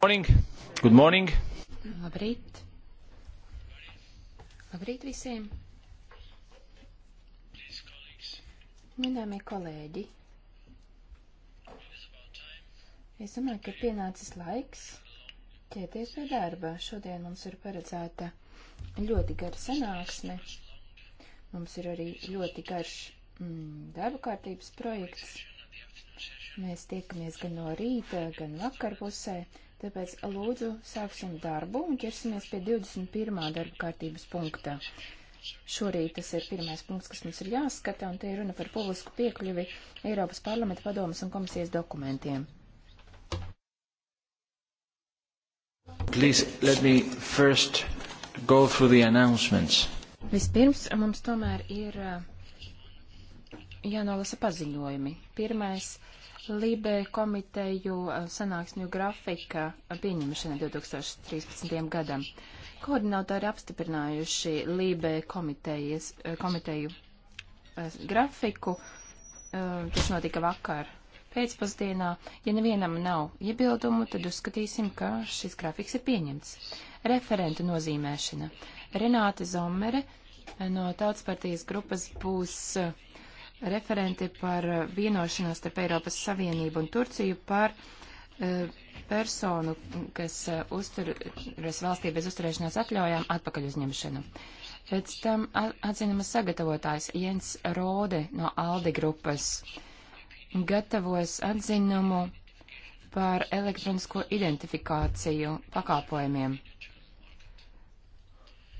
Morning. Good morning. Labrīt. Labrīt visiem. Minēmie kolēģi. Es domāju, ka pienācis laiks ķēties pie darba. Šodien mums ir paredzēta ļoti gara sanāksme. Mums ir arī ļoti garš mm, darba kārtības projekts. Mēs tiekamies gan no rīta, gan vakar pusē. Tāpēc lūdzu sāksim darbu un ķersimies pie 21. darba kārtības punkta. Šorīt tas ir pirmais punkts, kas mums ir jāskata, un te ir runa par publisku piekļuvi Eiropas parlamenta padomas un komisijas dokumentiem. Please, let me first go through the announcements. Vispirms mums tomēr ir uh, jānolasa paziņojumi. Pirmais. Uh, Libē komiteju eh, sanāksmju grafika pieņemšana 2013. gadam. Koordinātori apstiprinājuši Libē eh, komiteju eh, grafiku, tas notika vakar pēcpusdienā. Ja nevienam nav iebildumu, tad uzskatīsim, ka šis grafiks ir pieņemts. Referenta nozīmēšana. Renāte Zomere no Tautas partijas grupas būs uh, referenti par eh, vienošanos starp Eiropas Savienību un Turciju par uh, personu, kas uh, uzturas valstī bez uzturēšanās atļaujām, atpakaļ uzņemšanu. Pēc tam atzinumas sagatavotājs Jens Rode no Aldi grupas gatavos atzinumu par elektronisko identifikāciju pakāpojumiem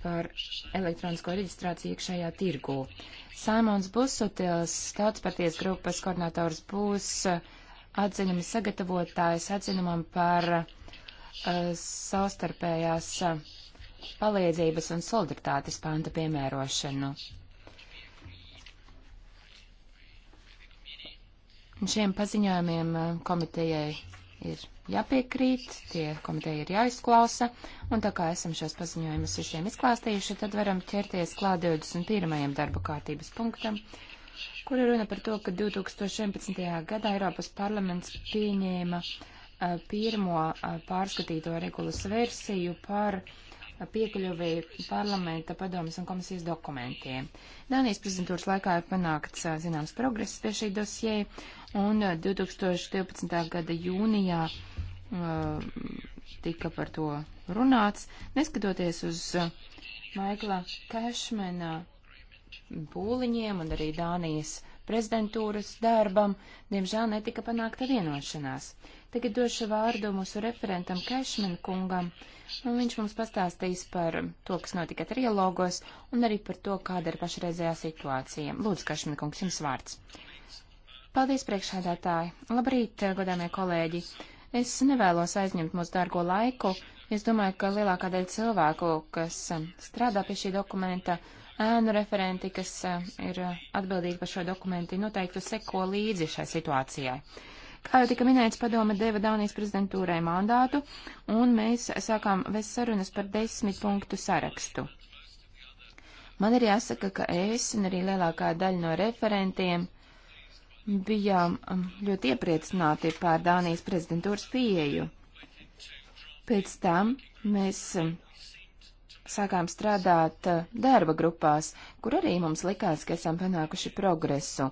par elektronisko reģistrāciju iekšējā tirgū. Saimons Busutils, tautspartijas grupas koordinators, būs uh, atziņuma sagatavotājs atziņumam par uh, savstarpējās uh, palīdzības un solidaritātes panta piemērošanu. Un šiem paziņojumiem uh, komitejai ir jāpiekrīt, tie komiteja ir jāizklausa, un tā kā esam šos paziņojumus visiem izklāstījuši, tad varam ķerties klāt 21. darba kārtības punktam, kur ir runa par to, ka 2011. gadā Eiropas parlaments pieņēma uh, pirmo uh, pārskatīto regulas versiju par piekļuvi parlamenta padomas un komisijas dokumentiem. Dānijas prezidentūras laikā ir panākts zināms progress pie šī dosie, un 2012. gada jūnijā Eh, tika par to runāts, neskatoties uz eh, Maikla Kešmena pūliņiem un arī Dānijas prezidentūras darbam, diemžēl netika panākta vienošanās. Tagad došu vārdu mūsu referentam Kešmena kungam, un viņš mums pastāstīs par to, kas notika trialogos, un arī par to, kāda ir pašreizējā situācija. Lūdzu, Kešmena kungs, jums vārds. Paldies, priekšādātāji! Labrīt, godāmie kolēģi! Es nevēlos aizņemt mūsu dārgo laiku. Es domāju, ka lielākā daļa cilvēku, kas um, strādā pie šī dokumenta, ēnu referenti, kas um, ir uh, atbildīgi par šo dokumentu, noteikti seko līdzi šai situācijai. Kā jau tika minēts, padome deva Dānijas prezidentūrai mandātu, un mēs sākām vest sarunas par desmit punktu sarakstu. Man ir jāsaka, ka es un arī lielākā daļa no referentiem bijām um, ļoti iepriecināti par Dānijas prezidentūras pieeju. Pēc tam mēs um, sākām strādāt uh, darba grupās, kur arī mums likās, ka esam panākuši progresu.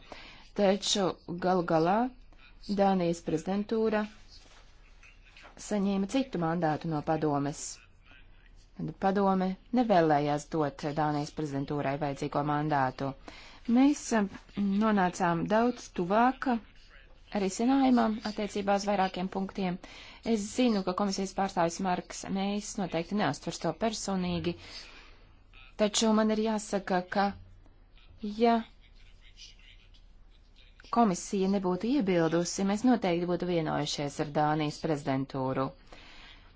Taču galu galā Dānijas prezidentūra saņēma citu mandātu no padomes. Padome nevēlējās dot Dānijas prezidentūrai vajadzīgo mandātu. Uh, Mēs um, nonācām daudz tuvāk risinājumam attiecībā uz vairākiem punktiem. Es zinu, ka komisijas pārstāvis Marks Mējs noteikti neustvers to personīgi, taču man ir jāsaka, ka ja komisija nebūtu iebildusi, mēs noteikti būtu vienojušies ar Dānijas prezidentūru.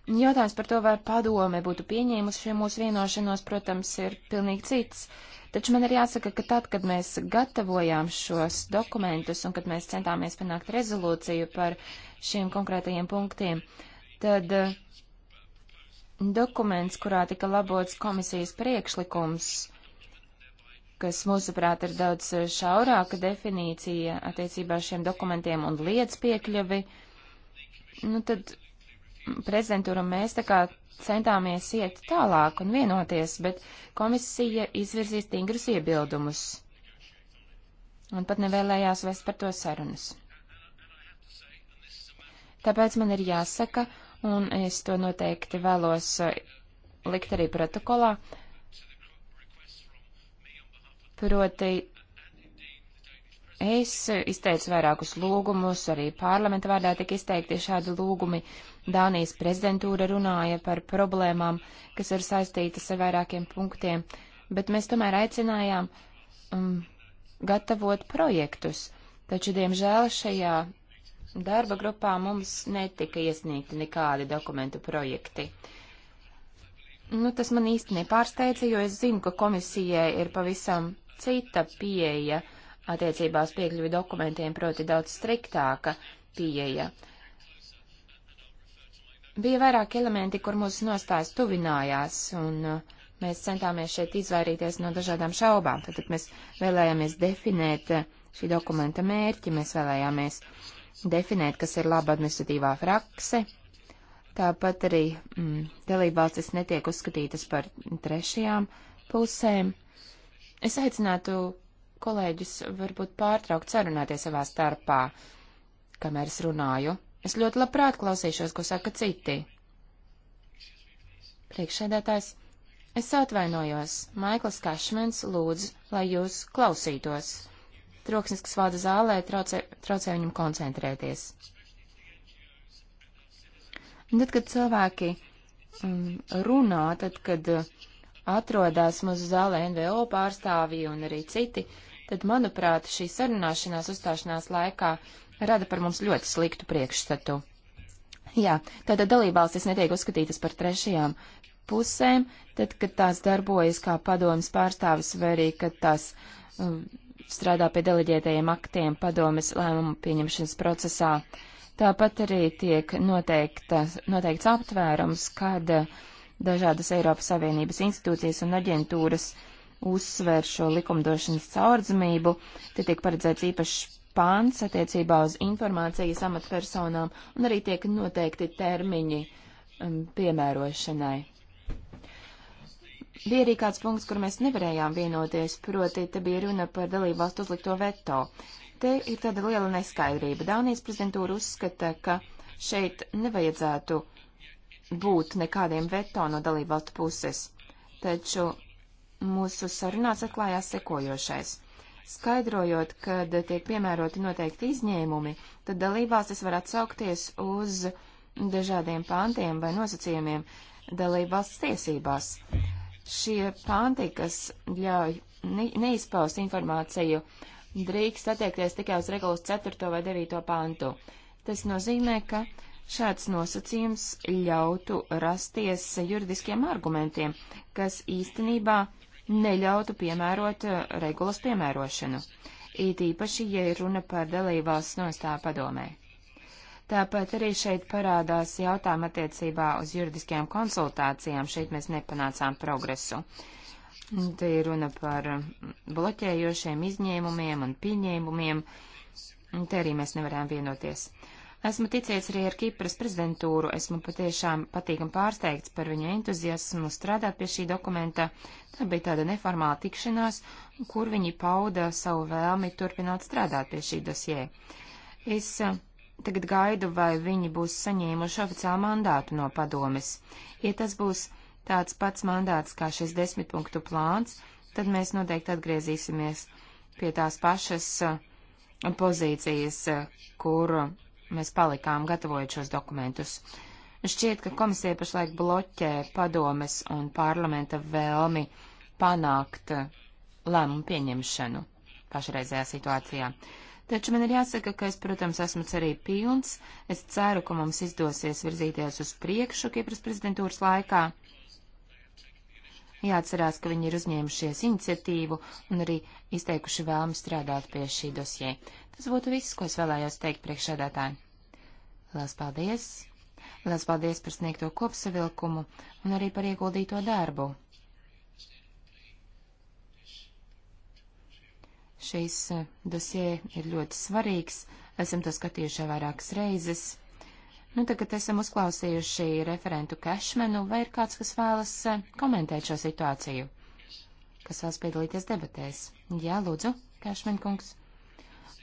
Jautājums par to, vai padome būtu pieņēmusi šo mūsu vienošanos, protams, ir pilnīgi cits. Uh, Taču man ir jāsaka, ka tad, kad mēs gatavojām šos dokumentus un kad mēs centāmies panākt rezolūciju par šiem konkrētajiem punktiem, tad eh, dokuments, kurā tika labots komisijas priekšlikums, kas mūsuprāt ir daudz eh, šaurāka definīcija attiecībā šiem dokumentiem un lietas piekļuvi, nu tad prezidentūra mēs tā kā centāmies iet tālāk un vienoties, bet komisija izvirzīja stingrus iebildumus un pat nevēlējās vest par to sarunas. Tāpēc man ir jāsaka, un es to noteikti vēlos uh, likt arī protokolā, proti Es izteicu vairākus lūgumus, arī parlamenta vārdā tika izteikti šādi lūgumi. Dānijas prezidentūra runāja par problēmām, kas ir saistītas ar vairākiem punktiem, bet mēs tomēr aicinājām um, gatavot projektus. Taču, diemžēl, šajā darba grupā mums netika iesniegti nekādi dokumentu projekti. Nu, tas man īsti nepārsteidza, jo es zinu, ka komisijai ir pavisam cita pieeja. Uh, attiecībās piekļuvi dokumentiem, proti daudz striktāka pieeja. Bija vairāk elementi, kur mūsu nostājas tuvinājās, un uh, mēs centāmies šeit izvairīties no dažādām šaubām. Tad mēs vēlējāmies definēt uh, šī dokumenta mērķi, mēs vēlējāmies definēt, kas ir laba administratīvā frakse. Tāpat arī mm, dalībvalstis netiek uzskatītas par trešajām pusēm. Es aicinātu kolēģis varbūt pārtraukt sarunāties savā starpā, kamēr es runāju. Es ļoti labprāt klausīšos, ko saka citi. Priekšsēdētājs, es atvainojos. Maikls Kašmens lūdz, lai jūs klausītos. Troksnis, kas vada zālē, traucē, traucē viņam koncentrēties. Un tad, kad cilvēki um, runā, tad, kad uh, atrodās mūsu zālē NVO pārstāvji un arī citi, uh, tad, manuprāt, šī sarunāšanās uzstāšanās laikā rada par mums ļoti sliktu priekšstatu. Jā, tātad dalībvalstis netiek uzskatītas par trešajām pusēm, tad, kad tās darbojas kā padomas pārstāvis vai arī, kad tās um, strādā pie deleģētajiem aktiem padomas lēmumu pieņemšanas procesā. Tāpat arī tiek noteikta, noteikts aptvērums, kad uh, dažādas Eiropas Savienības institūcijas un aģentūras uh, uzsver šo likumdošanas caurdzamību. Te tiek paredzēts īpašs pāns attiecībā uz informācijas amatpersonām un arī tiek noteikti termiņi um, piemērošanai. Bija arī kāds punkts, kur mēs nevarējām vienoties, proti te bija runa par dalību valstu uzlikto veto. Te ir tāda liela neskaidrība. Daunijas prezidentūra uzskata, ka šeit nevajadzētu būt nekādiem veto no dalību valstu puses. Taču mūsu sarunās atklājās sekojošais. Skaidrojot, kad tiek piemēroti noteikti izņēmumi, tad dalībvalstis var atsaukties uz dažādiem pāntiem vai nosacījumiem dalībvalsts tiesībās. Šie pānti, kas ļauj neizpaust informāciju, drīkst attiekties tikai uz regulas 4. vai 9. pāntu. Tas nozīmē, ka Šāds nosacījums ļautu rasties juridiskiem argumentiem, kas īstenībā neļautu piemērot eh, regulas piemērošanu, it īpaši, ja ir runa par dalībvalsts nostāju padomē. Tāpat arī šeit parādās jautājuma attiecībā uz juridiskajām konsultācijām, šeit mēs nepanācām progresu. Te ir runa par mm, bloķējošiem izņēmumiem un pieņēmumiem, te arī mēs nevarējām vienoties. Uh, Esmu ticies arī ar Kipras prezidentūru, esmu patiešām patīkam pārsteigts par viņa entuziasmu strādāt pie šī dokumenta. Tā bija tāda neformāla tikšanās, kur viņi pauda savu vēlmi turpināt strādāt pie šī dosjē. Es tagad gaidu, vai viņi būs saņēmuši oficiālu mandātu no padomes. Ja tas būs tāds pats mandāts kā šis desmitpunktu plāns, tad mēs noteikti atgriezīsimies pie tās pašas pozīcijas, kur mēs palikām gatavojot šos dokumentus. Šķiet, ka komisija pašlaik bloķē padomes un parlamenta vēlmi panākt uh, lēmumu pieņemšanu pašreizējā situācijā. Taču man ir jāsaka, ka es, protams, esmu cerību pilns. Es ceru, ka mums izdosies virzīties uz priekšu Kipras prezidentūras laikā. Jāatcerās, ka viņi ir uzņēmušies iniciatīvu un arī izteikuši vēlmi strādāt pie šī dosjē. Tas būtu viss, ko es vēlējos teikt priekšsēdētāji. Lielas paldies! Lielas paldies par sniegto kopsavilkumu un arī par ieguldīto darbu. Šīs eh, dosie ir ļoti svarīgs, esam to skatījuši vairākas reizes. Nu, tagad esam uzklausījuši referentu Kešmenu, vai ir kāds, kas vēlas eh, komentēt šo situāciju, kas vēlas piedalīties debatēs? Jā, lūdzu, Kešmen kungs.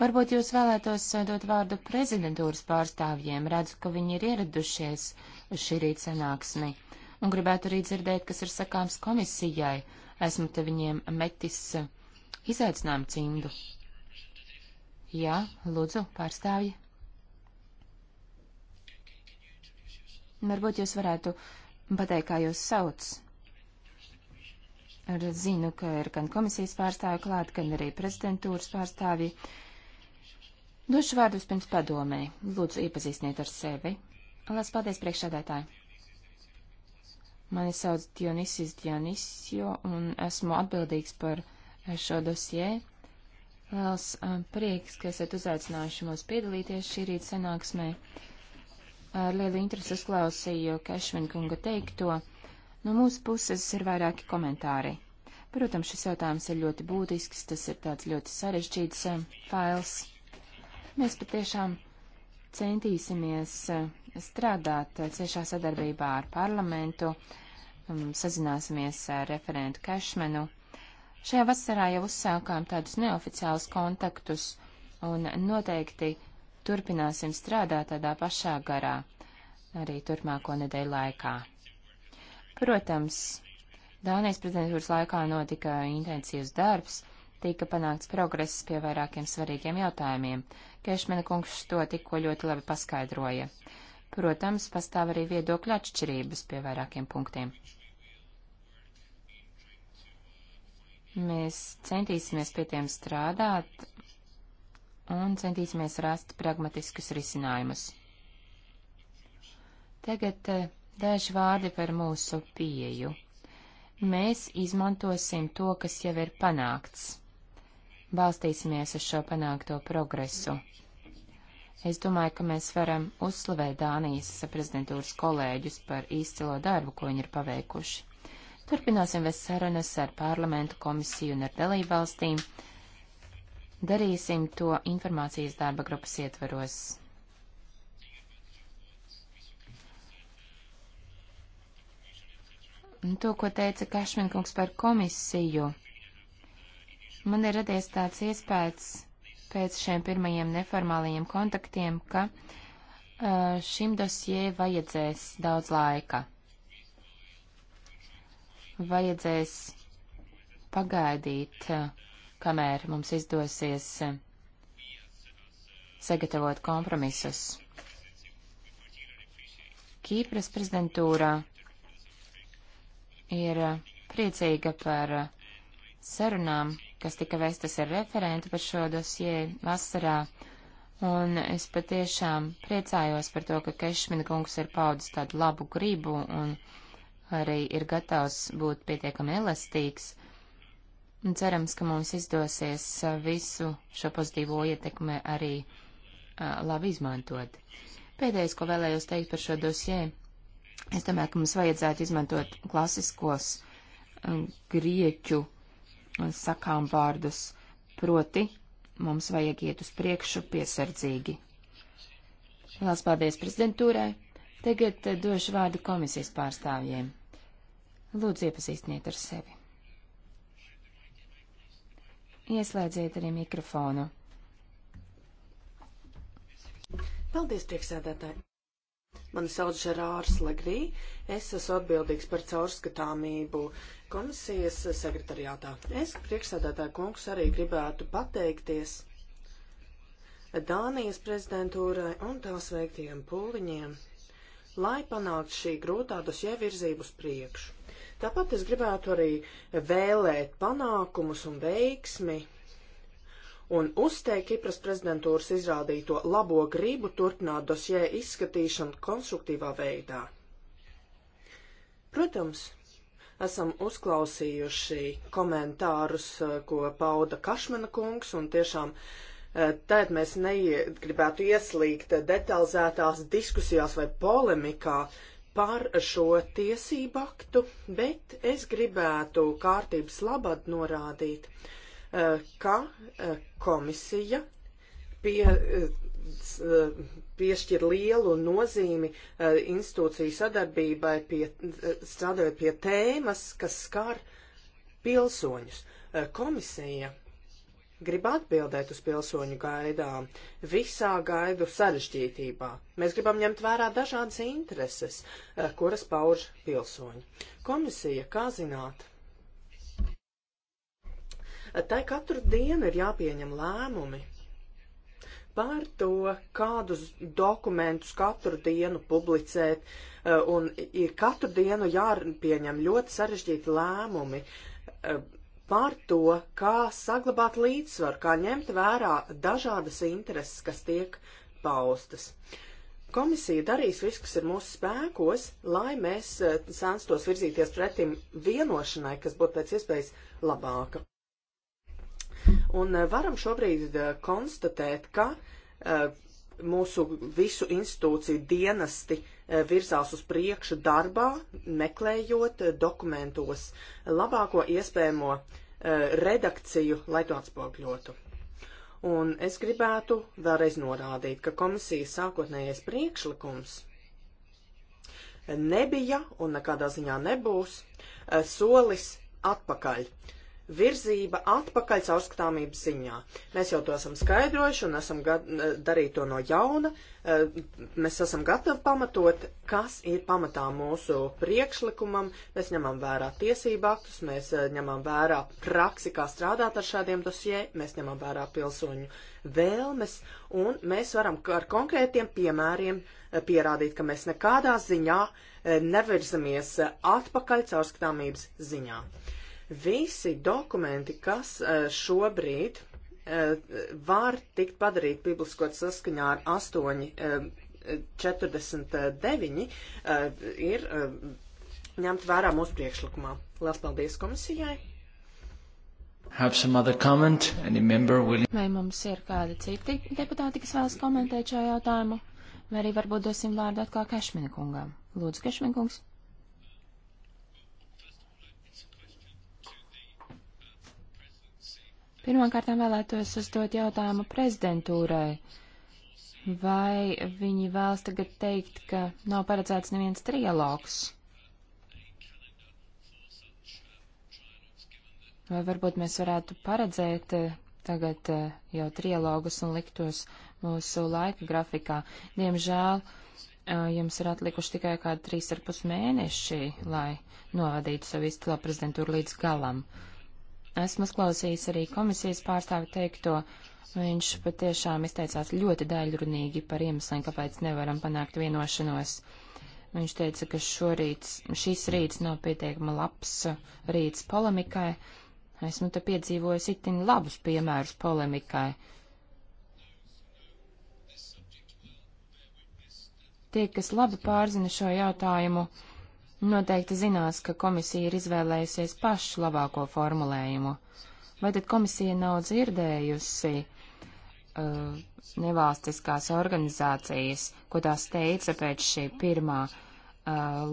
Varbūt jūs vēlētos eh, dot vārdu prezidentūras pārstāvjiem, redzu, ka viņi ir ieradušies uz šī rīta sanāksmi, un gribētu arī dzirdēt, kas ir sakāms komisijai. Esmu te viņiem metis eh, izaicinājumu cimdu. Jā, lūdzu, pārstāvji. Varbūt jūs varētu pateikt, kā jūs sauc. Ar zinu, ka ir gan komisijas pārstāvi klāt, gan arī prezidentūras pārstāvi. Došu vārdus pirms padomē. Lūdzu, iepazīstiniet ar sevi. Lās paldies priekšādētāji. Mani sauc Dionisis Dionisio un esmu atbildīgs par šo dosiju. Liels eh, prieks, ka esat uzaicinājuši mūs piedalīties šī rīta sanāksmē. Ar lielu interesi uzklausīju Kešvinkunga teikto. No mūsu puses ir vairāki komentāri. Protams, šis jautājums ir ļoti būtisks, tas ir tāds ļoti sarežģīts eh, fails. Mēs patiešām centīsimies eh, strādāt ciešā sadarbībā ar parlamentu, mm, sazināsimies ar referentu Kešmenu. Šajā vasarā jau uzsākām tādus neoficiālus kontaktus un noteikti turpināsim strādāt tādā pašā garā arī turpmāko nedēļu laikā. Protams, Dānijas prezidentūras laikā notika intensīvs darbs, tika panākts progress pie vairākiem svarīgiem jautājumiem. Kešmena kungs to tikko ļoti labi paskaidroja. Protams, pastāv arī viedokļa atšķirības pie vairākiem punktiem. Mēs centīsimies pie tiem strādāt, un centīsimies rast pragmatiskus risinājumus. Tagad eh, daži vārdi par mūsu pieju. Mēs izmantosim to, kas jau ir panākts. Balstīsimies uz šo panākto progresu. Es domāju, ka mēs varam uzslavēt Dānijas prezidentūras kolēģus par izcilo darbu, ko viņi ir paveikuši. Turpināsim vēl sarunas ar parlamentu komisiju un ar dalībvalstīm, Darīsim to informācijas darba grupas ietveros. To, ko teica Kašminkungs par komisiju, man ir radies tāds iespējas pēc šiem pirmajiem neformālajiem kontaktiem, ka šim dosjē vajadzēs daudz laika. Vajadzēs pagaidīt uh, kamēr mums izdosies eh, sagatavot kompromisus. Kīpras prezidentūra ir eh, priecīga par eh, sarunām, kas tika vestas ar referentu par šo dosie vasarā, un es patiešām priecājos par to, ka Kešmina kungs ir paudis tādu labu gribu un arī ir gatavs būt pietiekami elastīgs Un cerams, ka mums izdosies uh, visu šo pozitīvo ietekmi arī uh, labi izmantot. Pēdējais, ko vēlējos teikt par šo dosjē, es domāju, ka mums vajadzētu izmantot klasiskos uh, grieķu uh, sakām vārdus, proti mums vajag iet uz priekšu piesardzīgi. Lielas paldies prezidentūrai. Tagad uh, došu vārdu komisijas pārstāvjiem. Lūdzu, iepazīstiniet ar sevi. Ieslēdziet arī mikrofonu. Paldies, priekšsēdētāji! Mani sauc Žerārs Legrī, es esmu atbildīgs par caurskatāmību komisijas sekretariātā. Es, priekšsēdētāja kungs, arī gribētu pateikties Dānijas prezidentūrai un tās veiktajiem pūliņiem, lai panāktu šī grūtā dosjē virzību uz priekšu. Tāpat es gribētu arī vēlēt panākumus un veiksmi un uzteikt Kipras prezidentūras izrādīto labo gribu turpināt dosjē izskatīšanu konstruktīvā veidā. Protams, esam uzklausījuši komentārus, eh, ko pauda Kašmena kungs, un tiešām eh, tēt mēs negribētu ieslīgt detalizētās diskusijās vai polemikā par šo tiesību aktu, bet es gribētu kārtības labad norādīt, eh, ka eh, komisija pie, eh, piešķir lielu nozīmi institūciju sadarbībai, pie, strādājot pie tēmas, kas skar pilsoņus. Komisija grib atbildēt uz pilsoņu gaidām visā gaidu sarežģītībā. Mēs gribam ņemt vērā dažādas intereses, eh, kuras pauž pilsoņi. Komisija, kā zināt? Tai katru dienu ir jāpieņem lēmumi par to, kādus dokumentus katru dienu publicēt, eh, un ir katru dienu jāpieņem ļoti sarežģīti lēmumi eh, par to, kā saglabāt līdzsvaru, kā ņemt vērā dažādas intereses, kas tiek paustas. Komisija darīs visu, kas ir mūsu spēkos, lai mēs eh, censtos virzīties pretim vienošanai, kas būtu pēc iespējas labāka. Un eh, varam šobrīd eh, konstatēt, ka mūsu visu institūciju dienesti uh, virzās uz priekšu darbā, meklējot dokumentos labāko iespējamo e, redakciju, lai to atspogļotu. Un es gribētu vēlreiz norādīt, ka komisijas sākotnējais priekšlikums nebija un nekādā ziņā nebūs e, solis atpakaļ virzība atpakaļ caurskatāmības ziņā. Mēs jau to esam skaidrojuši un esam darīt to no jauna. Eh, mēs esam gatavi pamatot, kas ir pamatā mūsu priekšlikumam. Mēs ņemam vērā tiesību aktus, mēs eh, ņemam vērā praksi, kā strādāt ar šādiem dosjē, mēs ņemam vērā pilsoņu vēlmes un mēs varam ar konkrētiem piemēriem eh, pierādīt, ka mēs nekādā ziņā nevirzamies atpakaļ caurskatāmības ziņā. Visi dokumenti, kas e, šobrīd e, var tikt padarīt publiskot saskaņā ar 8.49, e, ir ņemt vērā mūsu priekšlikumā. Lielas paldies komisijai! Comment, will... Vai mums ir kādi citi deputāti, kas vēlas komentēt šo jautājumu? Vai arī varbūt dosim vārdu atkal Kašmina kungam? Lūdzu, Kašmina kungs. Pirmkārt, vēlētos uzdot jautājumu prezidentūrai. Vai viņi vēlas tagad teikt, ka nav paredzēts neviens trialogs? Vai varbūt mēs varētu paredzēt eh, tagad eh, jau trialogus un liktos mūsu laika grafikā. Diemžēl eh, jums ir atlikuši tikai kādi trīs ar pus mēneši, lai novadītu savu izcilā prezidentūru līdz galam. Esmu klausījis arī komisijas pārstāvi teikto. Viņš patiešām izteicās ļoti daļrunīgi par iemesliem, kāpēc nevaram panākt vienošanos. Viņš teica, ka šorīt, šis rīts nav pietiekama labs rīts polemikai. Esmu te piedzīvojis itin labus piemērus polemikai. Tie, kas labi pārzina šo jautājumu, noteikti zinās, ka komisija ir izvēlējusies pašu labāko formulējumu. Vai tad komisija nav dzirdējusi uh, nevalstiskās organizācijas, ko tās teica pēc šī pirmā uh,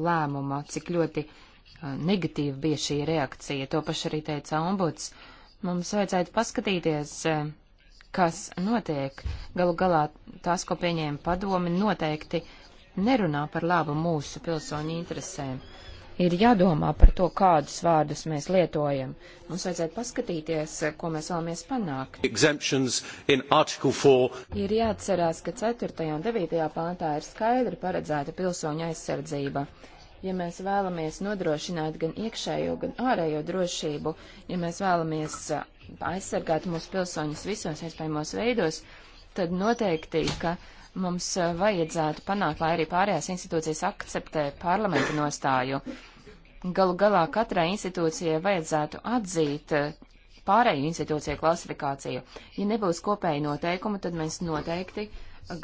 lēmuma, cik ļoti uh, negatīva bija šī reakcija? To pašu arī teica ombuds. Mums vajadzētu paskatīties, uh, kas notiek. Galu galā tās, ko pieņēma padomi, noteikti uh, nerunā par labu mūsu pilsoņu interesēm. Ir jādomā par to, kādus vārdus mēs lietojam. Mums vajadzētu paskatīties, ko mēs vēlamies panākt. Ir jāatcerās, ka 4. un 9. pāntā ir skaidri paredzēta pilsoņa aizsardzība ja mēs vēlamies nodrošināt gan iekšējo, gan ārējo drošību, ja mēs vēlamies uh, aizsargāt mūsu pilsoņus visos iespējamos veidos, tad noteikti, ka Mums eh, vajadzētu panākt, lai arī pārējās institūcijas akceptē parlamenta nostāju. Galu galā katrai institūcijai vajadzētu atzīt eh, pārēju institūciju klasifikāciju. Ja nebūs kopēji noteikumi, tad mēs noteikti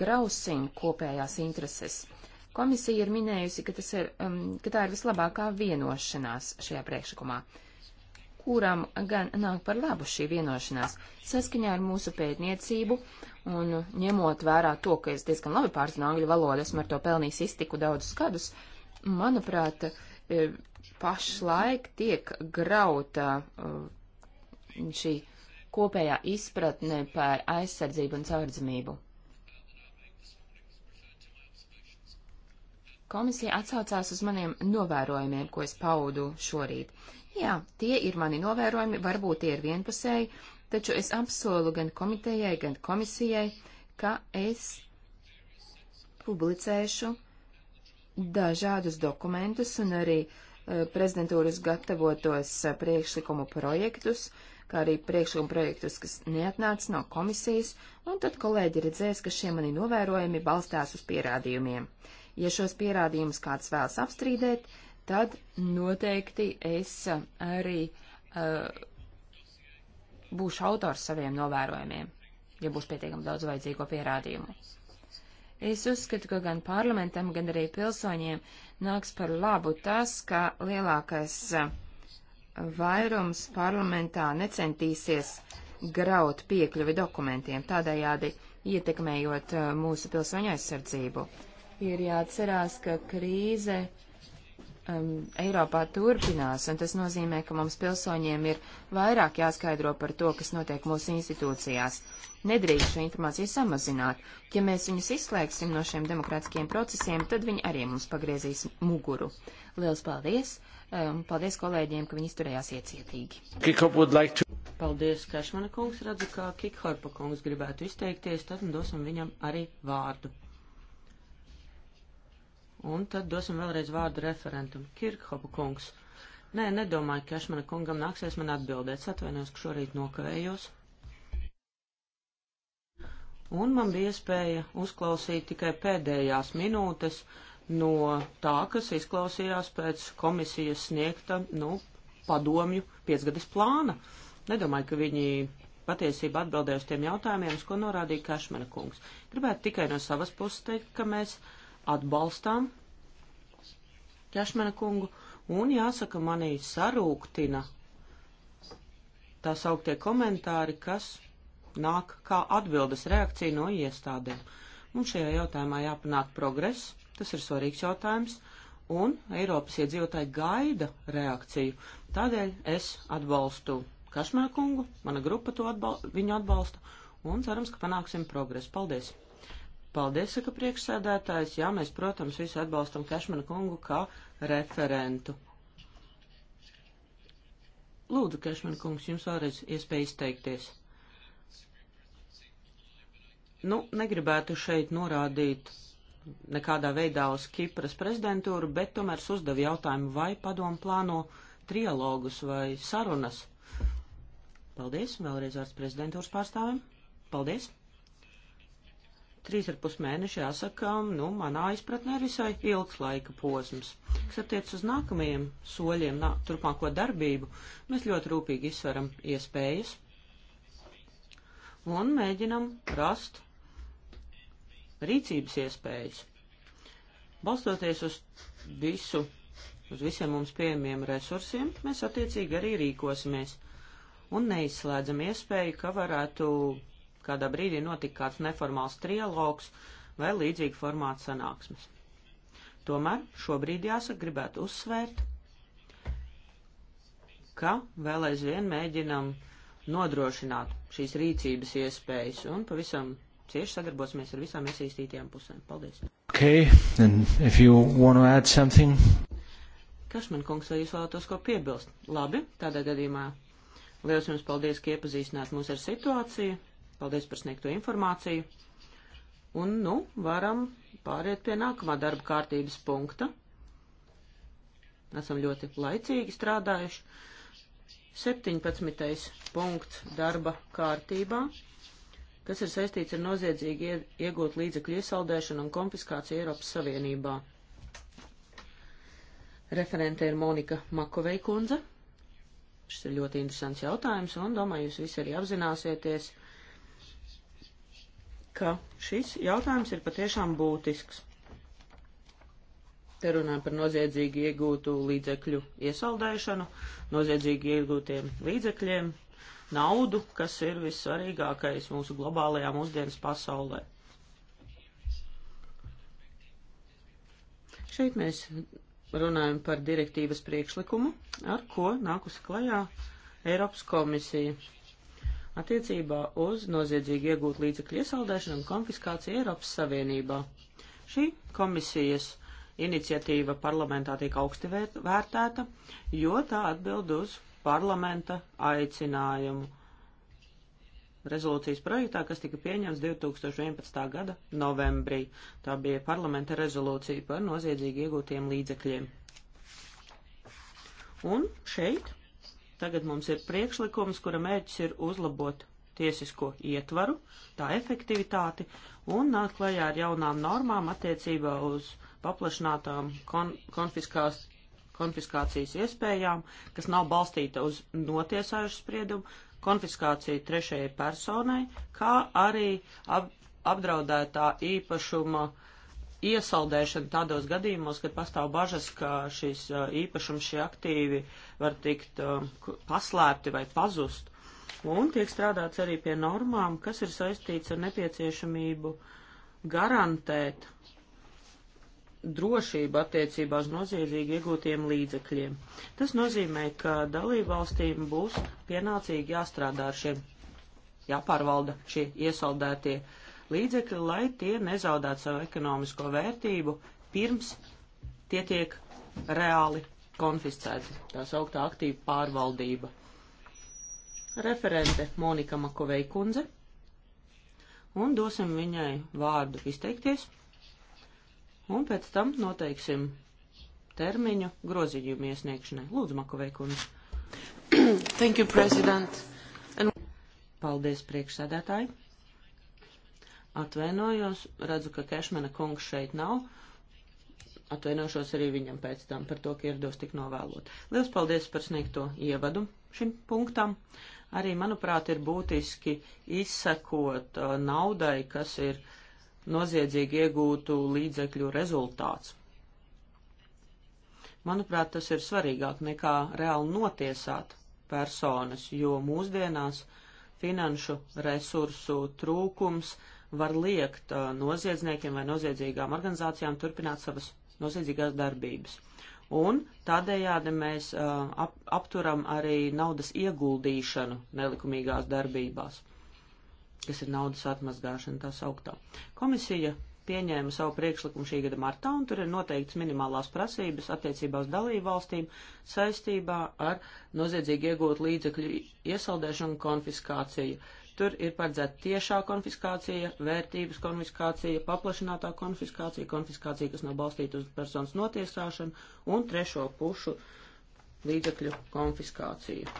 grausim kopējās intereses. Komisija ir minējusi, ka, ir, um, ka tā ir vislabākā vienošanās šajā priekšlikumā, kuram gan nāk par labu šī vienošanās. Saskaņā ar mūsu pētniecību Un ņemot vērā to, ka es diezgan labi pārzinu angļu valodu, esmu ar to pelnījis iztiku daudzus gadus, manuprāt, e, pašlaik tiek grauta e, šī kopējā izpratne par aizsardzību un caurdzamību. Komisija atsaucās uz maniem novērojumiem, ko es paudu šorīt. Jā, tie ir mani novērojumi, varbūt tie ir vienpusēji, taču es apsolu gan komitejai, gan komisijai, ka es publicēšu dažādus dokumentus un arī uh, prezidentūras gatavotos uh, priekšlikumu projektus, kā arī priekšlikumu projektus, kas neatnāca no komisijas, un tad kolēģi redzēs, ka šie mani novērojumi balstās uz pierādījumiem. Ja šos pierādījumus kāds vēlas apstrīdēt, tad noteikti es e, arī uh, būšu autors saviem novērojumiem, ja būs pietiekami daudz vajadzīgo pierādījumu. Es uzskatu, ka gan parlamentam, gan arī pilsoņiem nāks par labu tas, ka lielākais eh, vairums parlamentā necentīsies graut piekļuvi dokumentiem, tādējādi ietekmējot eh, mūsu pilsoņu aizsardzību. Ir jāatcerās, ka krīze uh, um, Eiropā turpinās, un tas nozīmē, ka mums pilsoņiem ir vairāk jāskaidro par to, kas notiek mūsu institūcijās. Nedrīkst šo informāciju samazināt. Ja mēs viņus izslēgsim no šiem demokrātiskiem procesiem, tad viņi arī mums pagriezīs muguru. Liels paldies! Um, paldies kolēģiem, ka viņi izturējās iecietīgi. Like to... Paldies, Kašmana kungs. Redzu, ka Kikhorpa kungs gribētu izteikties, tad dosim viņam arī vārdu. Un tad dosim vēlreiz vārdu referentam. Kirkhopa kungs. Nē, nedomāju, ka Ešmana kungam nāksies man atbildēt. Atvainojos, ka šorīt nokavējos. Un man bija iespēja uzklausīt tikai pēdējās minūtes no tā, kas izklausījās pēc komisijas sniegta, nu, padomju piecgadas plāna. Nedomāju, ka viņi patiesībā atbildēja uz tiem jautājumiem, uz ko norādīja Kašmena kungs. Gribētu tikai no savas puses teikt, ka mēs atbalstām ķešmena kungu, un jāsaka, manī sarūktina tā sauktie komentāri, kas nāk kā atbildes reakcija no iestādēm. Mums šajā jautājumā jāpanāk progress, tas ir svarīgs jautājums, un Eiropas iedzīvotāji gaida reakciju. Tādēļ es atbalstu Kašmēkungu, mana grupa to atbal viņu atbalsta, un cerams, ka panāksim progresu. Paldies! Paldies, saka priekšsēdētājs. Jā, mēs, protams, visi atbalstam Kešmanu kungu kā referentu. Lūdzu, Kešmanu kungs, jums vēlreiz iespēja izteikties. Nu, negribētu šeit norādīt nekādā veidā uz Kipras prezidentūru, bet tomēr es uzdevu jautājumu, vai padomu plāno trialogus vai sarunas. Paldies, vēlreiz vārds prezidentūras pārstāvim. Paldies! Trīs ar pus mēneši jāsaka, nu, manā izpratnē ir visai ilgs laika posms. Kas attiec uz nākamajiem soļiem, nā, turpmāko darbību, mēs ļoti rūpīgi izsveram iespējas un mēģinam rast rīcības iespējas. Balstoties uz visu, uz visiem mums pieejamiem resursiem, mēs attiecīgi arī rīkosimies un neizslēdzam iespēju, ka varētu kādā brīdī notika kāds neformāls trialogs vai līdzīga formāta sanāksmes. Tomēr šobrīd jāsaka gribētu uzsvērt, ka vēl aizvien mēģinam nodrošināt šīs rīcības iespējas un pavisam cieši sadarbosimies ar visām iesaistītajām pusēm. Paldies! Okay, and if you want to add something, Kas man, kungs, vai jūs vēlētos ko piebilst? Labi, tādā gadījumā liels jums paldies, ka iepazīstināt mūs ar situāciju. Paldies par sniegto informāciju. Un, nu, varam pāriet pie nākamā darba kārtības punkta. Esam ļoti laicīgi strādājuši. 17. punkts darba kārtībā, kas ir saistīts ar noziedzīgi iegūt līdzekļu iesaldēšanu un konfiskāciju Eiropas Savienībā. Referente ir Monika Makovei kundze. Šis ir ļoti interesants jautājums, un domāju, jūs visi arī apzināsieties, ka šis jautājums ir patiešām būtisks. Te runājam par noziedzīgi iegūtu līdzekļu iesaldēšanu, noziedzīgi iegūtiem līdzekļiem, naudu, kas ir vissvarīgākais mūsu globālajā mūsdienas pasaulē. Šeit mēs runājam par direktīvas priekšlikumu, ar ko nākusi klajā Eiropas komisija attiecībā uz noziedzīgi iegūt līdzekļu iesaldēšanu un konfiskāciju Eiropas Savienībā. Šī komisijas iniciatīva parlamentā tiek augsti vērtēta, jo tā atbild uz parlamenta aicinājumu rezolūcijas projektā, kas tika pieņemts 2011. gada novembrī. Tā bija parlamenta rezolūcija par noziedzīgi iegūtiem līdzekļiem. Un šeit Tagad mums ir priekšlikums, kura mērķis ir uzlabot tiesisko ietvaru, tā efektivitāti un nāk klajā ar jaunām normām attiecībā uz paplašinātām kon konfiskās, konfiskācijas iespējām, kas nav balstīta uz notiesājušu spriedumu, konfiskāciju trešajai personai, kā arī ap apdraudētā īpašuma uh, iesaldēšana tādos gadījumos, kad pastāv bažas, ka šīs īpašums, šie aktīvi var tikt um, paslēpti vai pazust. Un tiek strādāts arī pie normām, kas ir saistīts ar nepieciešamību garantēt drošību attiecībā uz noziedzīgi iegūtiem līdzekļiem. Tas nozīmē, ka dalībvalstīm būs pienācīgi jāstrādā ar šiem, jāpārvalda šie iesaldētie uh, līdzekļi, lai tie nezaudētu savu ekonomisko vērtību pirms tie tiek reāli konfiscēti. Tā sauktā aktīva pārvaldība. Referente Monika Makovei kundze. Un dosim viņai vārdu izteikties. Un pēc tam noteiksim termiņu grozījumu iesniegšanai. Lūdzu, Makovei kundze. Thank you, President. And... Paldies, priekšsēdētāji. Atvainojos, redzu, ka Kešmena kungs šeit nav. Atvainošos arī viņam pēc tam par to, ka ierados tik novēlot. Lielas paldies par sniegto ievadu šim punktam. Arī, manuprāt, ir būtiski izsekot uh, naudai, kas ir noziedzīgi iegūtu līdzekļu rezultāts. Manuprāt, tas ir svarīgāk nekā reāli notiesāt personas, jo mūsdienās finanšu resursu trūkums uh, var liekt uh, noziedzniekiem vai noziedzīgām organizācijām turpināt savas noziedzīgās darbības. Un tādējādi mēs uh, ap, apturam arī naudas ieguldīšanu nelikumīgās darbībās, kas ir naudas atmazgāšana tā sauktā. Komisija pieņēma savu priekšlikumu šī gada martā, un tur ir noteikts minimālās prasības attiecībā uz dalību valstīm saistībā ar noziedzīgi iegūt līdzekļu iesaldēšanu un konfiskāciju. Uh, Tur ir paredzēta tiešā konfiskācija, vērtības konfiskācija, paplašinātā konfiskācija, konfiskācija, kas nav balstīta uz personas notiesāšanu, un trešo pušu līdzekļu konfiskāciju.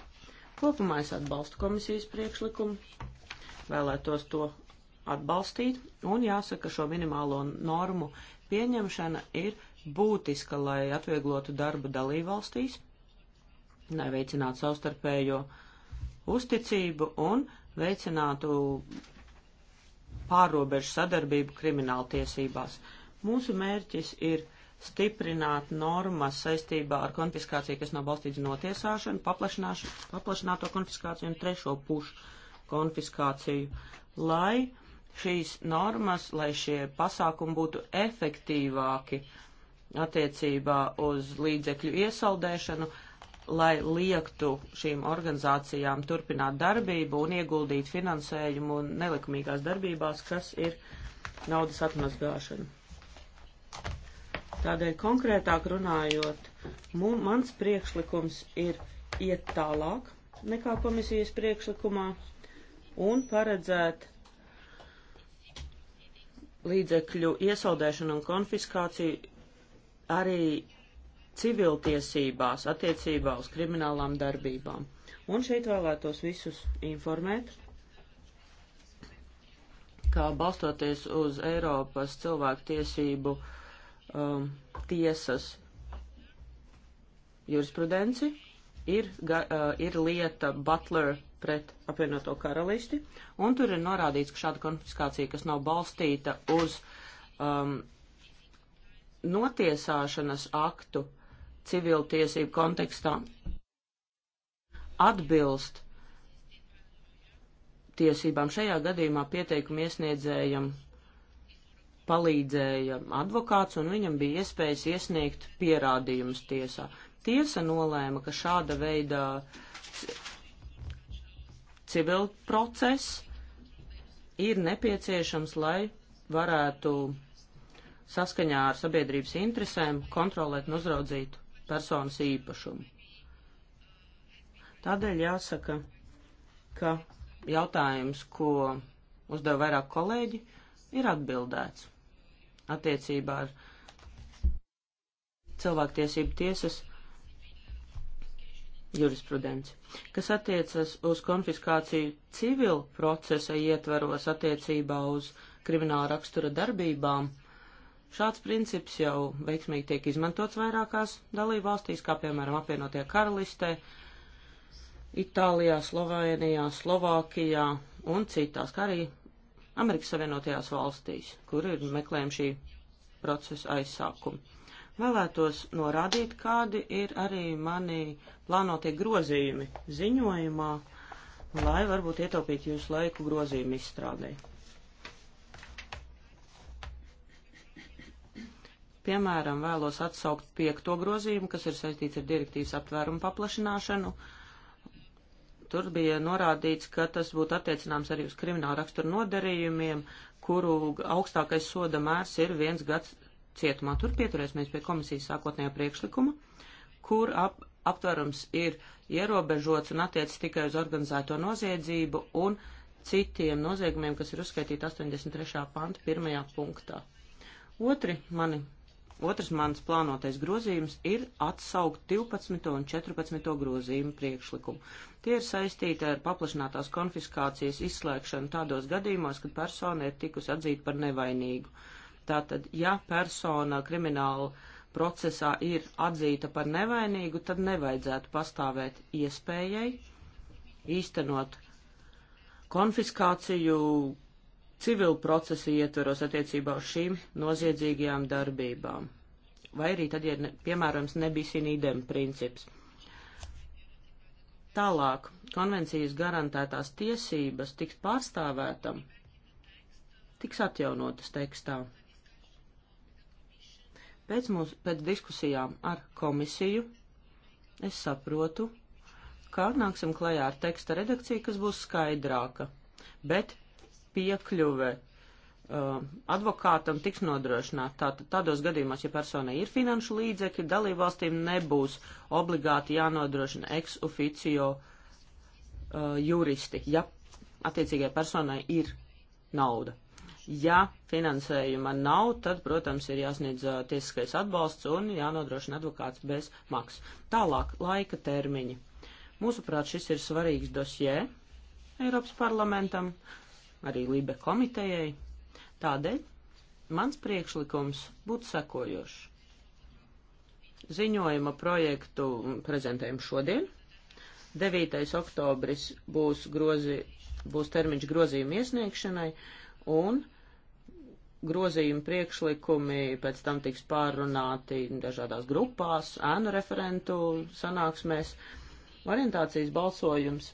Kopumā es atbalstu komisijas priekšlikumu, vēlētos to atbalstīt, un jāsaka, šo minimālo normu pieņemšana ir būtiska, lai atvieglotu darbu dalībvalstīs, lai veicinātu savstarpējo uzticību un veicinātu pārobežu sadarbību krimināltiesībās. Mūsu mērķis ir stiprināt normas saistībā ar konfiskāciju, kas nav balstīta notiesāšanu, paplašināto konfiskāciju un trešo pušu konfiskāciju, lai šīs normas, lai šie pasākumi būtu efektīvāki attiecībā uz līdzekļu iesaldēšanu, lai liektu šīm organizācijām turpināt darbību un ieguldīt finansējumu nelikumīgās darbībās, kas ir naudas atmazgāšana. Tādēļ konkrētāk runājot, mans priekšlikums ir iet tālāk nekā komisijas priekšlikumā un paredzēt līdzekļu iesaldēšanu un konfiskāciju arī civiltiesībās attiecībā uz kriminālām darbībām. Un šeit vēlētos visus informēt, kā balstoties uz Eiropas cilvēktiesību um, tiesas jurisprudenci, ir, ga, uh, ir lieta Butler pret apvienoto karalisti, un tur ir norādīts, ka šāda konfiskācija, kas nav balstīta uz um, notiesāšanas aktu, uh, civiltiesību kontekstā atbilst tiesībām. Šajā gadījumā pieteikumu iesniedzējam palīdzēja advokāts, un viņam bija iespējas iesniegt pierādījumus tiesā. Tiesa nolēma, ka šāda veida civil process ir nepieciešams, lai varētu saskaņā ar sabiedrības interesēm kontrolēt un uzraudzīt personas īpašumu. Tādēļ jāsaka, ka jautājums, ko uzdeva vairāk kolēģi, ir atbildēts attiecībā ar cilvēktiesību tiesas jurisprudenci, kas attiecas uz konfiskāciju civil procesa ietvaros attiecībā uz krimināla rakstura darbībām Šāds princips jau veiksmīgi tiek izmantots vairākās dalību valstīs, kā piemēram apvienotie karalistē, Itālijā, Slovenijā, Slovākijā un citās, kā arī Amerikas Savienotajās valstīs, kur ir meklējumi šī procesa aizsākumi. Vēlētos norādīt, kādi ir arī mani plānotie grozījumi ziņojumā, lai varbūt ietaupītu jūsu laiku grozījumu izstrādēju. Piemēram, vēlos atsaukt piekto grozījumu, kas ir saistīts ar direktīvas aptvērumu paplašināšanu. Tur bija norādīts, ka tas būtu attiecināms arī uz kriminālu raksturu nodarījumiem, kuru augstākais soda mērs ir viens gads cietumā. Tur pieturēsimies pie komisijas sākotnējā priekšlikuma, kur ap, aptverums ir ierobežots un attiec tikai uz organizēto noziedzību un citiem noziegumiem, kas ir uzskaitīti 83. panta pirmajā punktā. Otri mani Otrs mans plānotais grozījums ir atsaukt 12. un 14. grozījumu priekšlikumu. Tie ir saistīti ar paplašinātās konfiskācijas izslēgšanu tādos gadījumos, kad persona ir tikusi atzīta par nevainīgu. Tātad, ja persona krimināla procesā ir atzīta par nevainīgu, tad nevajadzētu pastāvēt iespējai īstenot konfiskāciju civilu procesu ietveros attiecībā uz šīm noziedzīgajām darbībām. Vai arī tad, ja ne, piemērojams nebisin idem princips. Tālāk, konvencijas garantētās tiesības tiks pārstāvētam, tiks atjaunotas tekstā. Pēc, mūs, pēc diskusijām ar komisiju es saprotu, kā nāksim klajā ar teksta redakciju, kas būs skaidrāka, bet piekļuve uh, advokātam tiks nodrošināta. Tātad tādos gadījumos, ja personai ir finanšu līdzekļi, dalībvalstīm nebūs obligāti jānodrošina ex officio uh, juristi, ja attiecīgai personai ir nauda. Ja finansējuma nav, tad, protams, ir jāsniedz uh, tiesiskais atbalsts un jānodrošina advokāts bez maksas. Tālāk, laika termiņi. Mūsuprāt, šis ir svarīgs dosie Eiropas parlamentam. Uh, arī Libe komitejai. Tādēļ mans priekšlikums būtu sekojošs. Ziņojuma projektu prezentējam šodien. 9. oktobris būs, grozi, būs termiņš grozījuma iesniegšanai un grozījuma priekšlikumi pēc tam tiks pārrunāti dažādās grupās, ēnu referentu sanāksmēs. Orientācijas balsojums,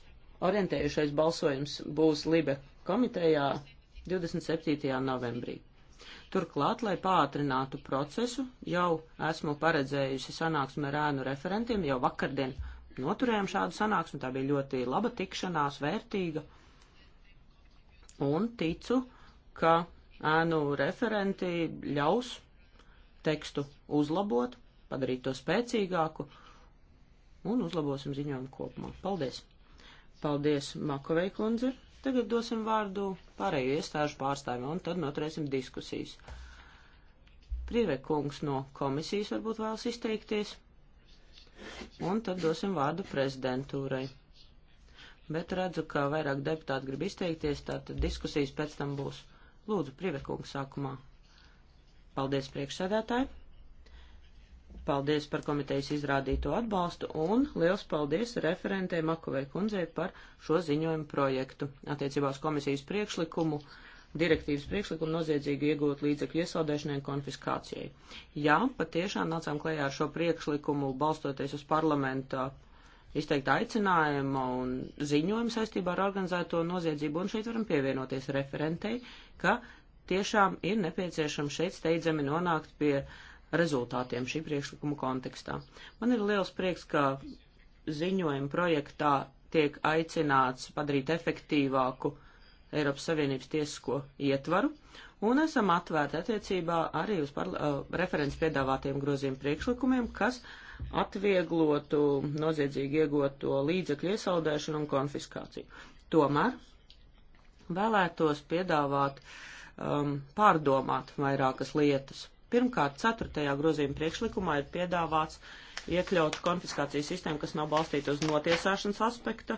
orientējušais balsojums būs Libe komitejā 27. novembrī. Turklāt, lai pātrinātu procesu, jau esmu paredzējusi sanāksmi ar ēnu referentiem, jau vakardien noturējām šādu sanāksmi, tā bija ļoti laba tikšanās, vērtīga, un ticu, ka ēnu referenti ļaus tekstu uzlabot, padarīt to spēcīgāku, un uzlabosim ziņojumu kopumā. Paldies! Paldies, Makovei kundze! Tagad dosim vārdu pārējo iestāžu pārstāvjiem, un tad noturēsim diskusijas. Privekungs no komisijas varbūt vēlas izteikties, un tad dosim vārdu prezidentūrai. Bet redzu, ka vairāk deputāti grib izteikties, tātad diskusijas pēc tam būs. Lūdzu, Privekungs sākumā. Paldies, priekšsēdētāji! Paldies par komitejas izrādīto atbalstu un liels paldies referentē Makovei kundzei par šo ziņojumu projektu attiecībā uz komisijas priekšlikumu, direktīvas priekšlikumu noziedzīgu iegūt līdzekļu iesaldēšanai un konfiskācijai. Jā, patiešām nācām klējā ar šo priekšlikumu balstoties uz parlamenta izteikt aicinājumu un ziņojumu saistībā ar organizēto noziedzību, un šeit varam pievienoties referentei, ka tiešām ir nepieciešams šeit steidzami nonākt pie uh, rezultātiem šī priekšlikuma kontekstā. Man ir liels prieks, ka ziņojuma projektā tiek aicināts padarīt efektīvāku Eiropas Savienības tiesisko ietvaru, un esam atvērti attiecībā arī uz parla, uh, referents piedāvātiem grozījumu priekšlikumiem, kas atvieglotu noziedzīgi iegūto līdzekļu iesaldēšanu un konfiskāciju. Tomēr vēlētos piedāvāt um, pārdomāt vairākas lietas Pirmkārt, ceturtajā grozījuma priekšlikumā ir piedāvāts iekļaut konfiskācijas sistēmu, kas nav balstīta uz notiesāšanas aspekta,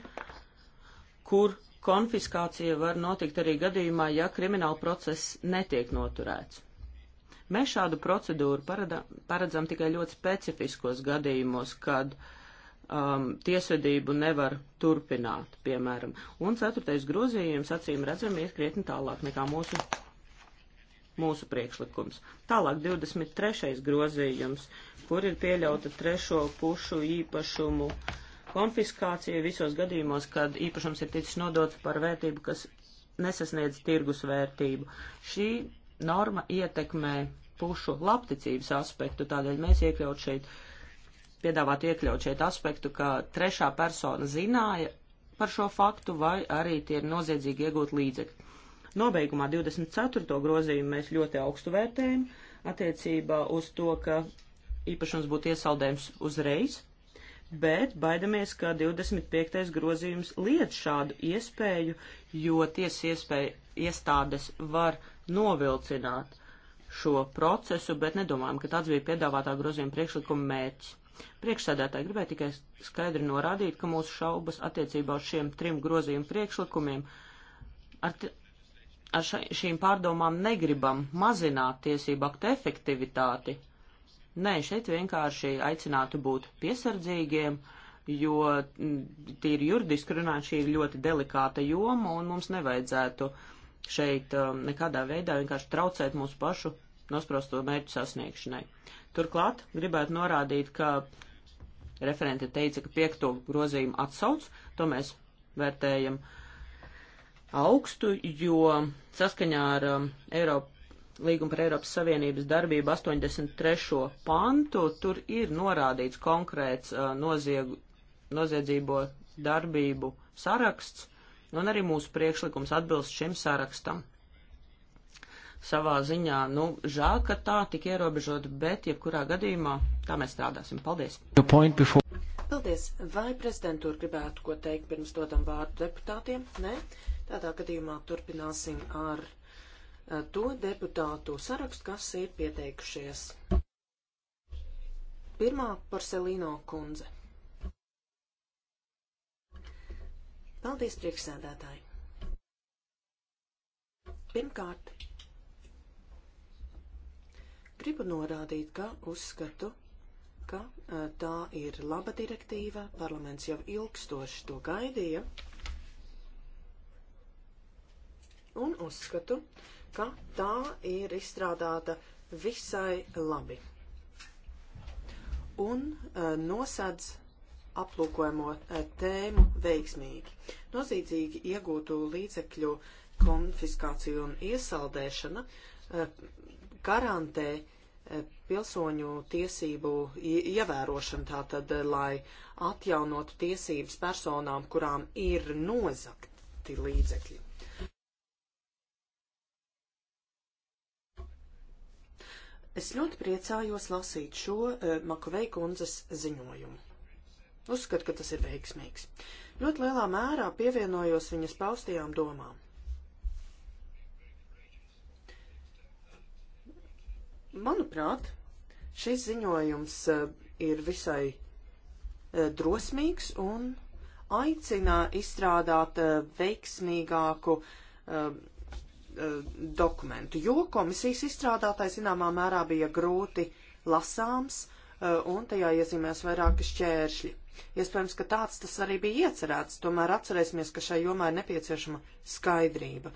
kur konfiskācija var notikt arī gadījumā, ja krimināla process netiek noturēts. Mēs šādu procedūru parada, paredzam tikai ļoti specifiskos gadījumos, kad um, tiesvedību nevar turpināt, piemēram. Un ceturtais grozījums, acīm redzam, iet krietni tālāk nekā mūsu mūsu priekšlikums. Tālāk 23. grozījums, kur ir pieļauta trešo pušu īpašumu konfiskācija visos gadījumos, kad īpašums ir ticis nodots par vērtību, kas nesasniedz tirgus vērtību. Šī norma ietekmē pušu labticības aspektu, tādēļ mēs iekļaut šeit, piedāvātu iekļaut šeit aspektu, ka trešā persona zināja par šo faktu vai arī tie ir noziedzīgi iegūt līdzekļi. Nobeigumā 24. grozījumu mēs ļoti augstu vērtējam attiecībā uz to, ka īpašums būtu iesaldējums uzreiz, bet baidamies, ka 25. grozījums liedz šādu iespēju, jo tiesa iespēja iestādes var novilcināt šo procesu, bet nedomājam, ka tāds bija piedāvātā grozījuma priekšlikuma mērķis. Priekšsēdētāji gribēja tikai skaidri norādīt, ka mūsu šaubas attiecībā uz šiem trim grozījumu priekšlikumiem ar, ar šīm pārdomām negribam mazināt tiesību aktu efektivitāti. Nē, šeit vienkārši aicinātu būt piesardzīgiem, jo tīri juridiski runājot, šī ir ļoti delikāta joma un mums nevajadzētu šeit um, nekādā veidā vienkārši traucēt mūsu pašu nosprosto mērķu sasniegšanai. Turklāt gribētu norādīt, ka referente teica, ka piekto grozījumu atsauc, to mēs vērtējam uh, augstu, jo saskaņā ar um, Eiropu, līgumu par Eiropas Savienības darbību 83. pantu tur ir norādīts konkrēts uh, noziegu, noziedzībo darbību saraksts, un arī mūsu priekšlikums atbilst šim sarakstam. Savā ziņā, nu, žēl, ka tā tik ierobežot, bet jebkurā gadījumā tā mēs strādāsim. Paldies! Paldies! Vai prezidentūra gribētu ko teikt pirms dodam vārdu deputātiem? Nē? Tādā gadījumā turpināsim ar eh, to deputātu sarakstu, kas ir pieteikušies. Pirmā par Selīno kundze. Paldies, priekšsēdētāji! Pirmkārt, gribu norādīt, ka uzskatu, ka eh, tā ir laba direktīva, parlaments jau ilgstoši to gaidīja un uzskatu, ka tā ir izstrādāta visai labi. Un uh, nosedz aplūkojamo uh, tēmu veiksmīgi. Nozīdzīgi iegūtu līdzekļu konfiskācija un iesaldēšana uh, garantē pilsoņu tiesību ievērošanu, tātad, lai atjaunotu tiesības personām, kurām ir nozakti līdzekļi. Es ļoti priecājos lasīt šo uh, Makavei kundzes ziņojumu. Uzskatu, ka tas ir veiksmīgs. Ļoti lielā mērā pievienojos viņas paustajām domām. Manuprāt, šis ziņojums uh, ir visai uh, drosmīgs un aicina izstrādāt uh, veiksmīgāku uh, Eh, dokumentu, jo komisijas izstrādātais zināmā mērā bija grūti lasāms, eh, un tajā iezīmēs vairāki šķēršļi. Iespējams, ka tāds tas arī bija iecerēts, tomēr atcerēsimies, ka šai jomā ir nepieciešama skaidrība,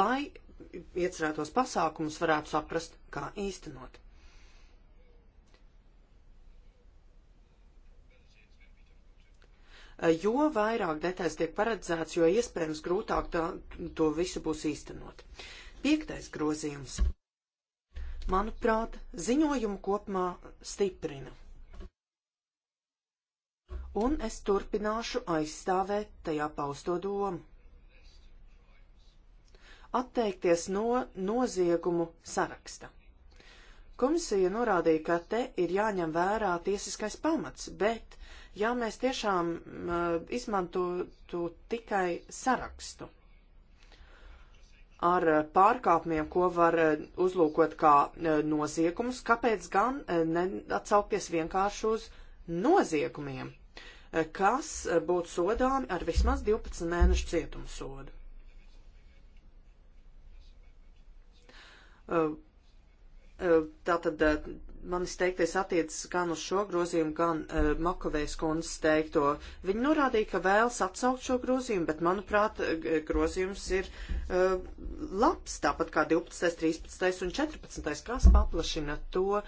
lai iecerētos pasākumus varētu saprast, kā īstenot. jo vairāk detaļas tiek paredzēts, jo iespējams grūtāk tā, to visu būs īstenot. Piektais grozījums. Manuprāt, ziņojumu kopumā stiprina. Un es turpināšu aizstāvēt tajā pausto domu. Atteikties no noziegumu saraksta. Komisija norādīja, ka te ir jāņem vērā tiesiskais pamats, bet ja mēs tiešām uh, izmantotu tikai sarakstu ar uh, pārkāpumiem, ko var uh, uzlūkot kā uh, noziegumus, kāpēc gan uh, neatsaukties vienkārši uz noziegumiem, uh, kas būtu sodāmi ar vismaz 12 mēnešu cietumu sodu. Tātad manis teiktais attiecas gan uz šo grozījumu, gan uh, eh, Makovējas kundzes teikto. Viņa norādīja, ka vēlas atsaukt šo grozījumu, bet, manuprāt, eh, grozījums ir uh, labs, tāpat kā 12., 13. un 14., kas paplašina to uh,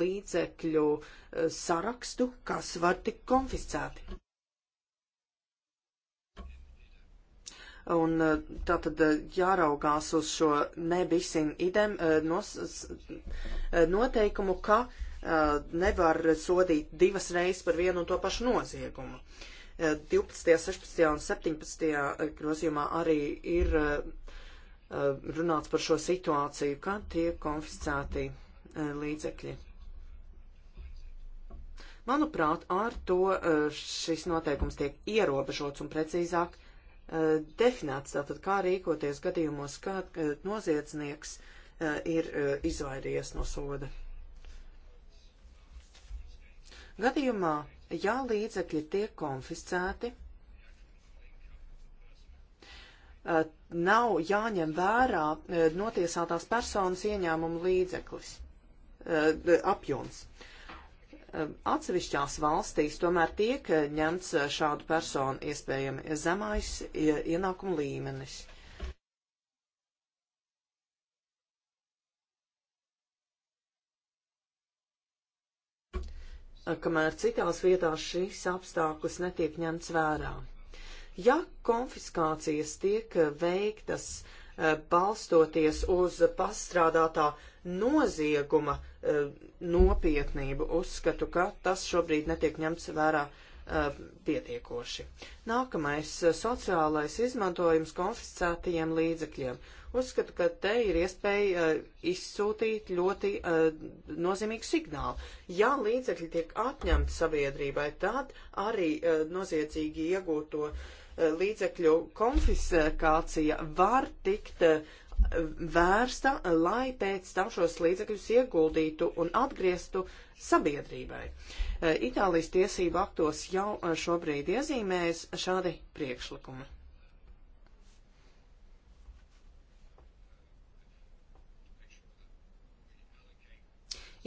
līdzekļu uh, sarakstu, kas var tikt konfiscēti. Un eh, tā tad eh, jāraugās uz šo nebisin idem eh, nos, noteikumu, ka nevar sodīt divas reizes par vienu un to pašu noziegumu. 12., 16. un 17. grozījumā arī ir runāts par šo situāciju, kad tiek konfiscēti līdzekļi. Manuprāt, ar to šis noteikums tiek ierobežots un precīzāk definēts, tātad kā rīkoties gadījumos, kad noziedznieks eh, ir eh, izvairījies no soda. Gadījumā, ja līdzekļi tiek konfiscēti, eh, nav jāņem vērā notiesātās personas ieņēmuma līdzeklis, apjoms. Ehm, atsevišķās valstīs tomēr tiek ņemts eh, šādu personu iespējami zemais ienākumu līmenis. Ehm, kamēr citās vietās šis apstākļus netiek ņemts vērā. Ja konfiskācijas tiek eh, veiktas eh, balstoties uz pastrādātā nozieguma e, nopietnību. Uzskatu, ka tas šobrīd netiek ņemts vērā e, pietiekoši. Nākamais e, - sociālais izmantojums konfiscētajiem līdzekļiem. Uzskatu, ka te ir iespēja izsūtīt ļoti nozīmīgu signālu. Ja līdzekļi tiek atņemti sabiedrībai, tad arī noziedzīgi iegūto līdzekļu konfiskācija var tikt vērsta, lai pēc tam šos līdzekļus ieguldītu un atgrieztu sabiedrībai. E, Itālijas tiesību aktos jau e, šobrīd iezīmējas šādi priekšlikumi.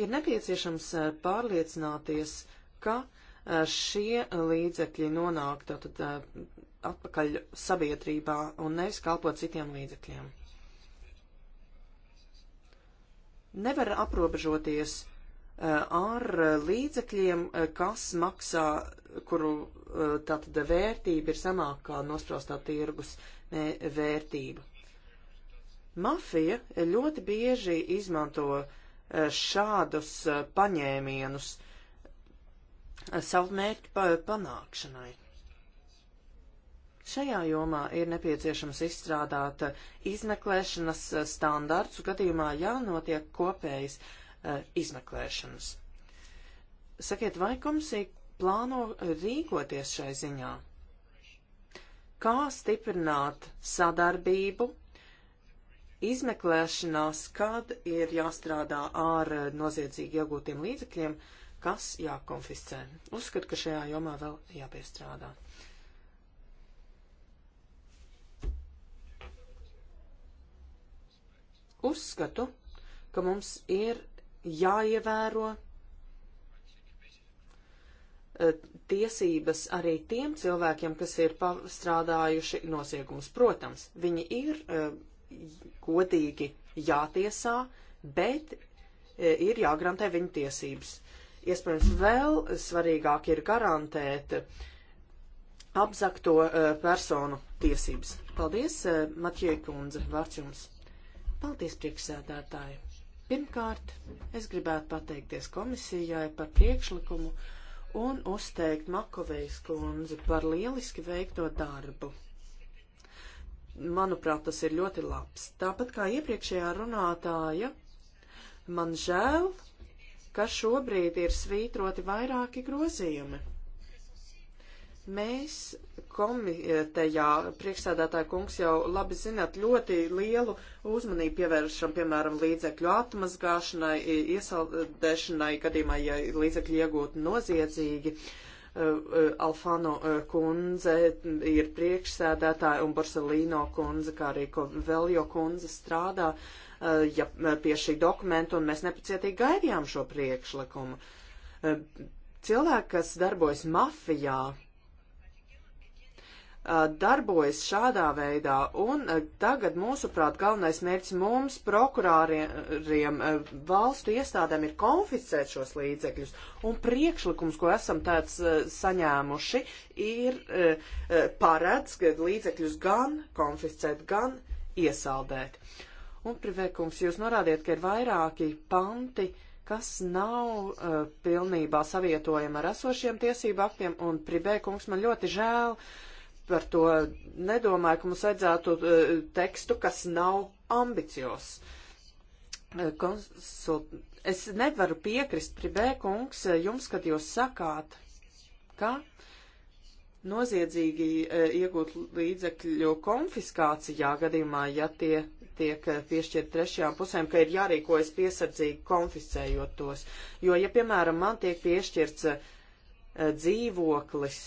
Ir nepieciešams e, pārliecināties, ka šie līdzekļi nonāk tātad atpakaļ sabiedrībā un nevis kalpot citiem līdzekļiem. nevar aprobežoties eh, ar līdzekļiem, eh, kas maksā, kuru eh, tātad vērtība ir samākā nospraustā tirgus vērtība. Mafija ļoti bieži izmanto šādus paņēmienus savu mērķu panākšanai. Šajā jomā ir nepieciešams izstrādāt uh, izmeklēšanas uh, standārts gadījumā, ja notiek kopējas uh, izmeklēšanas. Sakiet, vai komisija plāno rīkoties šai ziņā? Kā stiprināt sadarbību izmeklēšanās, kad ir jāstrādā ar noziedzīgi iegūtiem līdzekļiem, kas jākonfiscē. Uzskatu, ka šajā jomā vēl jāpiestrādā. uzskatu, ka mums ir jāievēro e, tiesības arī tiem cilvēkiem, kas ir strādājuši noziegumus. Protams, viņi ir e, godīgi jātiesā, bet e, ir jāgarantē viņu tiesības. Iespējams, vēl svarīgāk ir garantēt apzakto personu tiesības. Paldies, Matjē Kundze, vārds jums! Paldies, priekšsēdētāji! Pirmkārt, es gribētu pateikties komisijai par priekšlikumu un uzteikt Makovejas kundzi par lieliski veikto darbu. Manuprāt, tas ir ļoti labs. Tāpat kā iepriekšējā runātāja, man žēl, ka šobrīd ir svītroti vairāki grozījumi. Mēs komitejā, priekšsēdētāja kungs, jau labi zināt, ļoti lielu uzmanību pievēršam, piemēram, līdzekļu atmazgāšanai, iesaldēšanai, gadījumā, ja līdzekļi iegūti noziedzīgi. Alfano kundze ir priekšsēdētāja un Borsalīno kundze, kā arī Veljo kundze strādā ja, pie šī dokumenta, un mēs nepacietīgi gaidījām šo priekšlikumu. Cilvēki, kas darbojas mafijā, darbojas šādā veidā, un tagad, mūsuprāt, galvenais mērķis mums, prokurāriem, valstu iestādēm ir konfiscēt šos līdzekļus, un priekšlikums, ko esam tāds saņēmuši, ir paredz, ka līdzekļus gan konfiscēt, gan iesaldēt. Un, priekšlikums, jūs norādiet, ka ir vairāki panti, kas nav uh, pilnībā savietojama ar esošiem tiesību aktiem, un, pribēkungs, man ļoti žēl, uh, par to nedomāju, ka mums vajadzētu uh, tekstu, kas nav ambicios. Uh, konsult... Es nevaru piekrist, Pribē kungs, e, jums, kad jūs sakāt, ka noziedzīgi uh, iegūt līdzekļu konfiskācijā gadījumā, ja tie tiek piešķirt trešajām pusēm, ka ir jārīkojas piesardzīgi konfiscējot tos. Jo, ja, piemēram, man tiek piešķirts dzīvoklis,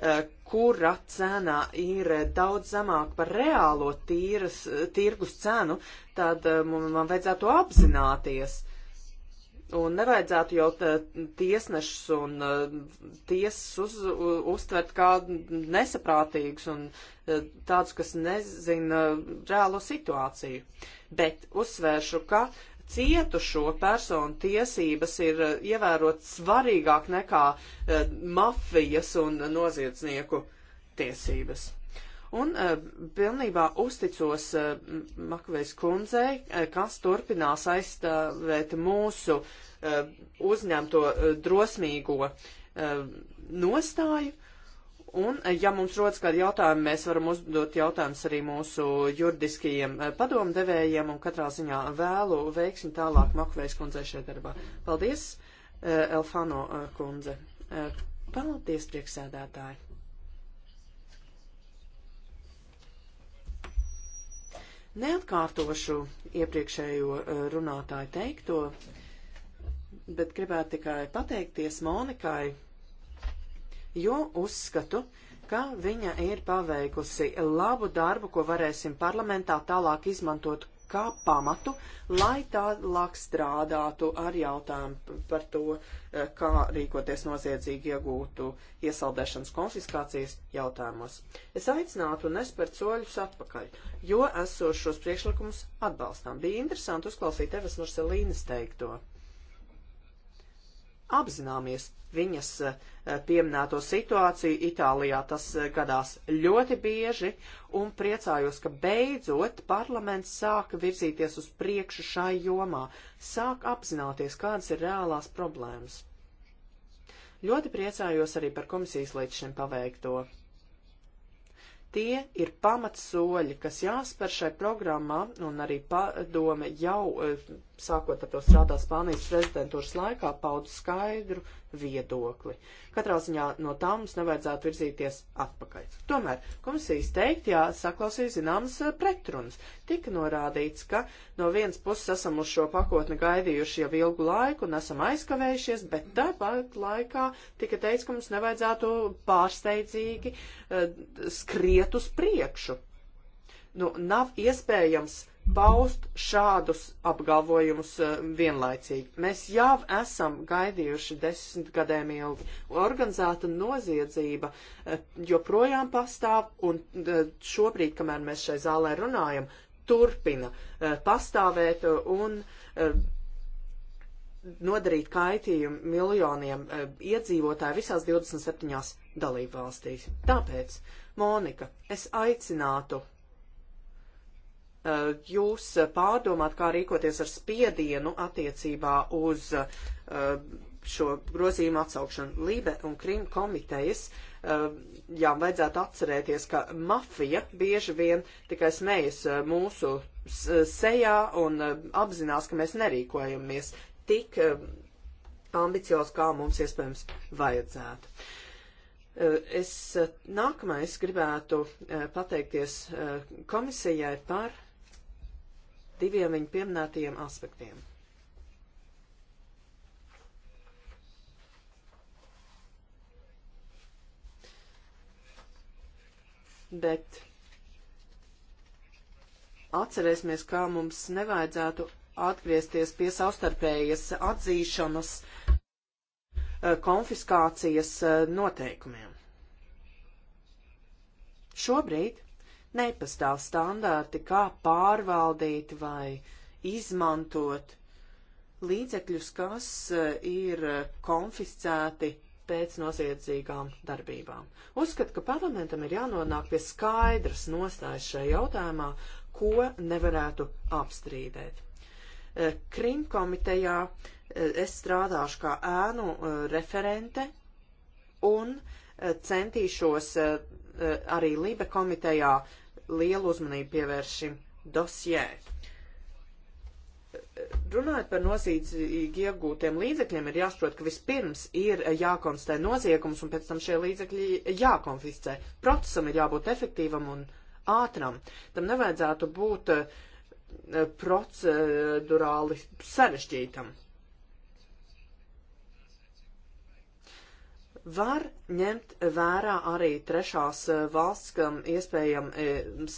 Eh, kura cena ir daudz zemāka par reālo tīras, tirgus cenu, tad eh, man vajadzētu apzināties. Un nevajadzētu jau eh, tiesnešus un tiesas uz, uztvert kā nesaprātīgus un tādus, kas nezina reālo situāciju. Bet uzsvēršu, ka uh, cietušo personu tiesības ir eh, ievērot svarīgāk nekā eh, mafijas un noziedznieku tiesības. Un eh, pilnībā uzticos Makvejas kundzei, kas turpinās aizstāvēt mūsu uzņemto drosmīgo nostāju Un, eh, ja mums rodas kādi jautājumi, mēs varam uzdot jautājumus arī mūsu juridiskajiem eh, padomdevējiem, un katrā ziņā vēlu veiksmi tālāk Makvejas kundzē šajā darbā. Paldies, eh, Elfano kundze. Paldies, prieksēdētāji. Neatkārtošu iepriekšējo runātāju teikto, bet gribētu tikai pateikties Monikai jo uzskatu, ka viņa ir paveikusi labu darbu, ko varēsim parlamentā tālāk izmantot kā pamatu, lai tālāk strādātu ar jautājumu par to, eh, kā rīkoties noziedzīgi iegūtu iesaldēšanas konfiskācijas jautājumos. Es aicinātu un nespērt soļus atpakaļ, jo esošos priekšlikumus atbalstām. Bija interesanti uzklausīt Evas Marcelīnas teikto apzināmies viņas eh, pieminēto situāciju. Itālijā tas eh, gadās ļoti bieži un priecājos, ka beidzot parlaments sāka virzīties uz priekšu šai jomā, sāk apzināties, kādas ir reālās problēmas. Ļoti priecājos arī par komisijas līdz šim paveikto. Tie ir pamatsoļi, kas jāspēr šai programmā, un arī padome jau eh, sākot ar to strādāt Spānijas prezidentūras laikā, paudu skaidru viedokli. Katrā ziņā no tā mums nevajadzētu virzīties atpakaļ. Tomēr komisijas teikt, jā, saklausīja zināmas eh, pretrunas. Tika norādīts, ka no vienas puses esam uz šo pakotni gaidījuši jau ilgu laiku un esam aizkavējušies, bet tāpat laikā tika teikts, ka mums nevajadzētu pārsteidzīgi uh, skriet uz priekšu. Nu, nav iespējams paust šādus apgalvojumus uh, vienlaicīgi. Mēs jau esam gaidījuši desmit gadiem ilgi. Organizēta noziedzība uh, joprojām pastāv, un uh, šobrīd, kamēr mēs šai zālē runājam, turpina pastāvēt un nodarīt kaitījumu miljoniem iedzīvotāju visās 27 dalībvalstīs. Tāpēc, Monika, es aicinātu Eh, jūs pārdomāt, kā rīkoties ar spiedienu attiecībā uz eh, šo grozījumu atsaukšanu Lībe un Krim komitejas. Eh, jā, vajadzētu atcerēties, ka mafija bieži vien tikai smējas mūsu sejā un apzinās, ka mēs nerīkojamies tik ambiciozi, kā mums iespējams vajadzētu. Es nākamais gribētu pateikties komisijai par diviem viņa pieminētajiem aspektiem. Bet atcerēsimies, kā mums nevajadzētu atgriezties pie savstarpējas atzīšanas eh, konfiskācijas eh, noteikumiem. Šobrīd nepastāv standarti, kā pārvaldīt vai izmantot līdzekļus, kas eh, ir konfiscēti pēc noziedzīgām darbībām. Uzskatu, ka parlamentam ir jānonāk pie skaidras nostājas šajā jautājumā, ko nevarētu apstrīdēt. Eh, Krimkomitejā eh, es strādāšu kā ēnu referente un centīšos arī Libe komitejā uh, lielu uzmanību pievērš šim dosjē. Runājot par noziedzīgi iegūtiem līdzekļiem, ir jāsaprot, ka vispirms ir jākonstatē noziegums un pēc tam šie līdzekļi jākonfiscē. Procesam ir jābūt efektīvam un ātram. Tam nevajadzētu būt eh, procedurāli sarežģītam. var ņemt vērā arī trešās eh, valsts, kam iespējams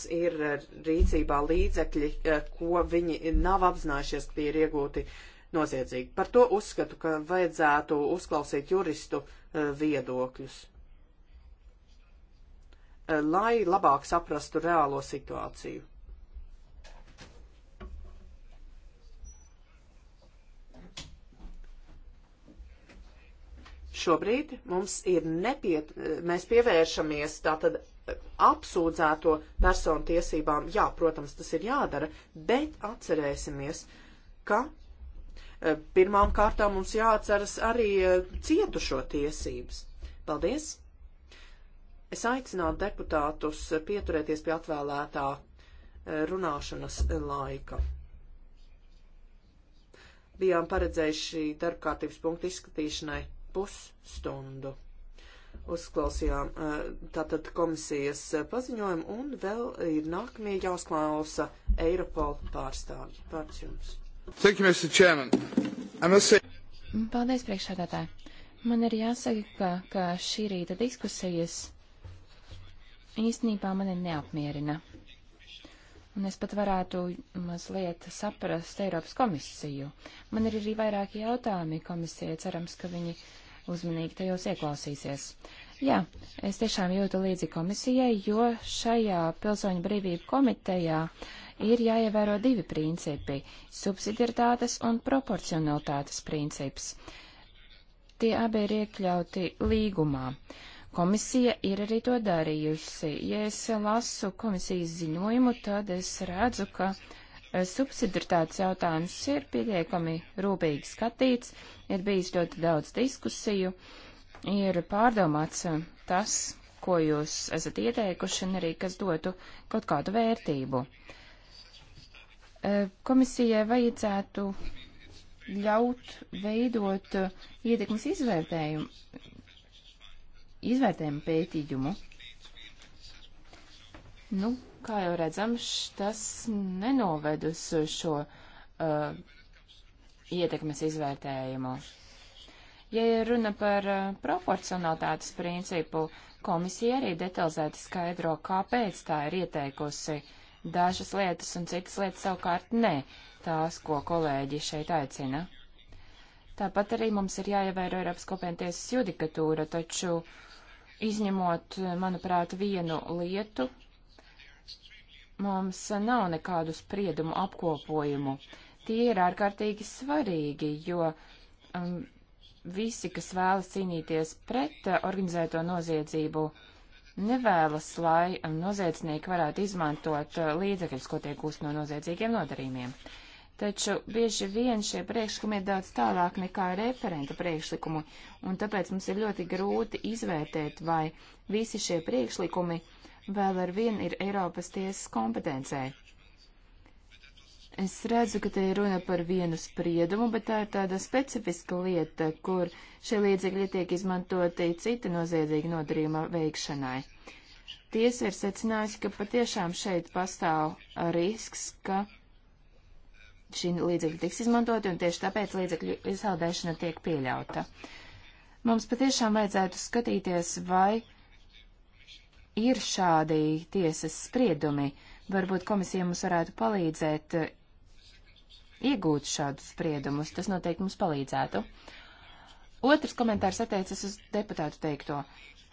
eh, ir eh, rīcībā līdzekļi, ko viņi nav apzinājušies, ka tie ir iegūti noziedzīgi. Par to uzskatu, ka vajadzētu uzklausīt juristu viedokļus, lai labāk saprastu reālo situāciju. Šobrīd mums ir nepiet, mēs pievēršamies tātad apsūdzēto personu tiesībām. Jā, protams, tas ir jādara, bet atcerēsimies, ka e, pirmām kārtām mums jāatceras arī e, cietušo tiesības. Paldies! Es aicinātu deputātus pieturēties pie atvēlētā e, runāšanas laika. Bijām paredzējuši darbkārtības punktu izskatīšanai pusstundu. Uzklausījām eh, tātad komisijas paziņojumu un vēl ir nākamie jāuzklausa Eiropol pārstāvji. Pārts jums. Thank you, Mr. Chairman. I must say... Paldies, priekšsēdētāji. Man ir jāsaka, ka, ka šī rīta diskusijas īstenībā mani neapmierina. Un es pat varētu mazliet saprast Eiropas komisiju. Man ir arī vairāki jautājumi komisijai, cerams, ka viņi uzmanīgi tajos ieklausīsies. Jā, es tiešām jūtu līdzi komisijai, jo šajā pilsoņu brīvību komitejā ir jāievēro divi principi - subsidiaritātes un proporcionalitātes princips. Tie abi ir iekļauti līgumā. Komisija ir arī to darījusi. Ja es lasu komisijas ziņojumu, tad es redzu, ka Eh, subsidiritātes jautājums ir pietiekami rūpīgi skatīts, ir bijis ļoti daudz diskusiju, ir pārdomāts eh, tas, ko jūs esat ieteikuši un arī kas dotu kaut kādu vērtību. Eh, komisijai vajadzētu ļaut veidot ietekmes izvērtējumu, izvērtējumu pētījumu. Nu, kā jau redzam, tas nenoved uz šo uh, ietekmes izvērtējumu. Ja runa par uh, proporcionalitātes principu, komisija arī detalizēti skaidro, kāpēc tā ir ieteikusi dažas lietas un citas lietas savukārt nē, tās, ko kolēģi šeit aicina. Tāpat arī mums ir jāievēro Eiropas kopienas tiesas judikatūra, taču izņemot, manuprāt, vienu lietu, Mums nav nekādu spriedumu apkopojumu. Tie ir ārkārtīgi svarīgi, jo um, visi, kas vēlas cīnīties pret uh, organizēto noziedzību, nevēlas, lai um, noziedznieki varētu izmantot uh, līdzekļus, ko tiek gūst no noziedzīgiem nodarījumiem. Taču bieži vien šie priekšlikumi ir daudz tālāk nekā referenta priekšlikumi, un tāpēc mums ir ļoti grūti izvērtēt, vai visi šie priekšlikumi uh, vēl ar vienu ir Eiropas tiesas kompetencē. Es redzu, ka te ir runa par vienu spriedumu, bet tā ir tāda specifiska lieta, kur šie līdzekļi tiek izmantoti cita noziedzīga nodarījuma veikšanai. Tiesa ir secinājusi, ka patiešām šeit pastāv risks, ka šī līdzekļa tiks izmantoti, un tieši tāpēc līdzekļu izsaldēšana tiek pieļauta. Mums patiešām vajadzētu skatīties, vai ir šādi tiesas spriedumi. Varbūt komisija mums varētu palīdzēt eh, iegūt šādus spriedumus. Tas noteikti mums palīdzētu. Otrs komentārs attiecas uz deputātu teikto.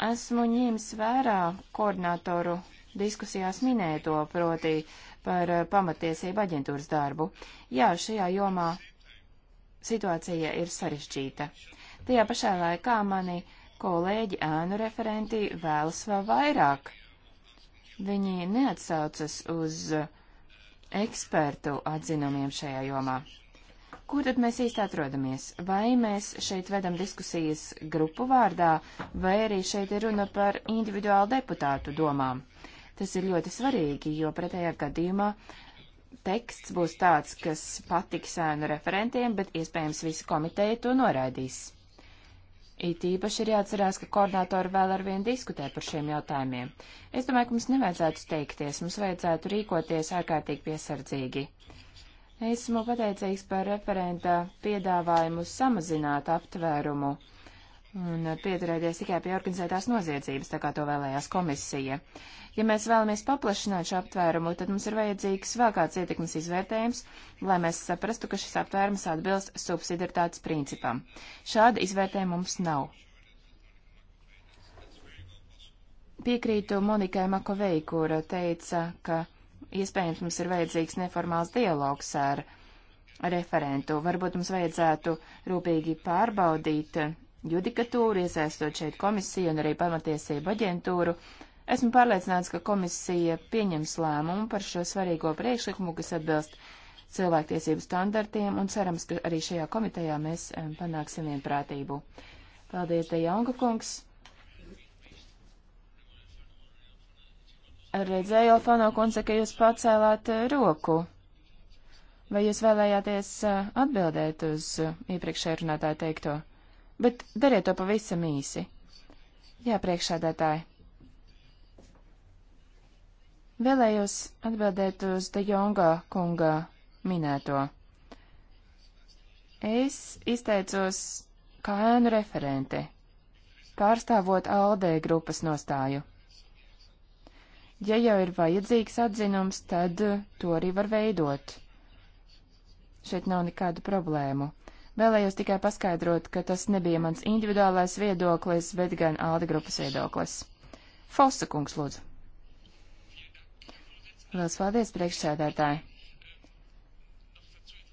Esmu ņēmis vērā koordinātoru diskusijās minēto, proti par eh, pamatiesību aģentūras darbu. Jā, šajā jomā situācija ir sarežģīta. Tajā pašā laikā mani uh, kolēģi ēnu referenti vēlas vēl vairāk. Viņi neatsaucas uz ekspertu atzinumiem šajā jomā. Kur tad mēs īsti atrodamies? Vai mēs šeit vedam diskusijas grupu vārdā, vai arī šeit ir runa par individuālu deputātu domām? Tas ir ļoti svarīgi, jo pretējā gadījumā teksts būs tāds, kas patiks ēnu referentiem, bet iespējams visi komiteja to noraidīs. It īpaši ir jāatcerās, ka koordinātori vēl ar vienu diskutē par šiem jautājumiem. Es domāju, ka mums nevajadzētu steigties, mums vajadzētu rīkoties ārkārtīgi piesardzīgi. Esmu pateicīgs par referenta piedāvājumu samazināt aptvērumu un uh, pieturēties tikai pie organizētās noziedzības, tā kā to vēlējās komisija. Ja mēs vēlamies paplašināt šo aptvērumu, tad mums ir vajadzīgs vēl kāds ietekmes izvērtējums, lai mēs saprastu, ka šis aptvērums atbilst subsidiaritātes principam. Šāda izvērtējuma mums nav. Piekrītu Monikai Makovei, kura teica, ka iespējams mums ir vajadzīgs neformāls dialogs ar referentu. Varbūt mums vajadzētu rūpīgi pārbaudīt judikatūru, iesaistot šeit komisiju un arī pamatiesību aģentūru. Esmu pārliecināts, ka komisija pieņems lēmumu par šo svarīgo priekšlikumu, kas atbilst cilvēktiesību standartiem, un cerams, ka arī šajā komitejā mēs panāksim vienprātību. Paldies, te Jaunga kungs! Redzēju, Alfano kundze, ka jūs pacēlāt eh, roku. Vai jūs vēlējāties eh, atbildēt uz eh, iepriekšējā runātāja teikto? bet dariet to pavisam īsi. Jā, priekšādētāji. Vēlējos atbildēt uz De Jonga kunga minēto. Es izteicos kā ēnu referente, pārstāvot ALDE grupas nostāju. Ja jau ir vajadzīgs atzinums, tad to arī var veidot. Šeit nav nekādu problēmu. Vēlējos tikai paskaidrot, ka tas nebija mans individuālais viedoklis, bet gan Alde grupas viedoklis. Fossa kungs, lūdzu. Lielas paldies, priekšsēdētāji.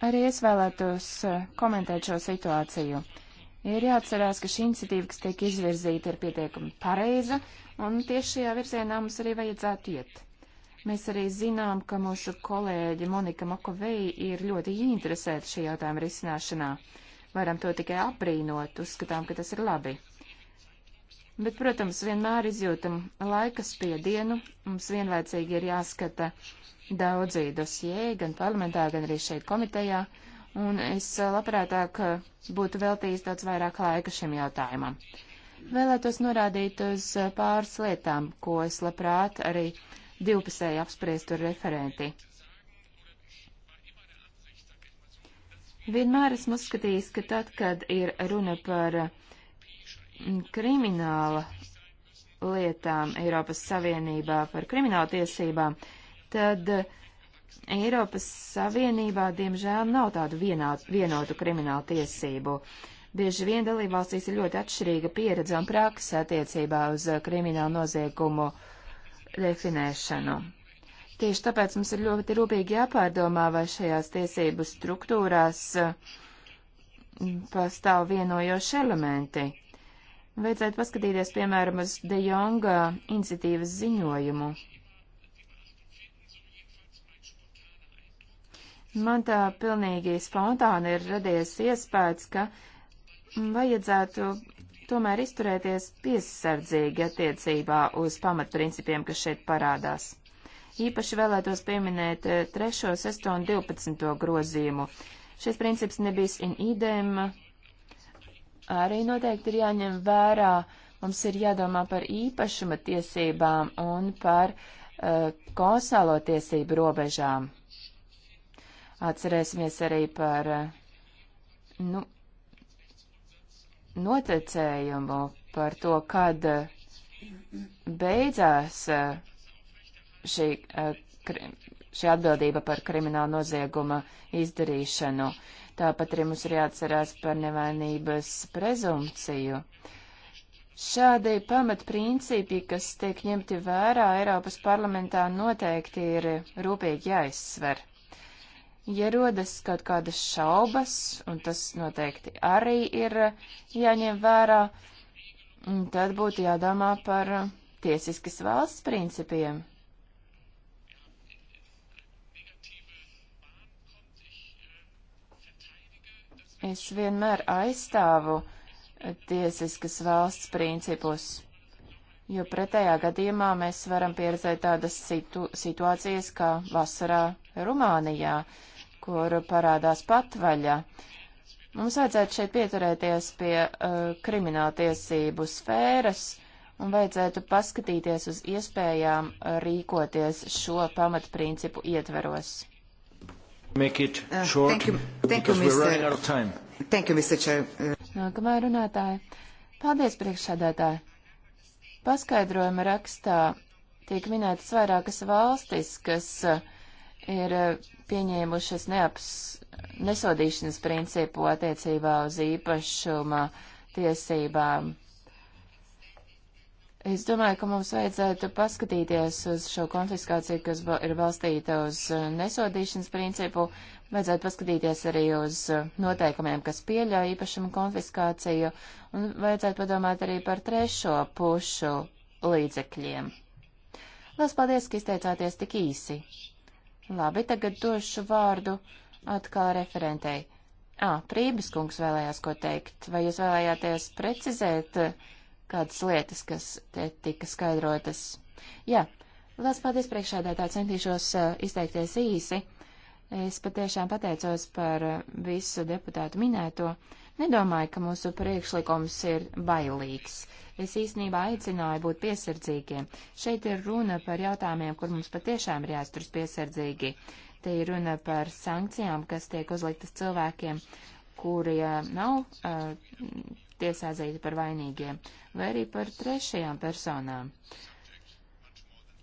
Arī es vēlētos eh, komentēt šo situāciju. Ir jāatcerās, ka šī iniciatīva, kas tiek izvirzīta, ir pietiekami pareiza, un tieši šajā virzienā mums arī vajadzētu iet. Mēs arī zinām, ka mūsu kolēģi Monika Makoveja ir ļoti ieinteresēta šī jautājuma risināšanā. Varam to tikai aprīnot, uzskatām, ka tas ir labi. Bet, protams, vienmēr izjūtam laika spiedienu, mums vienlaicīgi ir jāskata daudzi dosjē, gan parlamentā, gan arī šeit komitejā, un es labprātāk būtu veltījis daudz vairāk laika šim jautājumam. Vēlētos norādīt uz pāris lietām, ko es labprāt arī divpusēji apspriest ar referenti. Vienmēr esmu uzskatījis, ka tad, kad ir runa par mm, krimināla lietām Eiropas Savienībā, par krimināla tiesībām, tad Eiropas Savienībā, diemžēl, nav tādu vienādu, vienotu kriminālu tiesību. Bieži vien dalībvalstīs ir ļoti atšķirīga pieredze un praksa attiecībā uz kriminālu noziegumu uh, definēšanu. Tieši tāpēc mums ir ļoti rūpīgi jāpārdomā, vai šajās tiesību struktūrās mm, pastāv vienojoši elementi. Vajadzētu paskatīties, piemēram, uz De Jonga iniciatīvas ziņojumu. Man tā pilnīgi spontāni ir radies iespējas, ka mm, vajadzētu tomēr izturēties piesardzīgi attiecībā uz pamatprincipiem, kas šeit parādās. Īpaši vēlētos pieminēt 3., eh, 6. un 12. grozījumu. Šis princips nebija in idem. Arī noteikti ir jāņem vērā, mums ir jādomā par īpašuma tiesībām un par uh, eh, konsālo tiesību robežām. Atcerēsimies arī par, uh, nu, noticējumu par to, kad eh, beidzās eh, šī, eh, šī atbildība par kriminālu nozieguma izdarīšanu. Tāpat arī mums ir jāatcerās par nevainības prezumciju. Šādi pamatprincipi, kas tiek ņemti vērā Eiropas parlamentā, noteikti ir rūpīgi jāizsver. Ja rodas kaut kādas šaubas, un tas noteikti arī ir jāņem vērā, tad būtu jādomā par tiesiskas valsts principiem. Es vienmēr aizstāvu tiesiskas valsts principus jo pretējā gadījumā mēs varam pieredzēt tādas situ situācijas kā vasarā Rumānijā, kur parādās patvaļa. Mums vajadzētu šeit pieturēties pie uh, krimināltiesību sfēras un vajadzētu paskatīties uz iespējām rīkoties šo pamatprincipu ietveros. Make it short, uh, thank you, thank you, Mr. Thank you, Mr. Chair. Uh, Nākamā runātāja. Paldies, priekšsādātāji. Paskaidrojuma rakstā tiek minētas vairākas valstis, kas eh, ir eh, pieņēmušas neaps, nesodīšanas principu attiecībā uz īpašuma tiesībām. Es domāju, ka mums vajadzētu paskatīties uz šo konfiskāciju, kas ir balstīta uz eh, nesodīšanas principu. Vajadzētu paskatīties arī uz noteikumiem, kas pieļauj īpašumu konfiskāciju, Un vajadzētu padomāt arī par trešo pušu līdzekļiem. Lielas paldies, ka izteicāties tik īsi. Labi, tagad došu vārdu atkal referentei. Ā, Prības kungs vēlējās ko teikt. Vai jūs vēlējāties precizēt eh, kādas lietas, kas te tika skaidrotas? Jā, liels paldies priekšādētā, centīšos eh, izteikties īsi. Es patiešām pateicos par eh, visu deputātu minēto. Uh, Nedomāju, ka mūsu priekšlikums ir bailīgs. Es īstenībā aicināju būt piesardzīgiem. Šeit ir runa par jautājumiem, kur mums patiešām ir jāsturas piesardzīgi. Te ir runa par sankcijām, kas tiek uzliktas cilvēkiem, kuri nav uh, tiesāzīti par vainīgiem, vai arī par trešajām personām.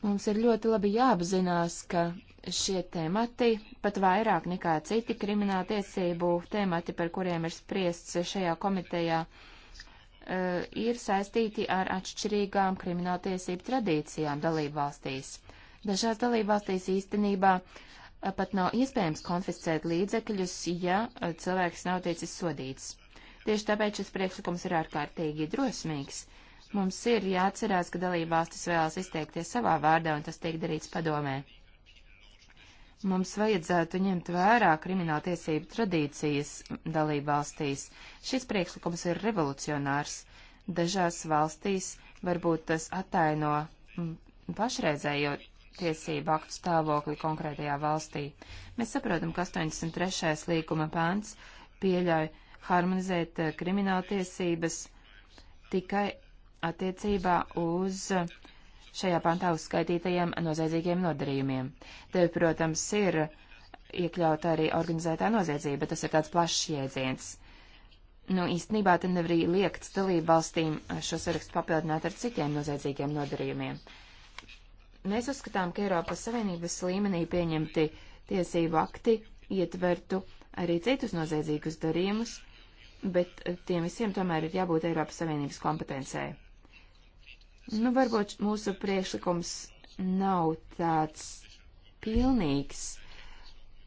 Mums ir ļoti labi jāapzinās, ka šie temati, pat vairāk nekā citi krimināla tiesību temati, par kuriem ir spriests šajā komitejā, eh, ir saistīti ar atšķirīgām krimināla tiesību tradīcijām dalībvalstīs. Dažās dalībvalstīs īstenībā eh, pat nav iespējams konfiscēt līdzekļus, ja eh, cilvēks nav ticis sodīts. Tieši tāpēc šis priekšlikums ir ārkārtīgi drosmīgs. Mums ir jāatcerās, ka dalībvalstis vēlas izteikties savā vārdā, un tas tiek darīts padomē. Mums vajadzētu ņemt vērā krimināltiesību tradīcijas dalībvalstīs. Šis priekšlikums ir revolucionārs. Dažās valstīs varbūt tas attaino mm, pašreizējo tiesību aktu stāvokli konkrētajā valstī. Mēs saprotam, ka 83. līguma pāns pieļauj harmonizēt eh, krimināltiesības tikai attiecībā uz uh, šajā pantā uzskaitītajiem noziedzīgiem nodarījumiem. Te, protams, ir iekļauta arī organizētā noziedzība, bet tas ir tāds plašs jēdziens. Nu, īstenībā te nevar liekt dalību valstīm šo sarakstu papildināt ar citiem noziedzīgiem nodarījumiem. Mēs uzskatām, ka Eiropas Savienības līmenī pieņemti tiesību akti ietvertu arī citus noziedzīgus darījumus, bet tiem visiem tomēr ir jābūt Eiropas Savienības kompetencē. Nu, varbūt mūsu priekšlikums nav tāds pilnīgs.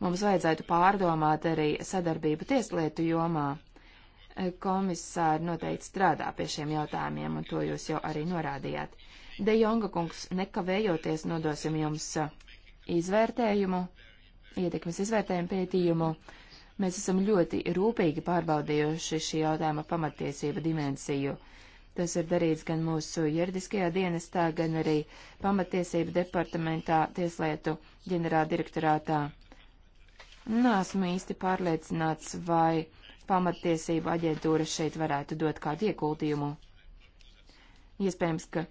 Mums vajadzētu pārdomāt arī sadarbību tieslietu jomā. Komisāri noteikti strādā pie šiem jautājumiem, un to jūs jau arī norādījāt. De Jonga kungs, nekavējoties nodosim jums izvērtējumu, ietekmes izvērtējumu pētījumu. Mēs esam ļoti rūpīgi pārbaudījuši šī jautājuma pamatiesība dimensiju. Uh, Tas ir darīts gan mūsu juridiskajā dienestā, gan arī pamatiesību departamentā, tieslietu ģenerāldirektorātā. Nāsmu nu, īsti pārliecināts, vai pamatiesību aģentūra šeit varētu dot kādu ieguldījumu. Iespējams, ka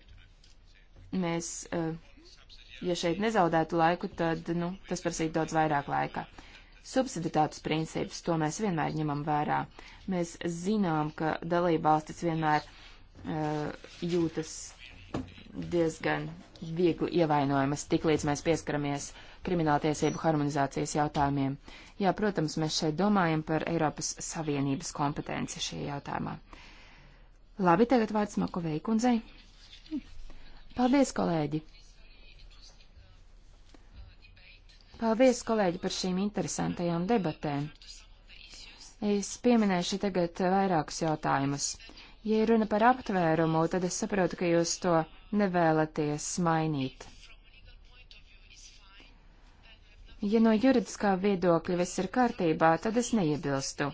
mēs, eh, ja šeit nezaudētu laiku, tad, nu, tas prasītu daudz vairāk laika. Subsiditātes princips, to mēs vienmēr ņemam vērā. Mēs zinām, ka dalībvalstis vienmēr Eh, jūtas diezgan viegli ievainojamas, tiklīdz mēs pieskaramies krimināltiesību harmonizācijas jautājumiem. Jā, protams, mēs šeit domājam par Eiropas Savienības kompetenci šajā jautājumā. Labi, tagad vārds Makovei kundzei. Paldies, kolēģi! Paldies, kolēģi, par šīm interesantajām debatēm. Es pieminēšu tagad vairākus jautājumus. Ja runa par aptvērumu, tad es saprotu, ka jūs to nevēlaties mainīt. Ja no juridiskā viedokļa viss ir kārtībā, tad es neiebilstu.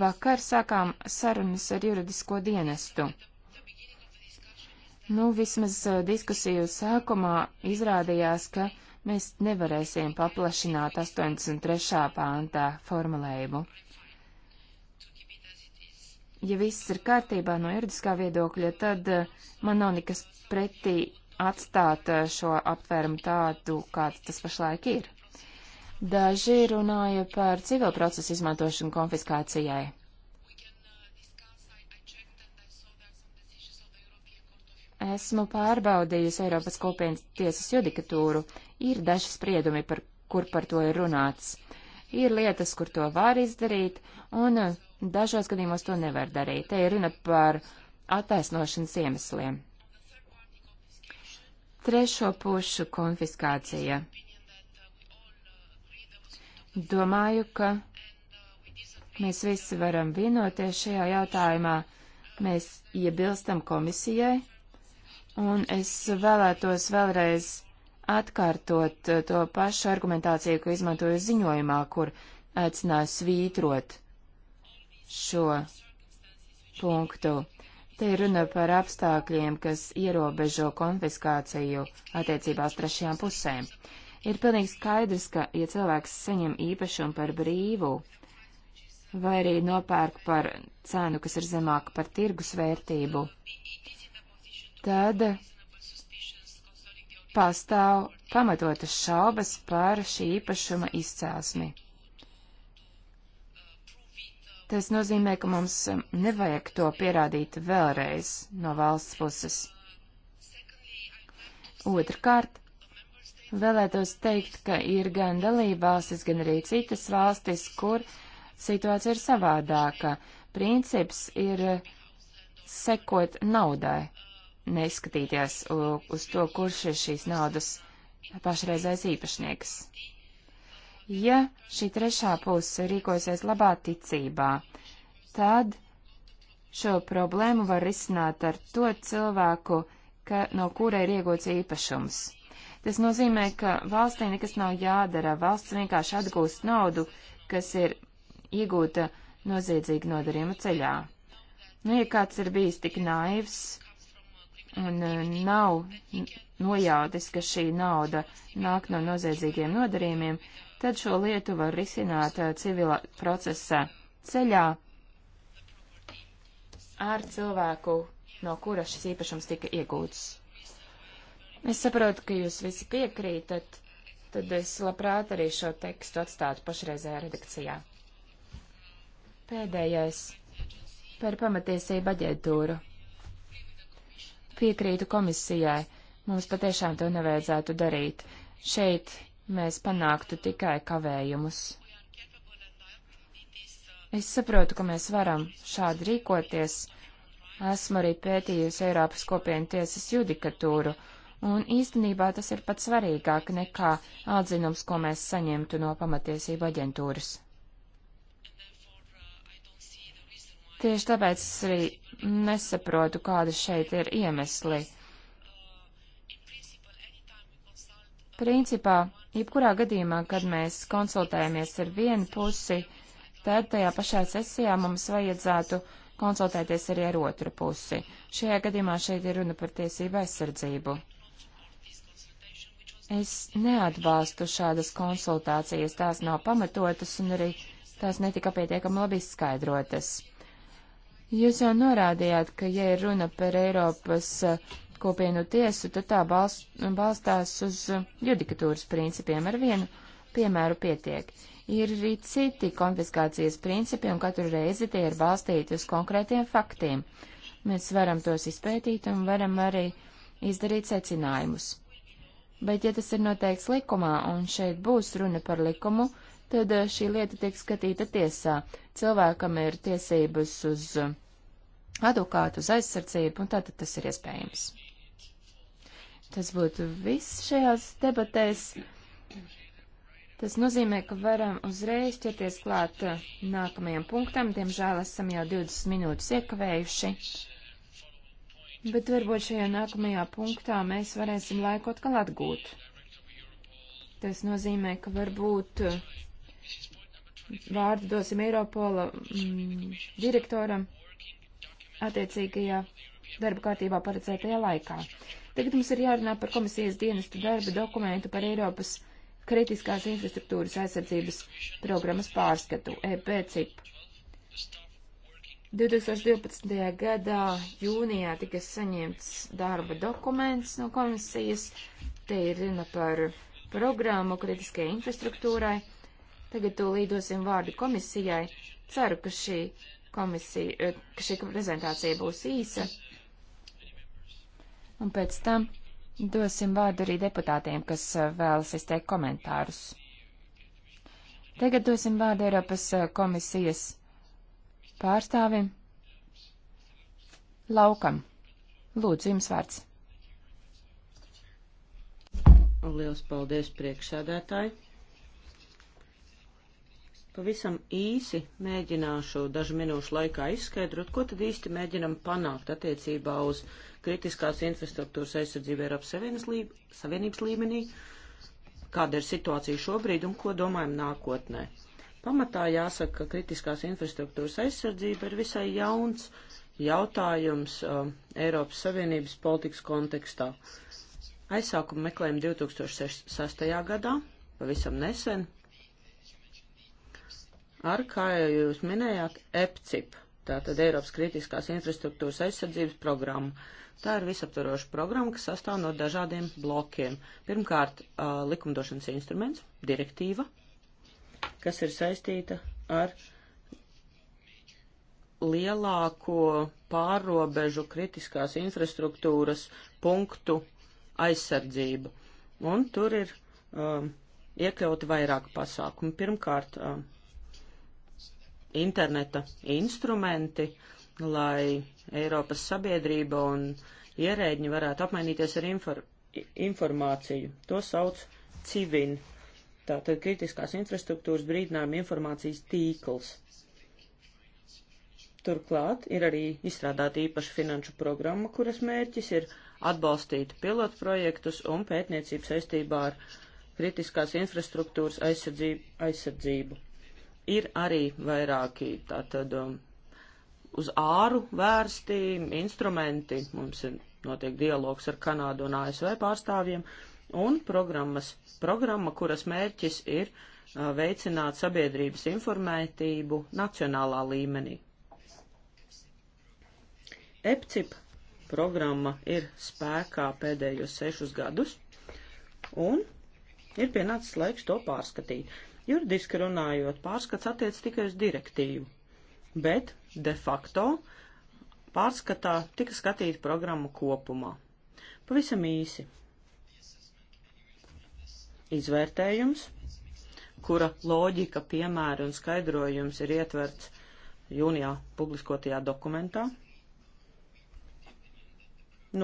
Vakar sākām sarunas ar juridisko dienestu. Nu, vismaz eh, diskusiju sākumā izrādījās, ka mēs nevarēsim paplašināt 83. pāntā formulējumu ja viss ir kārtībā no juridiskā viedokļa, tad eh, man nav nekas pretī atstāt eh, šo aptvērumu tādu, kāds tas pašlaik ir. Daži runāja par civil procesu izmantošanu konfiskācijai. Esmu pārbaudījusi Eiropas kopienas tiesas judikatūru. Ir daži spriedumi, par kur par to ir runāts. Ir lietas, kur to var izdarīt, un Dažos gadījumos to nevar darīt. Te ir runa par attaisnošanas iemesliem. Trešo pušu konfiskācija. Domāju, ka mēs visi varam vienoties šajā jautājumā. Mēs iebilstam komisijai, un es vēlētos vēlreiz atkārtot to pašu argumentāciju, ko izmantoju ziņojumā, kur aicināju svītrot šo punktu. Te ir runa par apstākļiem, kas ierobežo konfiskāciju attiecībā uz trešajām pusēm. Ir pilnīgi skaidrs, ka, ja cilvēks saņem īpašumu par brīvu, vai arī nopērk par cenu, kas ir zemāka par tirgus vērtību, tad pastāv pamatotas šaubas par šī īpašuma izcēlesmi. Tas nozīmē, ka mums nevajag to pierādīt vēlreiz no valsts puses. Otrkārt, vēlētos teikt, ka ir gan dalībvalstis, gan arī citas valstis, kur situācija ir savādāka. Princips ir sekot naudai, neskatīties uz to, kurš ir šīs naudas pašreizais īpašnieks ja šī trešā puse rīkosies labā ticībā, tad šo problēmu var risināt ar to cilvēku, ka, no kura ir iegūts īpašums. Tas nozīmē, ka valstī nekas nav jādara, valsts vienkārši atgūst naudu, kas ir iegūta noziedzīga nodarījuma ceļā. Nu, ja kāds ir bijis tik naivs un e, nav nojautis, ka šī nauda nāk no noziedzīgiem nodarījumiem, tad šo lietu var risināt civila procesa ceļā ar cilvēku, no kura šis īpašums tika iegūts. Es saprotu, ka jūs visi piekrītat, tad es labprāt arī šo tekstu atstātu pašreizējā redakcijā. Pēdējais par pamatiesību aģentūru. Piekrītu komisijai, mums patiešām to nevajadzētu darīt. Šeit mēs panāktu tikai kavējumus. Es saprotu, ka mēs varam šādi rīkoties. Esmu arī pētījusi Eiropas kopienu tiesas judikatūru, un īstenībā tas ir pat svarīgāk nekā atzinums, ko mēs saņemtu no pamatiesību aģentūras. Tieši tāpēc es arī nesaprotu, kādi šeit ir iemesli. Principā Jebkurā gadījumā, kad mēs konsultējamies ar vienu pusi, tad tajā pašā sesijā mums vajadzētu konsultēties arī ar otru pusi. Šajā gadījumā šeit ir runa par tiesību aizsardzību. Es neatbalstu šādas konsultācijas, tās nav pamatotas un arī tās netika pietiekami labi izskaidrotas. Jūs jau norādījāt, ka, ja ir runa par Eiropas uh, kopienu tiesu, tad tā balst, balstās uz judikatūras principiem ar vienu piemēru pietiek. Ir arī citi konfiskācijas principi, un katru reizi tie ir balstīti uz konkrētiem faktiem. Mēs varam tos izpētīt un varam arī izdarīt secinājumus. Bet, ja tas ir noteikts likumā, un šeit būs runa par likumu, tad eh, šī lieta tiek skatīta tiesā. Cilvēkam ir tiesības uz eh, advokātu, uz aizsardzību, un tātad tas ir iespējams. Tas būtu viss šajās debatēs. Tas nozīmē, ka varam uzreiz ķerties klāt nākamajam punktam. Diemžēl esam jau 20 minūtes iekavējuši. Bet varbūt šajā nākamajā punktā mēs varēsim laiku atkal atgūt. Tas nozīmē, ka varbūt mm, vārdu dosim Eiropola mm, direktoram attiecīgajā darba kārtībā paredzētajā laikā. Tagad mums ir jārunā par komisijas dienestu darba dokumentu par Eiropas kritiskās infrastruktūras aizsardzības programmas pārskatu EPCIP. 2012. gadā jūnijā tika saņemts darba dokuments no komisijas. Te ir runa par programmu kritiskajai infrastruktūrai. Tagad to līdosim vārdu komisijai. Ceru, ka šī, komisija, eh, ka šī prezentācija būs īsa un pēc tam dosim vārdu arī deputātiem, kas eh, vēlas izteikt komentārus. Tagad dosim vārdu Eiropas eh, komisijas pārstāvim Laukam. Lūdzu, jums vārds. Liels paldies priekšsēdētāji. Pavisam īsi mēģināšu dažu minūšu laikā izskaidrot, ko tad īsti mēģinam panākt attiecībā uz kritiskās infrastruktūras aizsardzība Eiropas Savienības, līb Savienības līmenī, kāda ir situācija šobrīd un ko domājam nākotnē. Pamatā jāsaka, ka kritiskās infrastruktūras aizsardzība ir visai jauns jautājums uh, Eiropas Savienības politikas kontekstā. Aizsākumu meklējam 2006. gadā, pavisam nesen, ar, kā jūs minējāt, EPCIP, tātad Eiropas kritiskās infrastruktūras aizsardzības programmu. Tā ir visaptvaroša programma, kas sastāv no dažādiem blokiem. Pirmkārt, likumdošanas instruments, direktīva, kas ir saistīta ar lielāko pārobežu kritiskās infrastruktūras punktu aizsardzību. Un tur ir um, iekļauti vairāki pasākumi. Pirmkārt, um, interneta instrumenti, uh, lai Eiropas sabiedrība un ierēģi varētu apmainīties ar infor informāciju. To sauc civin, tātad kritiskās infrastruktūras brīdinājuma informācijas tīkls. Turklāt ir arī izstrādāta īpaša finanšu programma, kuras mērķis ir atbalstīt pilotprojektus un pētniecību saistībā ar kritiskās infrastruktūras aizsardzību. aizsardzību. Ir arī vairāki tātad um, uz āru vērsti instrumenti. Mums ir notiek dialogs ar Kanādu un ASV pārstāvjiem, un programmas, programma, kuras mērķis ir uh, veicināt sabiedrības informētību nacionālā līmenī. EPCIP programma ir spēkā pēdējos sešus gadus, un ir pienācis laiks to pārskatīt. Juridiski runājot, pārskats attiec tikai uz direktīvu, bet de facto pārskatā tika skatīta programma kopumā. Pavisam īsi. Izvērtējums, kura loģika, piemēri un skaidrojums ir ietverts jūnijā publiskotajā dokumentā,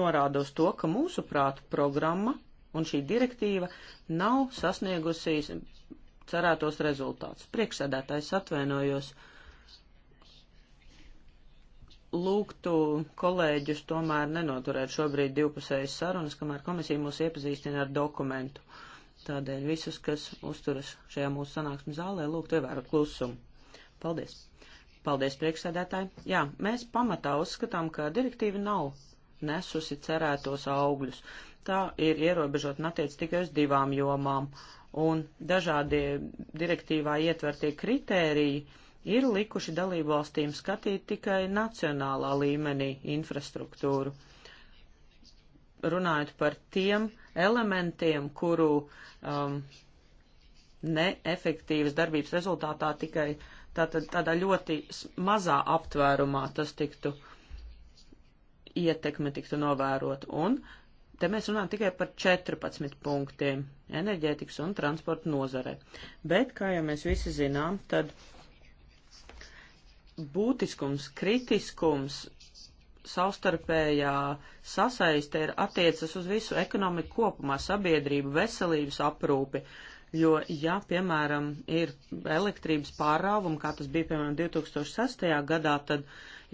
norāda uz to, ka mūsuprāt programma un šī direktīva nav sasniegusi cerētos rezultātus. Priekšsēdētājs atvainojos. Uh, lūgtu kolēģus tomēr nenoturēt šobrīd divpusējas sarunas, kamēr komisija mūs iepazīstina ar dokumentu. Tādēļ visus, kas uzturas šajā mūsu sanāksmes zālē, lūgtu ievērot klusumu. Paldies! Paldies, priekšsēdētāji! Jā, mēs pamatā uzskatām, ka direktīva nav nesusi cerētos augļus. Tā ir ierobežot un attiec tikai uz divām jomām, un dažādie direktīvā ietvertie kritēriji ir likuši dalībvalstīm skatīt tikai nacionālā līmenī infrastruktūru. Runājot par tiem elementiem, kuru um, neefektīvas darbības rezultātā tikai tātad, tādā ļoti mazā aptvērumā tas tiktu ietekme tiktu novērot. Un te mēs runājam tikai par 14 punktiem enerģētikas un transporta nozare. Bet, kā jau mēs visi zinām, tad būtiskums, kritiskums, savstarpējā sasaiste ir attiecas uz visu ekonomiku kopumā, sabiedrību, veselības aprūpi. Jo, ja, piemēram, ir elektrības pārāvumi, kā tas bija, piemēram, 2006. gadā, tad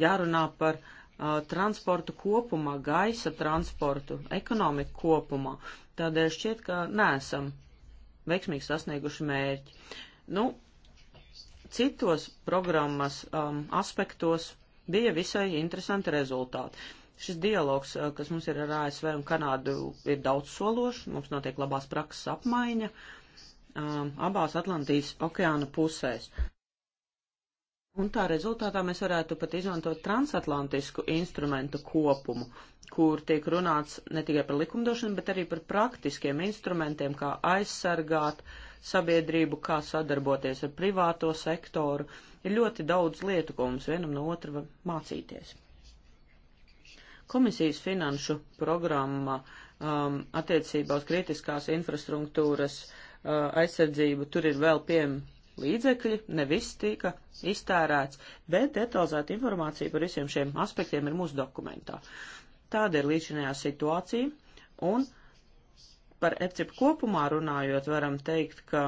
jārunā par uh, transportu kopumā, gaisa transportu, ekonomiku kopumā. Tādēļ šķiet, ka nesam veiksmīgi sasnieguši mērķi. Nu, citos programmas um, aspektos bija visai interesanti rezultāti. Šis dialogs, uh, kas mums ir ar ASV un Kanādu, ir daudz sološs, mums notiek labās prakses apmaiņa um, abās Atlantijas okeāna pusēs. Un tā rezultātā mēs varētu pat izmantot transatlantisku instrumentu kopumu, kur tiek runāts ne tikai par likumdošanu, bet arī par praktiskiem instrumentiem, kā aizsargāt sabiedrību, kā sadarboties ar privāto sektoru. Ir ļoti daudz lietu, ko mums vienam no otra var mācīties. Komisijas finanšu programma um, attiecībā uz kritiskās infrastruktūras uh, aizsardzību tur ir vēl pieejama līdzekļi, ne viss tika iztērēts, bet detalizēta informācija par visiem šiem aspektiem ir mūsu dokumentā. Tāda ir līdzinājā situācija, un par EPCIP kopumā runājot, varam teikt, ka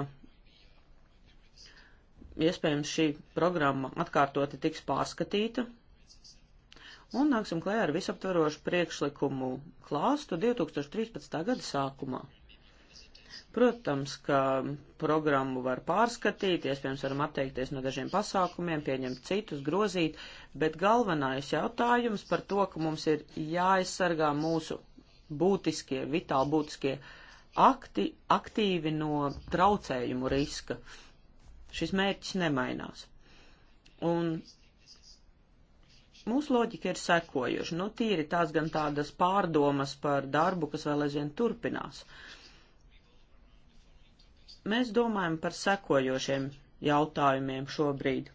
iespējams šī programma atkārtoti tiks pārskatīta, un nāksim klējā ar visaptverošu priekšlikumu klāstu 2013. gada sākumā. Protams, ka programmu var pārskatīt, iespējams, varam atteikties no dažiem pasākumiem, pieņemt citus, grozīt, bet galvenais jautājums par to, ka mums ir jāaizsargā mūsu būtiskie, vitāli būtiskie akti, aktīvi no traucējumu riska. Šis mērķis nemainās. Un mūsu loģika ir sekojuša. Nu, tīri tās gan tādas pārdomas par darbu, kas vēl aizvien turpinās. Uh, Mēs domājam par sekojošiem jautājumiem šobrīd.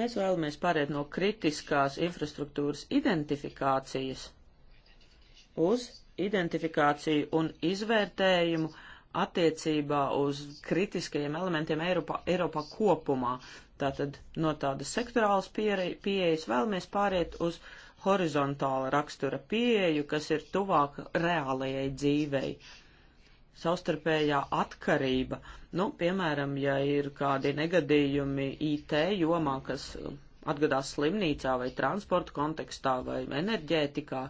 Mēs vēlamies pāriet no kritiskās infrastruktūras identifikācijas uz identifikāciju un izvērtējumu attiecībā uz kritiskajiem elementiem Eiropā, Eiropā kopumā. Tātad no tādas sektorālas pieejas vēlamies pāriet uz horizontāla rakstura pieeju, kas ir tuvāk reālajai dzīvei, savstarpējā atkarība. Nu, piemēram, ja ir kādi negadījumi IT jomā, kas uh, atgadās slimnīcā vai transporta kontekstā vai enerģētikā,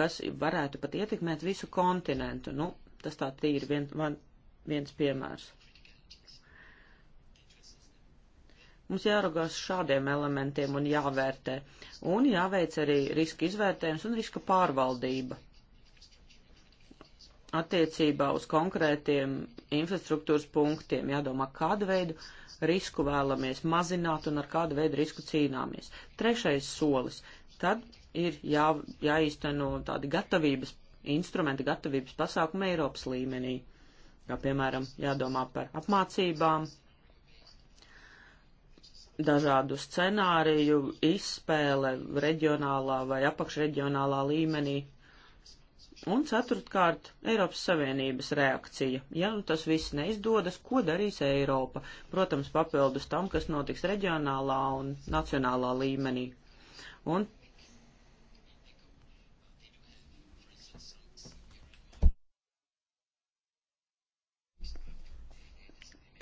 kas varētu pat ietekmēt visu kontinentu. Nu, tas tā tīri vien, man, viens piemērs. Mums jāraugās šādiem elementiem un jāvērtē, un jāveic arī riska izvērtējums un riska pārvaldība attiecībā uz konkrētiem infrastruktūras punktiem, jādomā, kādu veidu risku vēlamies mazināt un ar kādu veidu risku cīnāmies. Trešais solis. Tad ir jā, jāīsteno tādi gatavības instrumenti, gatavības pasākumi Eiropas līmenī. Kā piemēram, jādomā par apmācībām, dažādu scenāriju izspēle reģionālā vai apakšreģionālā līmenī Un ceturtkārt, Eiropas Savienības reakcija. Ja nu tas viss neizdodas, ko darīs Eiropa? Protams, papildus tam, kas notiks reģionālā un nacionālā līmenī. Un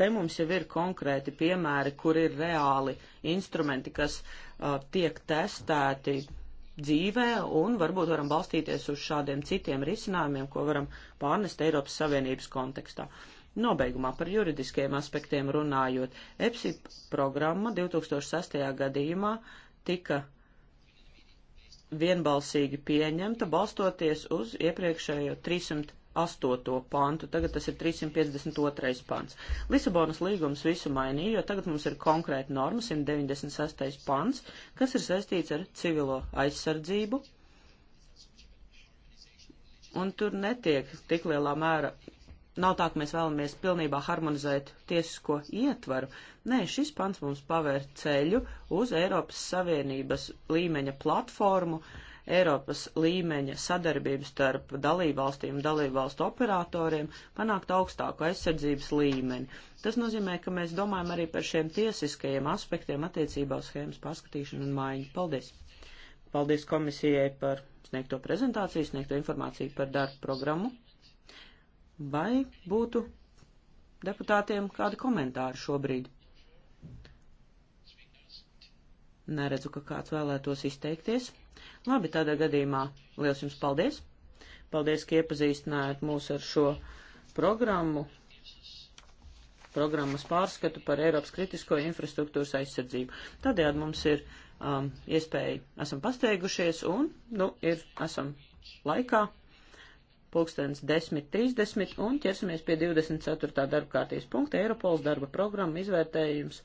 te mums jau ir konkrēti piemēri, kur ir reāli instrumenti, kas uh, tiek testēti dzīvē un varbūt varam balstīties uz šādiem citiem risinājumiem, ko varam pārnest Eiropas Savienības kontekstā. Nobeigumā par juridiskiem aspektiem runājot, EPSI programma 2006. gadījumā tika vienbalsīgi pieņemta, balstoties uz iepriekšējo 300 8. pantu, tagad tas ir 352. pants. Lisabonas līgums visu mainīja, jo tagad mums ir konkrēta norma 196. pants, kas ir saistīts ar civilo aizsardzību, un tur netiek tik lielā mērā. Nav tā, ka mēs vēlamies pilnībā harmonizēt tiesisko ietvaru. Nē, šis pants mums pavēr ceļu uz Eiropas Savienības līmeņa platformu, uh, Eiropas līmeņa sadarbību starp dalībvalstīm un dalībvalstu operatoriem panākt augstāku aizsardzības līmeni. Tas nozīmē, ka mēs domājam arī par šiem tiesiskajiem aspektiem attiecībā uz schēmas pārskatīšanu un maiņu. Paldies! Paldies komisijai par sniegto prezentāciju, sniegto informāciju par darbu programmu. Vai būtu deputātiem kādi komentāri šobrīd? Neredzu, ka kāds vēlētos izteikties. Labi, tādā gadījumā liels jums paldies. Paldies, ka iepazīstinājāt mūs ar šo programmu, programmas pārskatu par Eiropas kritisko infrastruktūras aizsardzību. Tādējādi mums ir um, iespēja, esam pasteigušies un, nu, ir, esam laikā pulkstens 10.30 un ķersimies pie 24. darba kārtības punkta Eiropols darba programma izvērtējums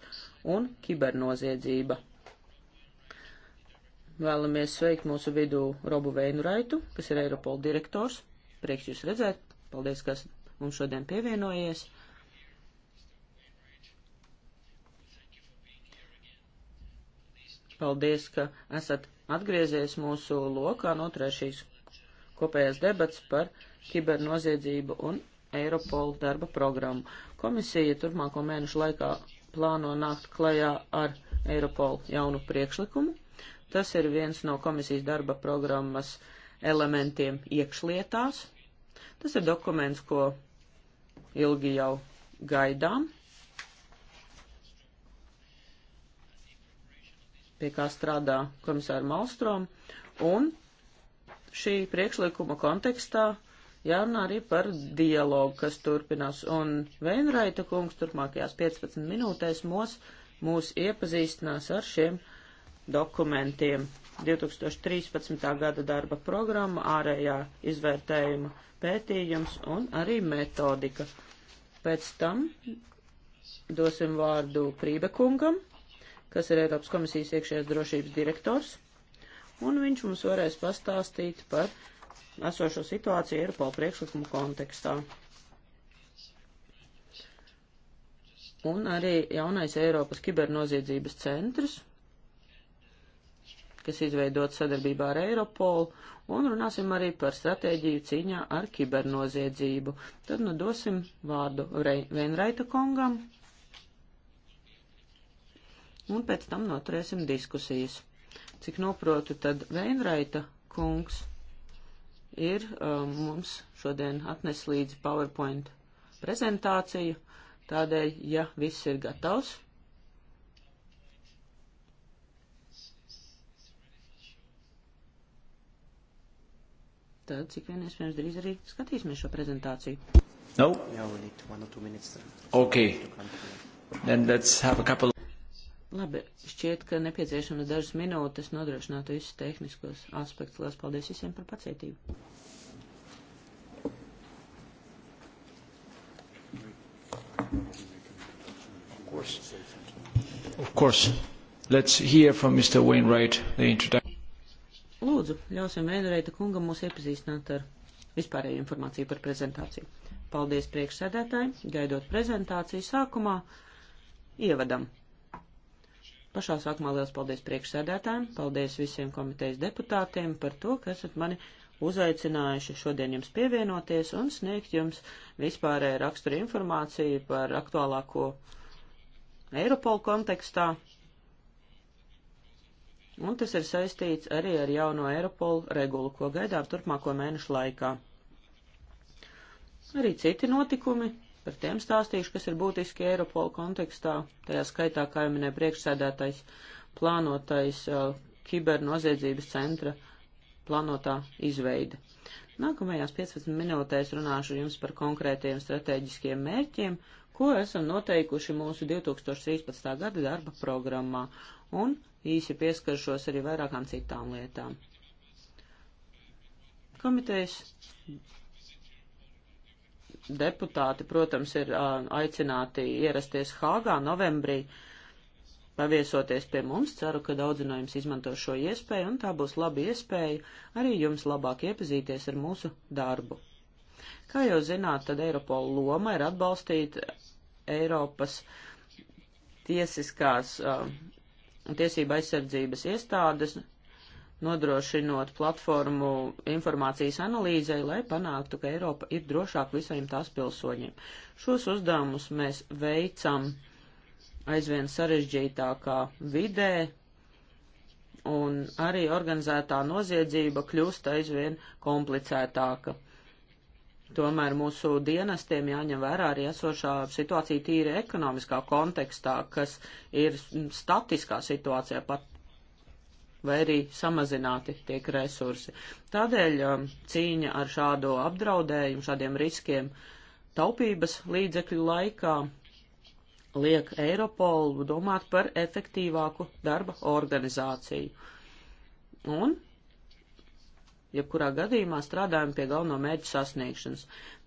un kibernoziedzība. Vēlamies sveikt mūsu vidū Robu Veinu Raitu, kas ir Eiropola direktors. Prieks jūs redzēt. Paldies, kas mums šodien pievienojies. Paldies, ka esat atgriezies mūsu lokā noturēt šīs kopējās debats par kibernoziedzību un Eiropola darba programmu. Komisija turpmāko mēnešu laikā plāno nākt klajā ar Eiropola jaunu priekšlikumu Tas ir viens no komisijas darba programmas elementiem iekšlietās. Tas ir dokuments, ko ilgi jau gaidām, pie kā strādā komisāra Malstrom, un šī priekšlikuma kontekstā jārunā arī par dialogu, kas turpinās. Un Veinraita kungs turpmākajās 15 minūtēs mūs, mūs iepazīstinās ar šiem dokumentiem. 2013. gada darba programma, ārējā izvērtējuma pētījums un arī metodika. Pēc tam dosim vārdu Prībekungam, kas ir Eiropas komisijas iekšējās drošības direktors, un viņš mums varēs pastāstīt par esošo situāciju Eiropā priekšlikumu kontekstā. Un arī jaunais Eiropas kibernoziedzības centrs, kas izveidot sadarbībā ar Eiropolu, un runāsim arī par stratēģiju cīņā ar kibernoziedzību. Tad nu dosim vārdu Veinraita kongam, un pēc tam noturēsim diskusijas. Cik noprotu, tad Veinraita kungs ir um, mums šodien atnes līdzi PowerPoint prezentāciju, tādēļ, ja viss ir gatavs, tad cik vien iespējams drīz arī skatīsimies šo prezentāciju. No? Yeah, we need one or two minutes. Okay. Then let's have a couple. Labi, šķiet, ka nepieciešams dažas minūtes nodrošināt visus tehniskos aspektus. Lielas paldies visiem par pacietību. Of course. Of course. Let's hear from Mr. Wainwright the introduction. Lūdzu, ļausim Veidoreita kungam mūs iepazīstināt ar vispārēju informāciju par prezentāciju. Paldies priekšsēdētāji, gaidot prezentāciju sākumā, ievadam. Pašā sākumā liels paldies priekšsēdētājiem, paldies visiem komitejas deputātiem par to, ka esat mani uzaicinājuši šodien jums pievienoties un sniegt jums vispārēju raksturu informāciju par aktuālāko Eiropolu kontekstā un tas ir saistīts arī ar jauno Eiropolu regulu, ko gaidām turpmāko mēnešu laikā. Arī citi notikumi, par tiem stāstīšu, kas ir būtiski Eiropola kontekstā, tajā skaitā, kā jau minēja priekšsēdētais, plānotais uh, kibernoziedzības centra plānotā izveide. Nākamajās 15 minūtēs runāšu jums par konkrētiem strateģiskiem mērķiem, ko esam noteikuši mūsu 2013. gada darba programmā, un īsi pieskaršos arī vairākām citām lietām. Komitejas deputāti, protams, ir aicināti ierasties Hāgā novembrī, paviesoties pie mums. Ceru, ka daudzi no jums izmanto šo iespēju, un tā būs laba iespēja arī jums labāk iepazīties ar mūsu darbu. Kā jau zināt, tad Eiropola loma ir atbalstīt Eiropas tiesiskās uh, tiesība aizsardzības iestādes, nodrošinot platformu informācijas analīzei, lai panāktu, ka Eiropa ir drošāk visiem tās pilsoņiem. Šos uzdevumus mēs veicam aizvien sarežģītākā vidē, un arī organizētā noziedzība kļūst aizvien komplicētāka. Tomēr mūsu dienestiem jāņem vērā arī esošā situācija tīri ekonomiskā kontekstā, kas ir statiskā situācijā pat vai arī samazināti tiek resursi. Tādēļ um, cīņa ar šādo apdraudējumu, šādiem riskiem taupības līdzekļu laikā liek Eiropolu domāt par efektīvāku darba organizāciju. Un jebkurā gadījumā strādājam pie galveno mērķu sasniegšanas.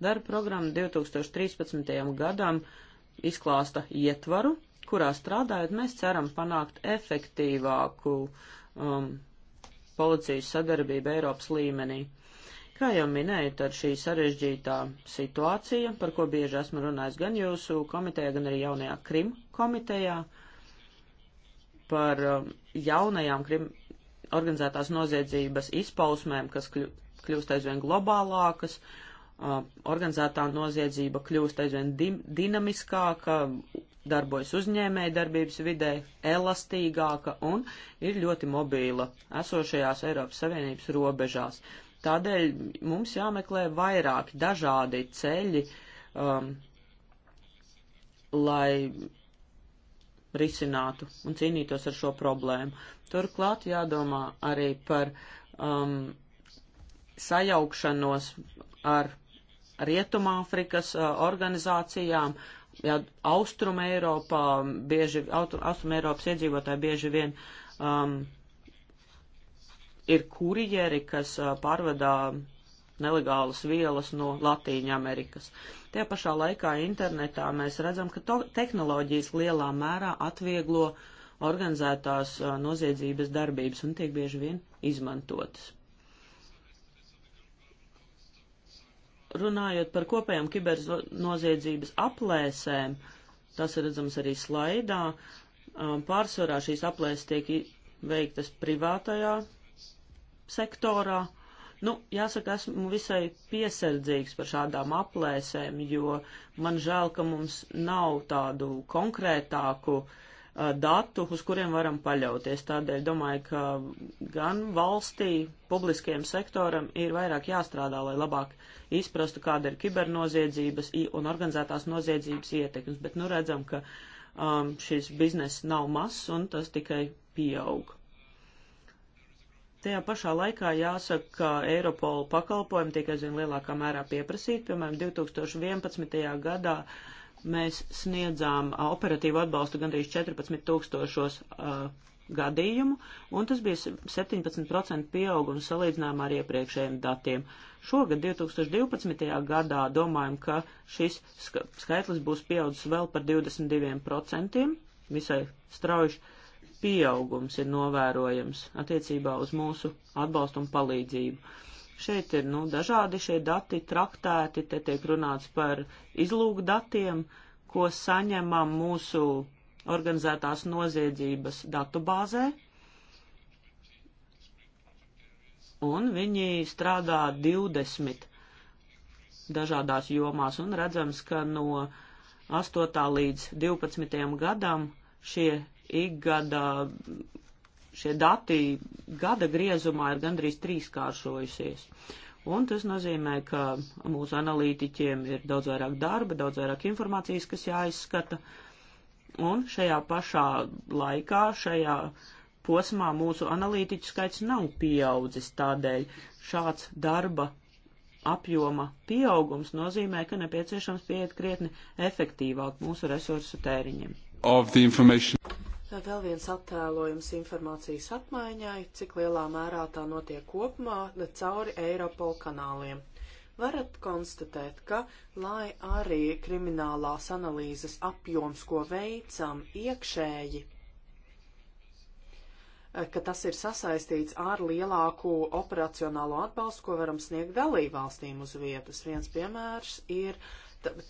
Darba programma 2013. gadam izklāsta ietvaru, kurā strādājot mēs ceram panākt efektīvāku um, policijas sadarbību Eiropas līmenī. Kā jau minēju, tad šī sarežģītā situācija, par ko bieži esmu runājis gan jūsu komitejā, gan arī jaunajā Krim komitejā, par um, jaunajām Krim organizētās noziedzības izpausmēm, kas kļūst aizvien globālākas, uh, organizētā noziedzība kļūst aizvien di dinamiskāka, darbojas uzņēmēja darbības vidē, elastīgāka un ir ļoti mobīla esošajās Eiropas Savienības robežās. Tādēļ mums jāmeklē vairāki dažādi ceļi, um, lai risinātu un cīnītos ar šo problēmu. Turklāt jādomā arī par um, sajaukšanos ar Rietumāfrikas uh, organizācijām, ja Austrum Eiropā, bieži, Austrum Eiropas iedzīvotāji bieži vien um, ir kurjeri, kas uh, pārvedā nelegālas vielas no Latīņa Amerikas. Uh, Tajā pašā laikā internetā mēs redzam, ka tehnoloģijas lielā mērā atvieglo organizētās noziedzības darbības un tiek bieži vien izmantotas. Runājot par kopējām kibernoziedzības aplēsēm, tas ir redzams arī slaidā, pārsvarā šīs aplēses tiek veiktas privātajā sektorā, Nu, jāsaka, esmu visai piesardzīgs par šādām aplēsēm, jo man žēl, ka mums nav tādu konkrētāku uh, datu, uz kuriem varam paļauties. Tādēļ domāju, ka gan valstī, publiskajam sektoram ir vairāk jāstrādā, lai labāk izprastu, kāda ir kibernoziedzības un organizētās noziedzības ietekmes. Bet nu redzam, ka um, šis biznes nav mazs un tas tikai pieaug. Tajā pašā laikā jāsaka, ka Eiropola pakalpojumi tiek aizvien lielākā mērā pieprasīti. Piemēram, 2011. gadā mēs sniedzām operatīvu atbalstu gandrīz 14 tūkstošos uh, gadījumu, un tas bija 17% pieaugums salīdzinājumā ar iepriekšējiem datiem. Šogad, 2012. gadā, domājam, ka šis skaitlis būs pieaudzis vēl par 22% visai strauji pieaugums ir novērojams attiecībā uz mūsu atbalstu un palīdzību. Šeit ir nu, dažādi šie dati traktēti, te tiek runāts par izlūkdatiem, ko saņemam mūsu organizētās noziedzības datubāzē, un viņi strādā 20 dažādās jomās, un redzams, ka no 8. līdz 12. gadam šie ikgada šie dati gada griezumā ir gandrīz trīskāršojusies. Un tas nozīmē, ka mūsu analītiķiem ir daudz vairāk darba, daudz vairāk informācijas, kas jāizskata. Un šajā pašā laikā, šajā posmā mūsu analītiķu skaits nav pieaudzis, tādēļ šāds darba apjoma pieaugums nozīmē, ka nepieciešams pieiet krietni efektīvāk mūsu resursu tēriņiem. Vēl viens attēlojums informācijas apmaiņai, cik lielā mērā tā notiek kopumā, ne cauri Eiropol kanāliem. Varat konstatēt, ka, lai arī kriminālās analīzes apjoms, ko veicam iekšēji, ka tas ir sasaistīts ar lielāku operacionālo atbalstu, ko varam sniegt dalībvalstīm uz vietas. Viens piemērs ir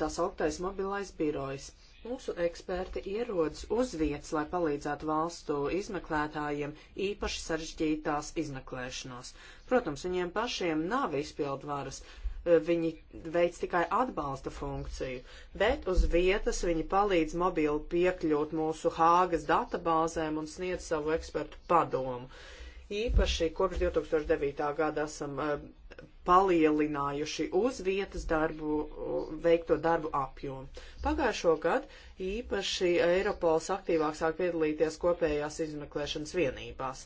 tas augtais mobilais birojs. Mūsu eksperti ierodas uz vietas, lai palīdzētu valstu izmeklētājiem īpaši sarežģītās izmeklēšanās. Protams, viņiem pašiem nav izpildvaras, eh, viņi veic tikai atbalsta funkciju, bet uz vietas viņi palīdz mobili piekļūt mūsu Hāgas databāzēm un sniedz savu ekspertu padomu. Īpaši kopš 2009. gada esam eh, palielinājuši uz vietas darbu, veikto darbu apjomu. Pagājušo gadu īpaši Eiropols aktīvāk sāk piedalīties kopējās izmeklēšanas vienībās.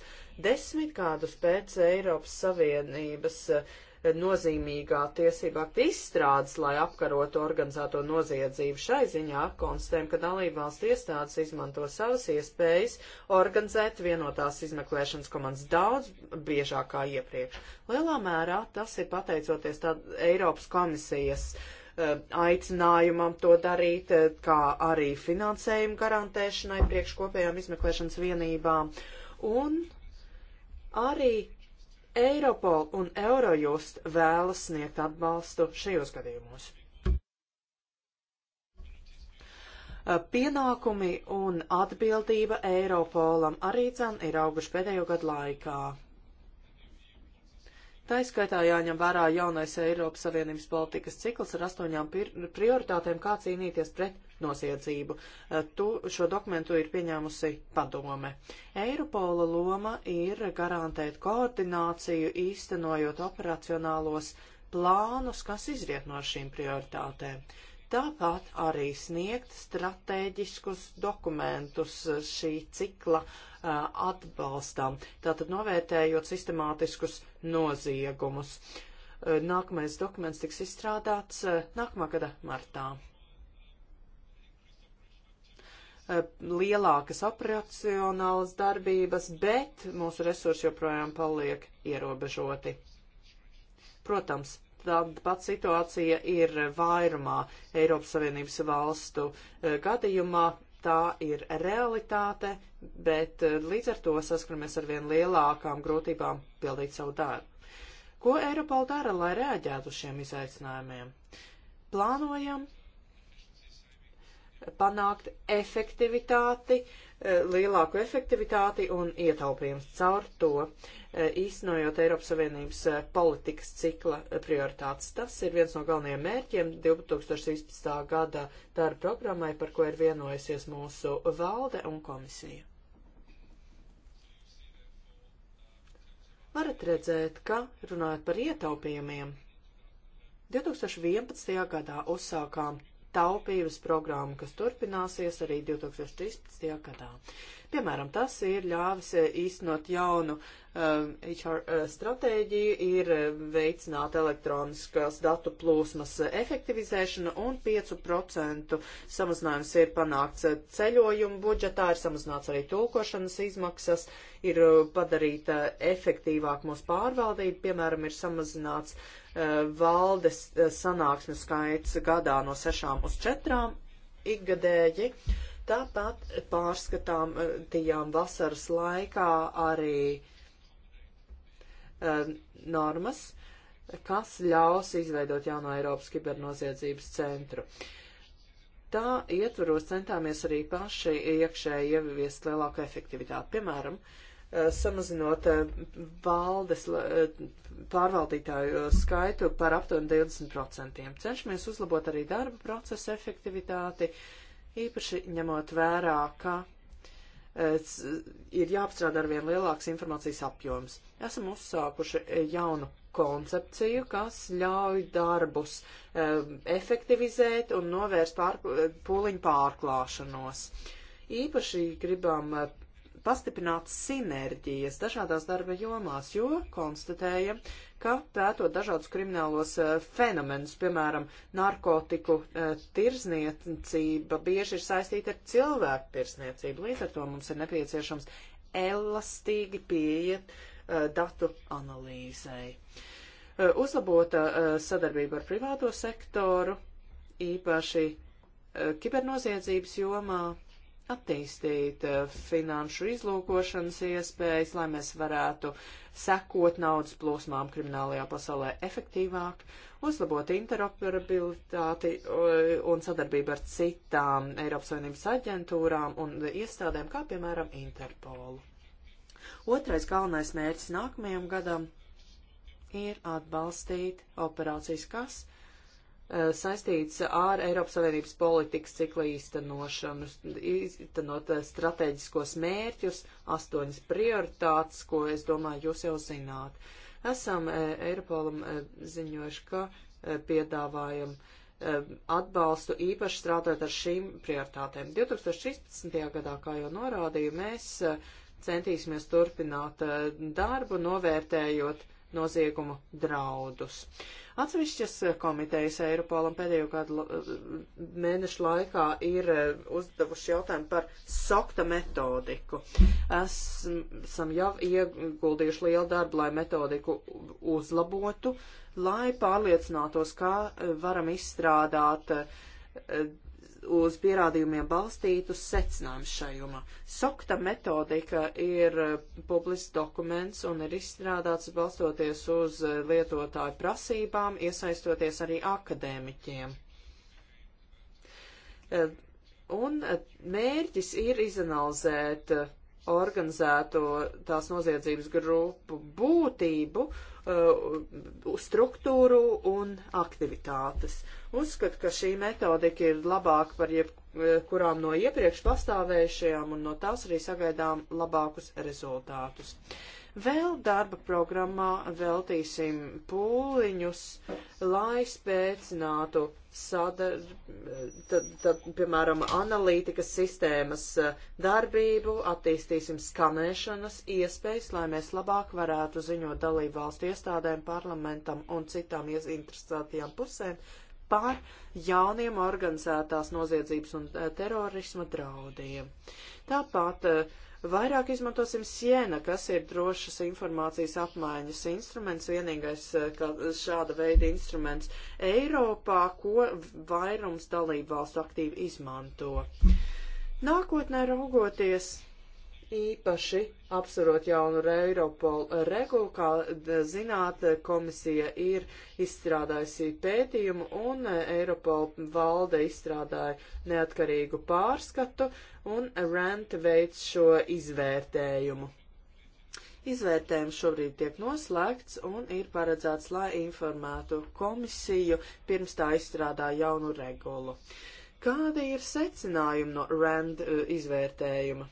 Desmit gadus pēc Eiropas Savienības uh, nozīmīgā tiesība akta izstrādes, lai apkarotu organizēto noziedzību. Šai ziņā konstatējam, ka dalībvalsts iestādes izmanto savas iespējas organizēt vienotās izmeklēšanas komandas daudz biežāk kā iepriekš. Lielā mērā tas ir pateicoties Eiropas komisijas uh, aicinājumam to darīt, eh, kā arī finansējumu garantēšanai priekškopējām izmeklēšanas vienībām. Un arī Eiropol un Eurojust vēlas sniegt atbalstu šajos gadījumos. Pienākumi un atbildība Eiropolam arī dzen ir auguši pēdējo gadu laikā. Tā izskaitā jāņem vērā jaunais Eiropas Savienības politikas cikls ar astoņām prioritātēm, kā cīnīties pret noziedzību. Eh, tu, šo dokumentu ir pieņēmusi padome. Eiropola loma ir garantēt koordināciju, īstenojot operacionālos plānus, kas izriet no šīm prioritātēm. Tāpat arī sniegt strateģiskus dokumentus šī cikla uh, atbalstam, tātad novērtējot sistemātiskus noziegumus. Uh, nākamais dokuments tiks izstrādāts uh, nākamā gada martā. Eh, lielākas operacionālas darbības, bet mūsu resursi joprojām paliek ierobežoti. Protams, tāda pati situācija ir vairumā Eiropas Savienības valstu eh, gadījumā. Tā ir realitāte, bet eh, līdz ar to saskaramies ar vien lielākām grūtībām pildīt savu darbu. Ko Eiropola dara, lai reaģētu uz šiem izaicinājumiem? Plānojam panākt efektivitāti, e, lielāku efektivitāti un ietaupījums caur to, e, īstenojot Eiropas Savienības e, politikas cikla prioritātes. Tas ir viens no galvenajiem mērķiem 2016. gada darba programmai, par ko ir vienojusies mūsu valde un komisija. Varat redzēt, ka runājot par ietaupījumiem, 2011. gadā uzsākām taupības programmu, kas turpināsies arī 2013. gadā. Piemēram, tas ir ļāvis eh, īstenot jaunu um, eh, HR eh, stratēģiju, ir veicināt elektroniskās datu plūsmas efektivizēšanu un 5% samazinājums ir panākts ceļojumu budžetā, ir samazināts arī tulkošanas izmaksas, ir padarīta efektīvāk mūsu pārvaldība, piemēram, ir samazināts uh, valdes sanāksmes skaits gadā no 6 uz 4 ikgadēji. Uh, Tāpat pārskatām eh, tajām vasaras laikā arī um, normas, kas ļaus izveidot jauno Eiropas kibernoziedzības centru. Tā ietvaros centāmies arī paši iekšēji ieviest lielāku efektivitāti. Piemēram, eh, samazinot valdes pārvaldītāju skaitu par aptuveni 20%. Cenšamies uzlabot arī darba procesa efektivitāti, uh, īpaši ņemot vērā, ka e, ir jāapstrādā ar vien lielāks informācijas apjoms. Esam uzsākuši e, jaunu koncepciju, kas ļauj darbus e, efektivizēt un novērst pār, pūliņu pārklāšanos. Īpaši gribam pastiprināt sinerģijas dažādās darba jomās, jo konstatēja, ka pētot dažādus kriminālos e, fenomenus, piemēram, narkotiku e, tirzniecība bieži ir saistīta ar cilvēku tirzniecību. Līdz ar to mums ir nepieciešams elastīgi pieiet e, datu analīzei. Uzlabota sadarbība ar privāto sektoru, īpaši kibernoziedzības jomā, attīstīt eh, finanšu izlūkošanas iespējas, lai mēs varētu sekot naudas plūsmām kriminālajā pasaulē efektīvāk, uzlabot interoperabilitāti eh, un sadarbību ar citām Eiropas Savienības aģentūrām un iestādēm, kā piemēram Interpolu. Otrais galvenais mērķis nākamajam gadam ir atbalstīt operācijas kas Eh, saistīts ar Eiropas Savienības politikas cikla īstenošanu, īstenot eh, strateģiskos mērķus, astoņas prioritātes, ko, es domāju, jūs jau zināt. Esam eh, Eiropolam ziņojuši, ka piedāvājam atbalstu īpaši strādājot ar šīm prioritātēm. 2016. gadā, kā jau norādīju, mēs centīsimies turpināt darbu, novērtējot noziegumu draudus. Uh, Atsevišķas komitejas Eiropolam pēdējo kādu mēnešu laikā ir eh, uzdevuši jautājumu par sokta metodiku. Esam jau ieguldījuši lielu darbu, lai metodiku uzlabotu, lai pārliecinātos, kā eh, varam izstrādāt eh, uz pierādījumiem balstītus secinājumus šai jomā. Sokta metodika ir publisks dokuments un ir izstrādāts balstoties uz lietotāju prasībām, iesaistoties arī akadēmiķiem. Eh, un eh, mērķis ir izanalizēt eh, organizēto tās noziedzības grupu būtību, uh, struktūru un aktivitātes. Uzskatu, ka šī metodika ir labāka par jebkurām eh, no iepriekš pastāvējušajām un no tās arī sagaidām labākus rezultātus. Vēl darba programmā veltīsim pūliņus, lai spēcinātu sadar, tad, tad, piemēram, analītikas sistēmas eh, darbību, attīstīsim skanēšanas iespējas, lai mēs labāk varētu ziņot dalību valstu iestādēm, parlamentam un citām ieinteresētajām pusēm par jauniem organizētās noziedzības un eh, terorisma draudiem. Tāpat uh, Vairāk izmantosim siena, kas ir drošas informācijas apmaiņas instruments, vienīgais eh, šāda veida instruments Eiropā, ko vairums dalību valstu aktīvi izmanto. Nākotnē raugoties, īpaši apsverot jaunu Eiropolu regulu, kā zināt, komisija ir izstrādājusi pētījumu un e, Eiropola valde izstrādāja neatkarīgu pārskatu un Rent veids šo izvērtējumu. Izvērtējums šobrīd tiek noslēgts un ir paredzēts, lai informētu komisiju pirms tā izstrādā jaunu regulu. Kādi ir secinājumi no RAND e, izvērtējuma?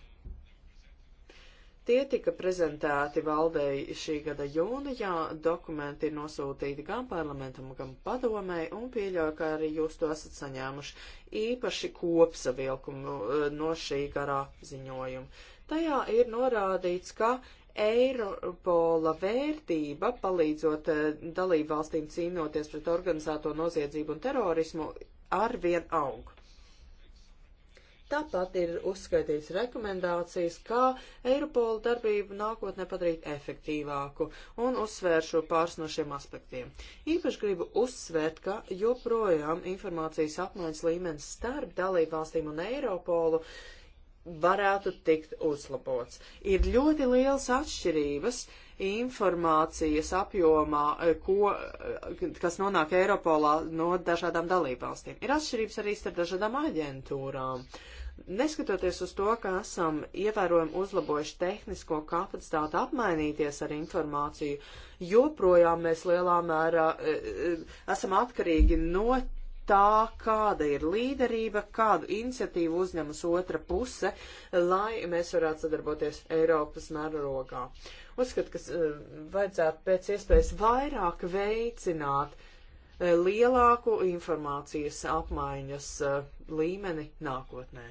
Tie tika prezentēti valdēji šī gada jūnijā, dokumenti ir nosūtīti gan parlamentam, gan padomēji un pieļauju, ka arī jūs to esat saņēmuši īpaši kopsavilkumu e, no šī garā ziņojuma. Tajā ir norādīts, ka Eiropola vērtība, palīdzot e, dalību valstīm cīnoties pret organizēto noziedzību un terorismu, arvien aug. Tāpat ir uzskaitīts rekomendācijas, kā Eiropola darbību nākotnē padarīt efektīvāku un uzsvēršu pāris no šiem aspektiem. Īpaši gribu uzsvērt, ka joprojām informācijas apmaiņas līmenis starp dalībvalstīm un Eiropolu varētu tikt uzlabots. Ir ļoti lielas atšķirības informācijas apjomā, ko, kas nonāk Eiropolā no dažādām dalībvalstīm. Ir atšķirības arī starp dažādām aģentūrām. Uh, Neskatoties uz to, ka esam ievērojami uzlabojuši tehnisko kapacitāti apmainīties ar informāciju, joprojām mēs lielā mērā e, e, esam atkarīgi no tā, kāda ir līderība, kādu iniciatīvu uzņemas otra puse, lai mēs varētu sadarboties Eiropas mērogā. Uzskat, ka e, vajadzētu pēc iespējas vairāk veicināt uh, lielāku informācijas apmaiņas eh, līmeni nākotnē.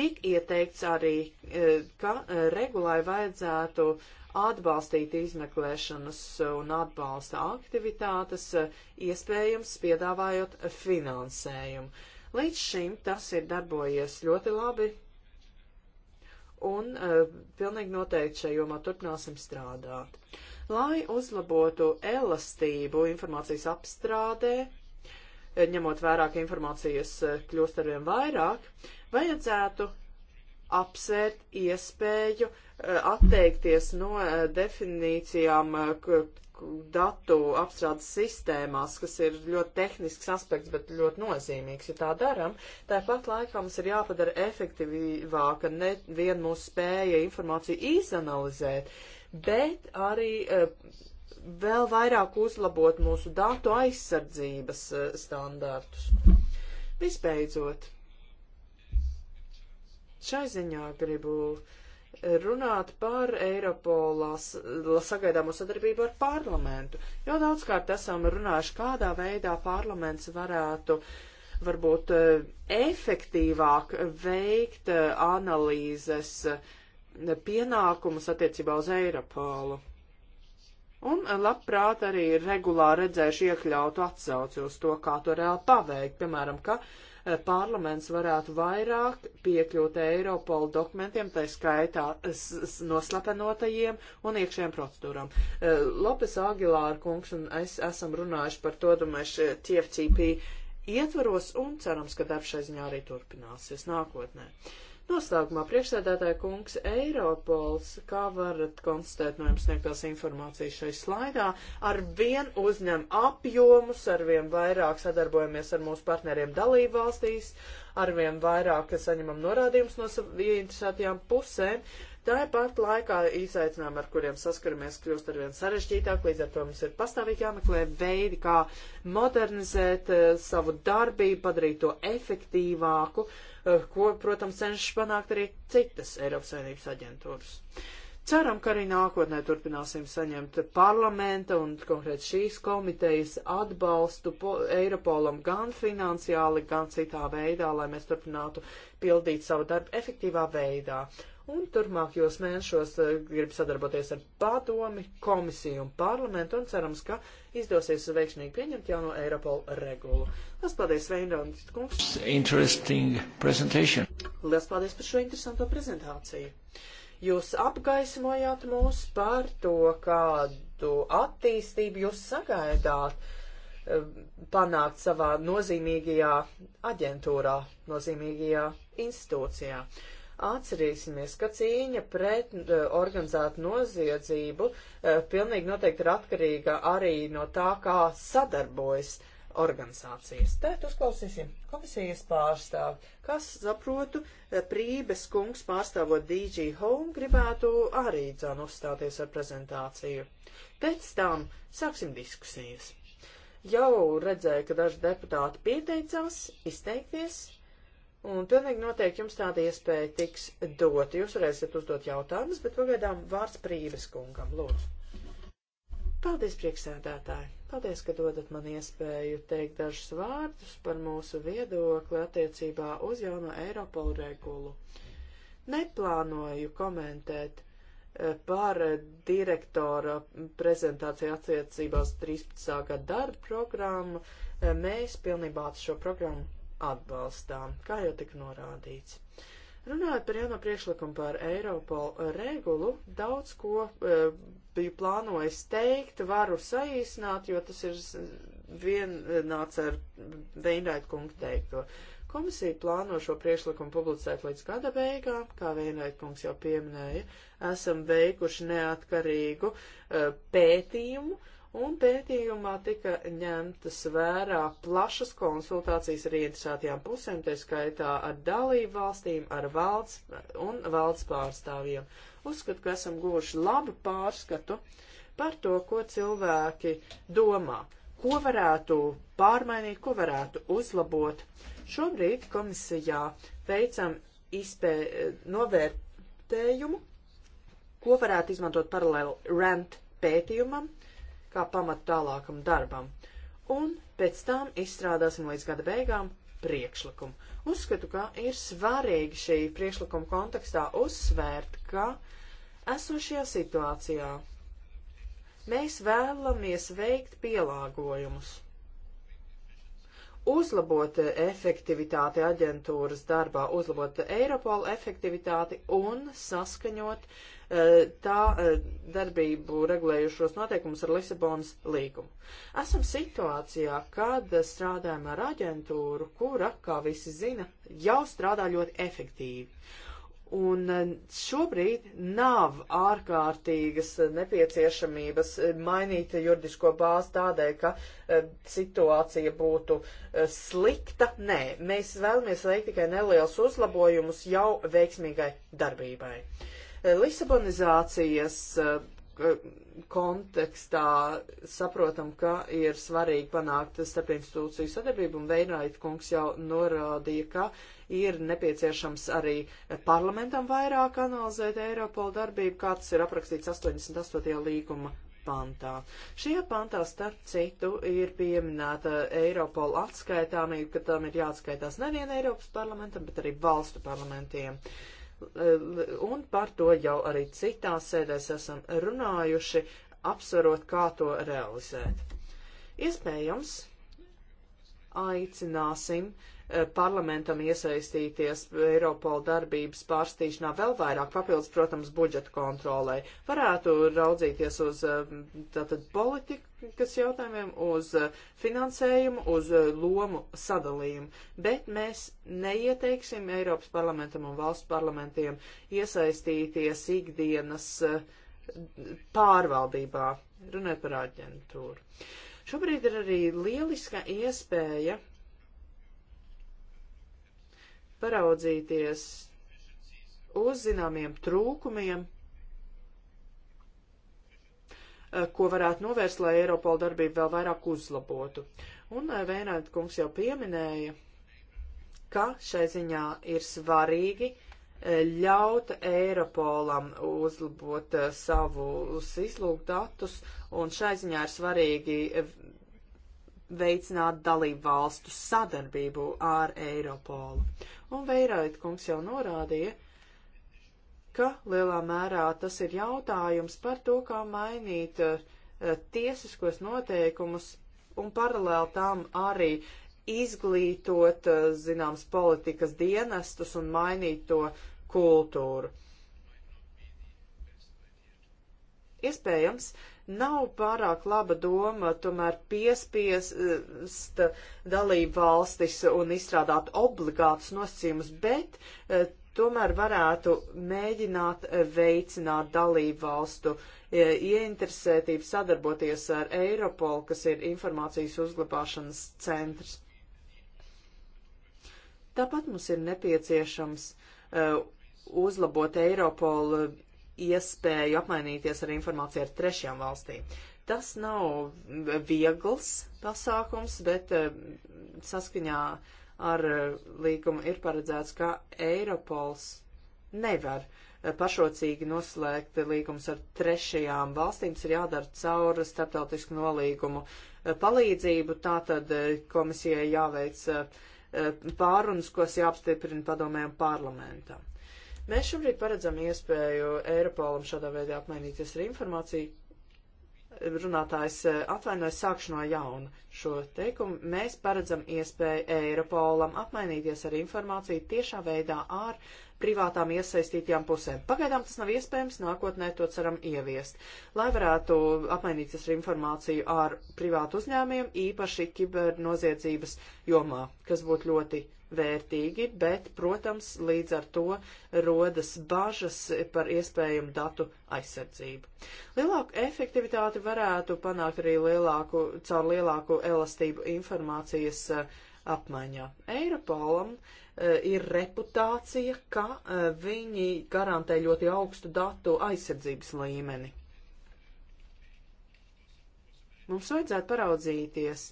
Tik ieteikts arī, eh, ka eh, regulai vajadzētu atbalstīt izmeklēšanas un atbalsta aktivitātes, iespējams piedāvājot finansējumu. Līdz šim tas ir darbojies ļoti labi, un pilnīgi noteikti šajomā turpināsim strādāt. Uh, lai uzlabotu elastību informācijas apstrādē, ņemot vērā, ka informācijas eh, kļūst arvien vairāk, vajadzētu apsvērt iespēju eh, atteikties no eh, definīcijām datu apstrādes sistēmās, kas ir ļoti tehnisks aspekts, bet ļoti nozīmīgs. Ja tā daram, tāpat laikā mums ir jāpadara efektīvāka ne vien mūsu spēja informāciju izanalizēt, bet arī eh, vēl vairāk uzlabot mūsu datu aizsardzības eh, standārtus. Visbeidzot, šai ziņā gribu runāt par Eiropolā sagaidāmo sadarbību ar parlamentu, jo daudzkārt esam runājuši, kādā veidā parlaments varētu varbūt eh, efektīvāk veikt analīzes uh, pienākumus attiecībā uz Eiropolu. Un eh, labprāt arī regulāri redzēšu iekļautu atsauci uz to, kā to reāli paveikt, piemēram, ka eh, parlaments varētu vairāk piekļūt Eiropola dokumentiem, tai skaitā noslapenotajiem un iekšējiem procedūram. Eh, Lopes Agilāra kungs un es esam runājuši par to, domājuši, TFCP ietvaros un cerams, ka darbs šai ziņā arī turpināsies nākotnē. Uh, Noslēgumā priekšsēdētāja kungs Eiropols, kā varat konstatēt no jums sniegtās informācijas šai slaidā, ar vien uzņem apjomus, ar vien vairāk sadarbojamies ar mūsu partneriem dalību valstīs, ar vien vairāk saņemam norādījumus no ieinteresētajām pusēm, Tāpat laikā izaicinājumi, ar kuriem saskaramies, kļūst arvien sarežģītāk, līdz ar to mums ir pastāvīgi jāmeklē veidi, kā modernizēt eh, savu darbību, padarīt to efektīvāku, eh, ko, protams, cenšas panākt arī citas Eiropas Savienības aģentūras. Ceram, ka arī nākotnē turpināsim saņemt parlamenta un konkrēt šīs komitejas atbalstu Eiropolam gan finansiāli, gan citā veidā, lai mēs turpinātu pildīt savu darbu efektīvā veidā. Un turmākajos mēnešos eh, grib sadarboties ar padomi, komisiju un parlamentu un cerams, ka izdosies veiksmīgi pieņemt jauno Eiropola regulu. Lielas paldies, Veindons kungs! Interesting presentation! Lielas paldies par šo interesanto prezentāciju! Jūs apgaismojāt mūs par to, kādu attīstību jūs sagaidāt eh, panākt savā nozīmīgajā aģentūrā, nozīmīgajā institūcijā. Uh, Atcerīsimies, ka cīņa pret eh, organizētu noziedzību eh, pilnīgi noteikti ir atkarīga arī no tā, kā sadarbojas organizācijas. Tēt uzklausīsim komisijas pārstāvi, kas, saprotu, eh, Prības kungs pārstāvot DG Home gribētu arī dzēn uzstāties ar prezentāciju. Pēc tam sāksim diskusijas. Jau redzēju, ka daži deputāti pieteicās izteikties, Un pilnīgi noteikti jums tāda iespēja tiks dot. Jūs varēsiet uzdot jautājumus, bet pagaidām vārds brīves kungam, lūdzu. Paldies, prieksēdētāji! Paldies, ka dodat man iespēju teikt dažus vārdus par mūsu viedokli attiecībā uz jauno Eiropolu regulu. Neplānoju komentēt e, par direktora prezentāciju attiecībās 13. gada darba programmu. E, Mēs pilnībā šo programmu atbalstām, kā jau tika norādīts. Runājot par jauno priekšlikumu par Eiropolu regulu, daudz ko e, biju plānojis teikt, varu saīsināt, jo tas ir vienāds ar Veinraita kungu teikto. Komisija plāno šo priekšlikumu publicēt līdz gada beigām, kā Veinraita kungs jau pieminēja. Esam veikuši neatkarīgu e, pētījumu, e, un pētījumā tika ņemtas vērā plašas konsultācijas ar ieinteresētajām pusēm, tā skaitā ar dalību valstīm, ar valsts un valsts pārstāvjiem. Uzskatu, ka esam guvuši labu pārskatu par to, ko cilvēki domā, ko varētu pārmainīt, ko varētu uzlabot. Šobrīd komisijā veicam izpē, novērtējumu, ko varētu izmantot paralēli rent pētījumam, uh, kā pamatu tālākam darbam. Un pēc tam izstrādāsim līdz gada beigām priekšlikumu. Uzskatu, ka ir svarīgi šī priekšlikuma kontekstā uzsvērt, ka esošajā situācijā mēs vēlamies veikt pielāgojumus, uzlabot efektivitāti aģentūras darbā, uzlabot Eiropola efektivitāti un saskaņot uh, Eh, tā eh, darbību regulējušos noteikumus ar Lisabonas līgumu. Esam situācijā, kad strādājam ar aģentūru, kura, kā visi zina, jau strādā ļoti efektīvi. Un eh, šobrīd nav ārkārtīgas nepieciešamības mainīt juridisko bāzi tādēļ, ka situācija būtu slikta. Nē, mēs vēlamies veikt tikai nelielus uzlabojumus jau veiksmīgai darbībai. Uh, Lisabonizācijas eh, kontekstā saprotam, ka ir svarīgi panākt starpinstitūciju sadarbību, un Veinraita kungs jau norādīja, ka ir nepieciešams arī parlamentam vairāk analizēt Eiropola darbību, kā tas ir aprakstīts 88. līguma pantā. Šajā pantā, starp citu, ir pieminēta Eiropola atskaitāmība, ka tam ir jāatskaitās nevien Eiropas parlamentam, bet arī valstu parlamentiem. Uh, Ehm, un par to jau arī citās sēdēs esam runājuši, apsverot, kā to realizēt. Iespējams, aicināsim uh, Eh, parlamentam iesaistīties Eiropola darbības pārstīšanā vēl vairāk, papildus, protams, budžeta kontrolē. Varētu raudzīties uz eh, tātad politikas jautājumiem, uz eh, finansējumu, uz lomu sadalījumu, bet mēs neieteiksim Eiropas parlamentam un valsts parlamentiem iesaistīties ikdienas pārvaldībā, runājot par aģentūru. Šobrīd ir arī lieliska iespēja paraudzīties uz zināmiem trūkumiem, eh, ko varētu novērst, lai Eiropola darbību vēl vairāk uzlabotu. Un eh, Vēnēt kungs jau pieminēja, ka šai ziņā ir svarīgi eh, ļaut Eiropolam uzlabot savus izlūgdatus, un šai ziņā ir svarīgi veicināt dalību valstu sadarbību ar Eiropolu. Un Veirājot kungs jau norādīja, ka lielā mērā tas ir jautājums par to, kā mainīt uh, tiesiskos noteikumus un paralēli tam arī izglītot, uh, zināms, politikas dienestus un mainīt to kultūru. Iespējams, uh, nav pārāk laba doma tomēr piespiest eh, dalību valstis un izstrādāt obligātus nosacījumus, bet eh, tomēr varētu mēģināt eh, veicināt dalību valstu ieinteresētību sadarboties ar Eiropolu, kas ir informācijas uzglabāšanas centrs. Tāpat mums ir nepieciešams uzlabot Eiropola iespēju apmainīties ar informāciju ar trešajām valstīm. Tas nav viegls pasākums, bet eh, saskaņā ar eh, līgumu ir paredzēts, ka Eiropols nevar eh, pašrocīgi noslēgt līgumus ar trešajām valstīm. Tas ir jādara caur starptautisku nolīgumu palīdzību. Tātad komisijai jāveic pārunas, kas jāapstiprina padomēm parlamentam. Mēs šobrīd paredzam iespēju Eiropolam šādā veidā apmainīties ar informāciju. Runātājs eh, atvainojas sākšu no jauna šo teikumu. Mēs paredzam iespēju Eiropolam apmainīties ar informāciju tiešā veidā ar privātām iesaistītajām pusēm. Pagaidām tas nav iespējams, nākotnē to ceram ieviest. Lai varētu apmainīties ar informāciju ar privātu uzņēmiem, īpaši kibernoziedzības jomā, kas būtu ļoti vērtīgi, bet, protams, līdz ar to rodas bažas par iespējumu datu aizsardzību. Lielāku efektivitāti varētu panākt arī lielāku, caur lielāku elastību informācijas eh, apmaiņā. Eiropolam eh, ir reputācija, ka eh, viņi garantē ļoti augstu datu aizsardzības līmeni. Mums vajadzētu paraudzīties,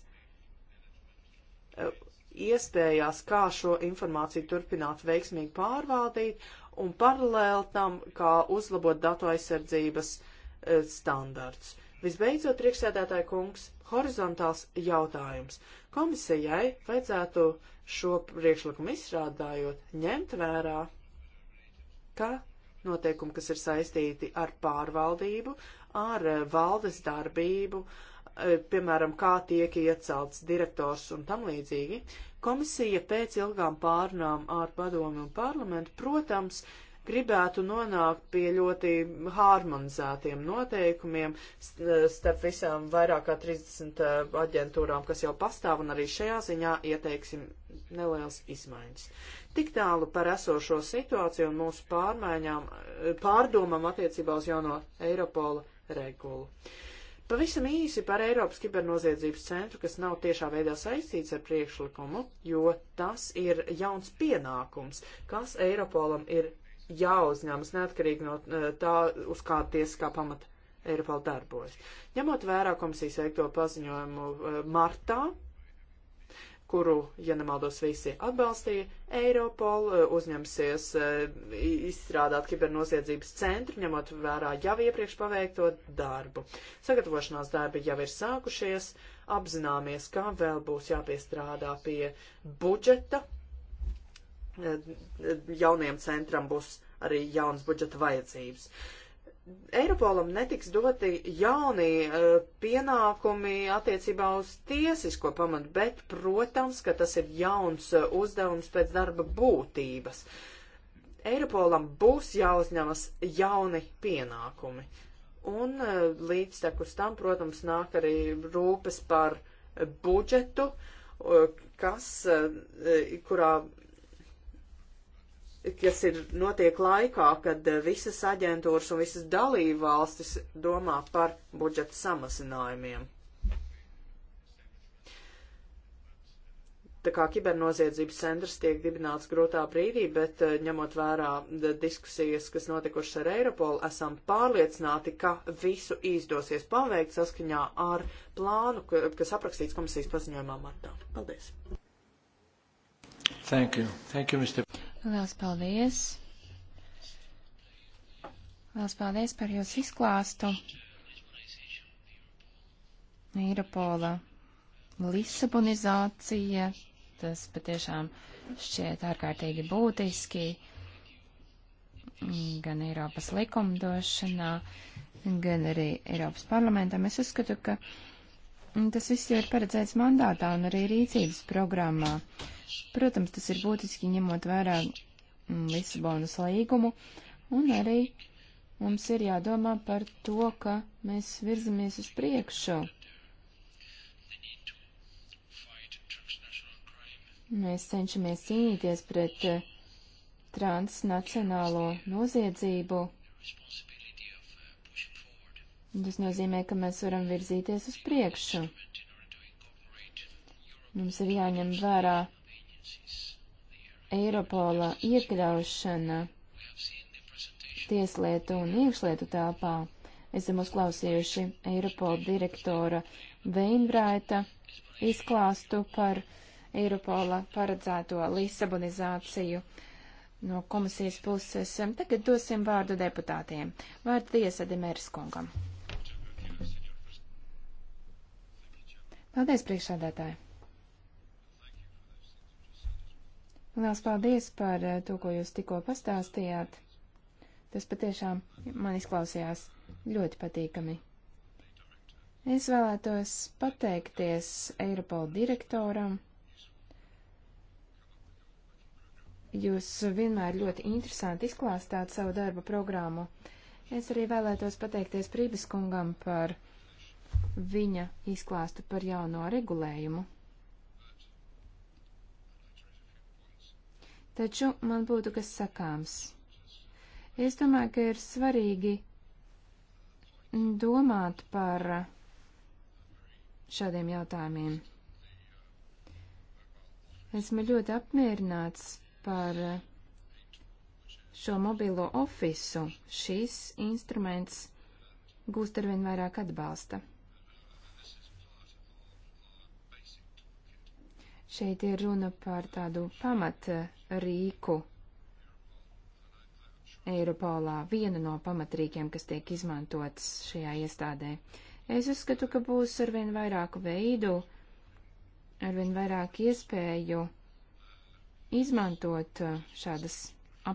iespējās, kā šo informāciju turpināt veiksmīgi pārvaldīt un paralēli tam, kā uzlabot datu aizsardzības e, standarts. Visbeidzot, priekšsēdētāja kungs, horizontāls jautājums. Komisijai vajadzētu šo priekšlikumu izstrādājot ņemt vērā, ka noteikumi, kas ir saistīti ar pārvaldību, ar e, valdes darbību, e, piemēram, kā tiek iecelts direktors un tam līdzīgi, Komisija pēc ilgām pārnām ar padomu un parlamentu, protams, gribētu nonākt pie ļoti harmonizētiem noteikumiem starp visām vairāk kā 30 eh, aģentūrām, kas jau pastāv, un arī šajā ziņā ieteiksim nelielas izmaiņas. Tik tālu par esošo situāciju un mūsu pārmaiņām, eh, pārdomam attiecībā uz jauno Eiropola regulu. Uh, Pavisam īsi par Eiropas kibernoziedzības centru, kas nav tiešā veidā saistīts ar priekšlikumu, jo tas ir jauns pienākums, kas Eiropolam ir jāuzņemas neatkarīgi no eh, tā, uz kāda tiesiskā pamata Eiropola darbojas. Ņemot vērā komisijas veikto paziņojumu eh, martā, kuru, ja nemaldos, visi atbalstīja. Eiropol eh, uzņemsies eh, izstrādāt kibernoziedzības centru, ņemot vērā jau iepriekš paveikto darbu. Sagatavošanās darbi jau ir sākušies, apzināmies, kā vēl būs jāpiestrādā pie budžeta. Eh, Jaunajam centram būs arī jauns budžeta vajadzības. Uh, Eiropolam netiks doti jauni uh, pienākumi attiecībā uz tiesisko pamatu, bet, protams, ka tas ir jauns uh, uzdevums pēc darba būtības. Eiropolam būs jāuzņemas jauni pienākumi. Un uh, līdztekus tam, protams, nāk arī rūpes par budžetu, kas, kurā kas ir notiek laikā, kad eh, visas aģentūras un visas dalībvalstis domā par budžeta samazinājumiem. Tā kā kibernoziedzības centrs tiek dibināts grūtā brīdī, bet eh, ņemot vērā diskusijas, kas notikušas ar Eiropolu, esam pārliecināti, ka visu izdosies paveikt saskaņā ar plānu, kas aprakstīts komisijas paziņojumā martā. Paldies! Thank you. Thank you, Mr. Lielas paldies! Lielas paldies par jūsu izklāstu. Eiropola Lisabonizācija, tas patiešām šķiet ārkārtīgi būtiski gan Eiropas likumdošanā, gan arī Eiropas parlamentā. Es uzskatu, ka tas viss jau ir paredzēts mandātā un arī rīcības programmā. Uh, Protams, tas ir būtiski ņemot vērā mm, Lisabonas līgumu, un arī mums ir jādomā par to, ka mēs virzamies uz priekšu. Mēs cenšamies cīnīties pret eh, transnacionālo noziedzību. Tas nozīmē, ka mēs varam virzīties uz priekšu. Mums ir jāņem vērā Eiropola iekļaušana tieslietu un iekšlietu tāpā. Esam uzklausījuši Eiropola direktora Veinbraita izklāstu par Eiropola paredzēto Lisabonizāciju no komisijas puses. Tagad dosim vārdu deputātiem. Vārdu tiesa Demērs kungam. Paldies, priekšsādātāji! Liels paldies par eh, to, ko jūs tikko pastāstījāt. Tas patiešām man izklausījās ļoti patīkami. Es vēlētos pateikties Eiropola direktoram. Jūs vienmēr ļoti interesanti izklāstāt savu darba programmu. Es arī vēlētos pateikties Prībiskungam par viņa izklāstu par jauno regulējumu. taču man būtu kas sakāms. Es domāju, ka ir svarīgi domāt par šādiem jautājumiem. Esmu ļoti apmierināts par šo mobilo ofisu. Šis instruments gūst arvien vairāk atbalsta. Šeit ir runa par tādu pamat eh, rīku Eiropolā, viena no pamatrīkiem, kas tiek izmantots šajā iestādē. Es uzskatu, ka būs arvien vairāku veidu, arvien vairāk iespēju izmantot eh, šādas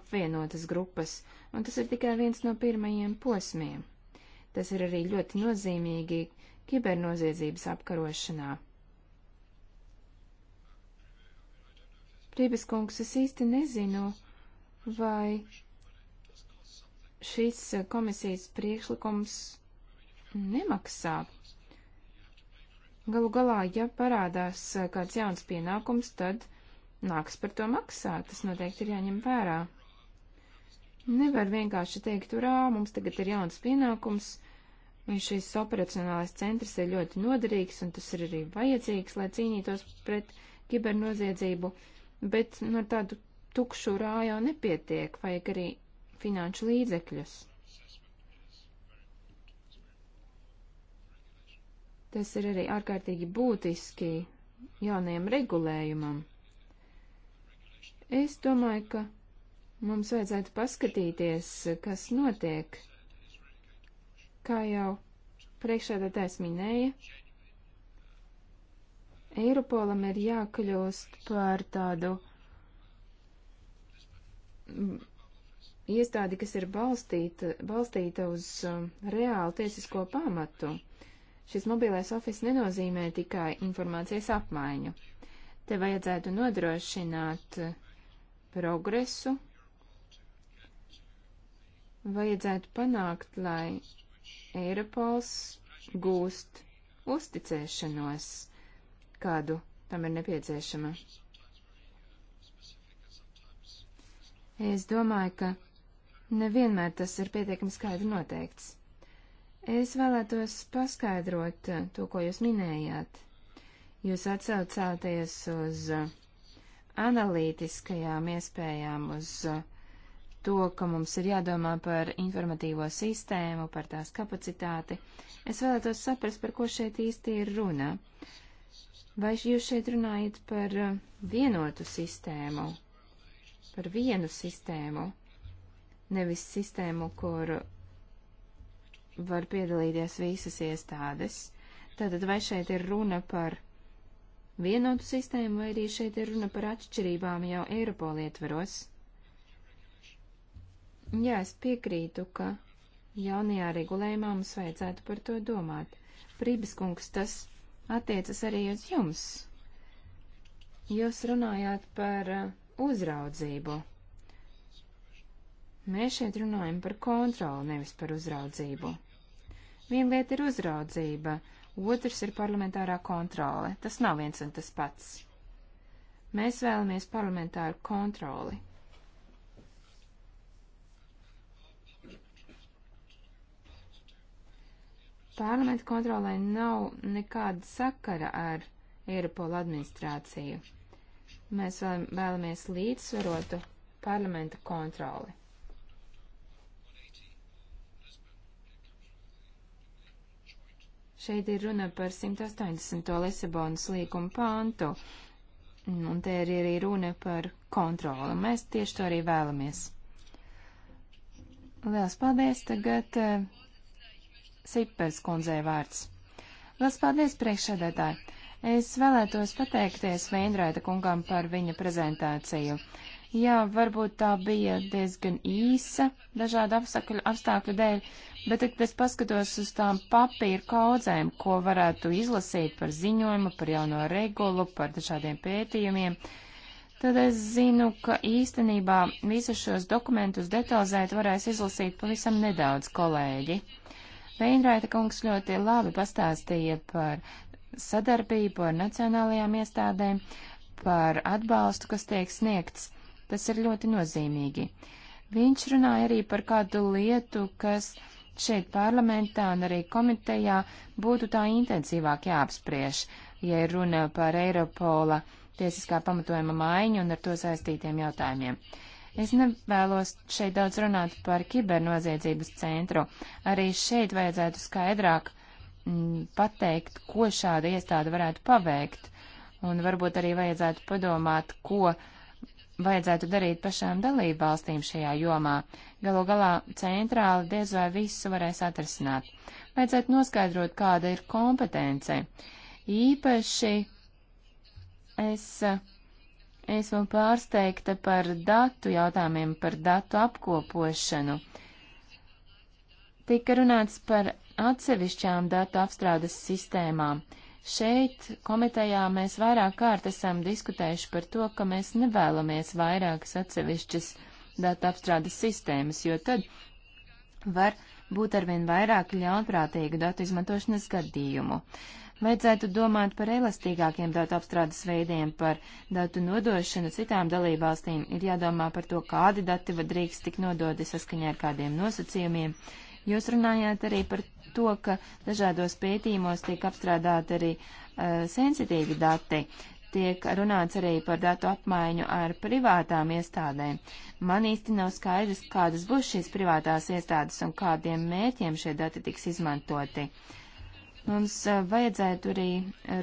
apvienotas grupas, un tas ir tikai viens no pirmajiem posmiem. Tas ir arī ļoti nozīmīgi kibernoziedzības apkarošanā. Prībiskungs, es īsti nezinu, vai šis komisijas priekšlikums nemaksā. Galu galā, ja parādās kāds jauns pienākums, tad nāks par to maksāt. Tas noteikti ir jāņem vērā. Nevar vienkārši teikt, urā, mums tagad ir jauns pienākums, un šis operacionālais centrs ir ļoti noderīgs, un tas ir arī vajadzīgs, lai cīnītos pret kibernoziedzību. Uh, bet nu, ar tādu tukšu rājā nepietiek, vajag arī finanšu līdzekļus. Tas ir arī ārkārtīgi būtiski jaunajam regulējumam. Es domāju, ka mums vajadzētu paskatīties, kas notiek. Kā jau priekšādātājs minēja, Eiropolam ir jākļūst par tādu iestādi, kas ir balstīta, balstīta uz um, reālu tiesisko pamatu. Šis mobilais ofis nenozīmē tikai informācijas apmaiņu. Te vajadzētu nodrošināt uh, progresu, vajadzētu panākt, lai Eiropols gūst uzticēšanos kādu tam ir nepieciešama. Es domāju, ka nevienmēr tas ir pietiekami skaidri noteikts. Es vēlētos paskaidrot to, ko jūs minējāt. Jūs atsaucāties uz analītiskajām iespējām, uz to, ka mums ir jādomā par informatīvo sistēmu, par tās kapacitāti. Es vēlētos saprast, par ko šeit īsti ir runa. Uh, Vai jūs šeit runājat par uh, vienotu sistēmu, par vienu sistēmu, nevis sistēmu, kur var piedalīties visas iestādes? Tātad vai šeit ir runa par vienotu sistēmu, vai arī šeit ir runa par atšķirībām jau Eiropola ietveros? Jā, es piekrītu, ka jaunajā regulējumā mums vajadzētu par to domāt. Prības kungs, tas attiecas arī uz jums. Jūs runājāt par uh, uzraudzību. Mēs šeit runājam par kontroli, nevis par uzraudzību. Viena lieta ir uzraudzība, otrs ir parlamentārā kontrole. Tas nav viens un tas pats. Mēs vēlamies parlamentāru kontroli. parlamenta kontrolē nav nekāda sakara ar Eiropola administrāciju. Mēs vēlamies līdzsvarotu parlamenta kontroli. Šeit ir runa par 180. Lisabonas līguma pāntu, un te ir arī runa par kontroli. Mēs tieši to arī vēlamies. Lielas paldies! Tagad eh, Sipers kundzei vārds. Lielas paldies, priekšsēdētāji! Es vēlētos pateikties Veinraita kungam par viņa prezentāciju. Jā, varbūt tā bija diezgan īsa dažādu apstākļu, apstākļu dēļ, bet tad es paskatos uz tām papīra kaudzēm, ko varētu izlasīt par ziņojumu, par jauno regulu, par dažādiem pētījumiem tad es zinu, ka īstenībā visus šos dokumentus detalizēt varēs izlasīt pavisam nedaudz kolēģi. Veinraita kungs ļoti labi pastāstīja par sadarbību ar nacionālajām iestādēm, par atbalstu, kas tiek sniegts. Tas ir ļoti nozīmīgi. Viņš runāja arī par kādu lietu, kas šeit parlamentā un arī komitejā būtu tā intensīvāk jāapspriež, ja ir runa par Eiropola tiesiskā pamatojuma maiņu un ar to saistītiem jautājumiem. Uh, Es nevēlos šeit daudz runāt par kibernoziedzības centru. Arī šeit vajadzētu skaidrāk m, mm, pateikt, ko šāda iestāde varētu paveikt. Un varbūt arī vajadzētu padomāt, ko vajadzētu darīt pašām dalību valstīm šajā jomā. Galu galā centrāli diez vai visu varēs atrasināt. Vajadzētu noskaidrot, kāda ir kompetence. Īpaši es Es esmu pārsteigta par datu jautājumiem, par datu apkopošanu. Tika runāts par atsevišķām datu apstrādes sistēmām. Šeit komitejā mēs vairāk kārt esam diskutējuši par to, ka mēs nevēlamies vairākas atsevišķas datu apstrādes sistēmas, jo tad var būt arvien vairāk ļaunprātīgu datu izmantošanas gadījumu. Uh, Vajadzētu domāt par elastīgākiem datu apstrādes veidiem, par datu nodošanu citām dalībvalstīm. Ir jādomā par to, kādi dati var drīkst tik nododi saskaņā ar kādiem nosacījumiem. Jūs runājāt arī par to, ka dažādos pētījumos tiek apstrādāti arī uh, sensitīvi dati tiek runāts arī par datu apmaiņu ar privātām iestādēm. Man īsti nav skaidrs, kādas būs šīs privātās iestādes un kādiem mērķiem šie dati tiks izmantoti. Mums vajadzētu arī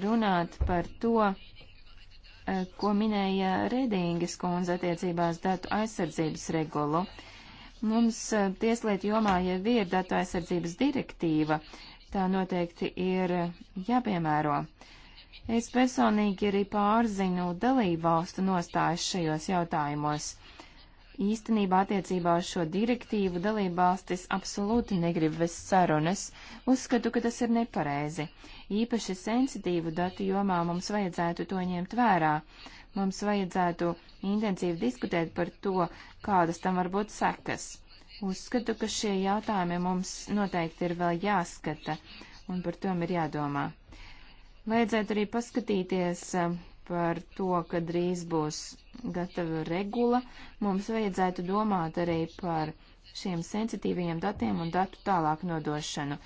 runāt par to, ko minēja Redingas kundze attiecībās datu aizsardzības regulu. Mums tieslietu jomā jau ir datu aizsardzības direktīva, tā noteikti ir jāpiemēro. Es personīgi arī pārzinu dalību valstu nostājas šajos jautājumos īstenībā attiecībā uz šo direktīvu dalībvalstis absolūti negrib vest sarunas. Uzskatu, ka tas ir nepareizi. Īpaši sensitīvu datu jomā mums vajadzētu to ņemt vērā. Mums vajadzētu intensīvi diskutēt par to, kādas tam var būt sekas. Uzskatu, ka šie jautājumi mums noteikti ir vēl jāskata, un par tom ir jādomā. Vajadzētu arī paskatīties, par to, ka drīz būs gatava regula, mums vajadzētu domāt arī par šiem sensitīviem datiem un datu tālāk nodošanu.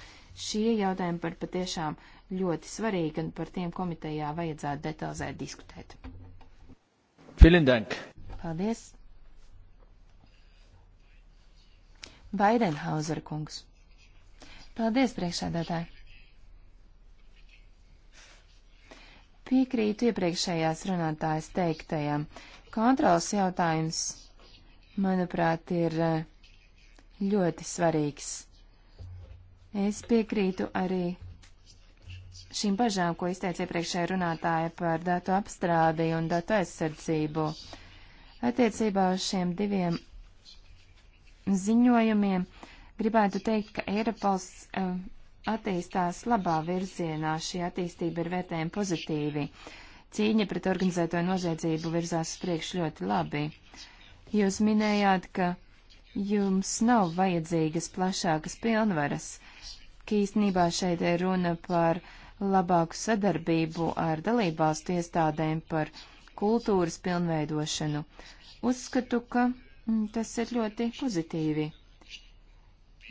Šie jautājumi par patiešām ļoti svarīgi un par tiem komitejā vajadzētu detalizēt diskutēt. Vielen Dank! Paldies! Baidenhauser kungs. Paldies, priekšsēdētāji! Piekrītu iepriekšējās runātājas teiktajam. Kontrols jautājums, manuprāt, ir eh, ļoti svarīgs. Es piekrītu arī šīm bažām, ko izteica iepriekšējā runātāja par datu apstrādi un datu aizsardzību. Attiecībā uz šiem diviem ziņojumiem gribētu teikt, ka Eiropas uh, eh, attīstās labā virzienā, šī attīstība ir vērtējama pozitīvi. Cīņa pret organizēto noziedzību virzās uz priekšu ļoti labi. Jūs minējāt, ka jums nav vajadzīgas plašākas pilnvaras, ka īstenībā šeit ir runa par labāku sadarbību ar dalībvalstu iestādēm par kultūras pilnveidošanu. Uzskatu, ka mm, tas ir ļoti pozitīvi.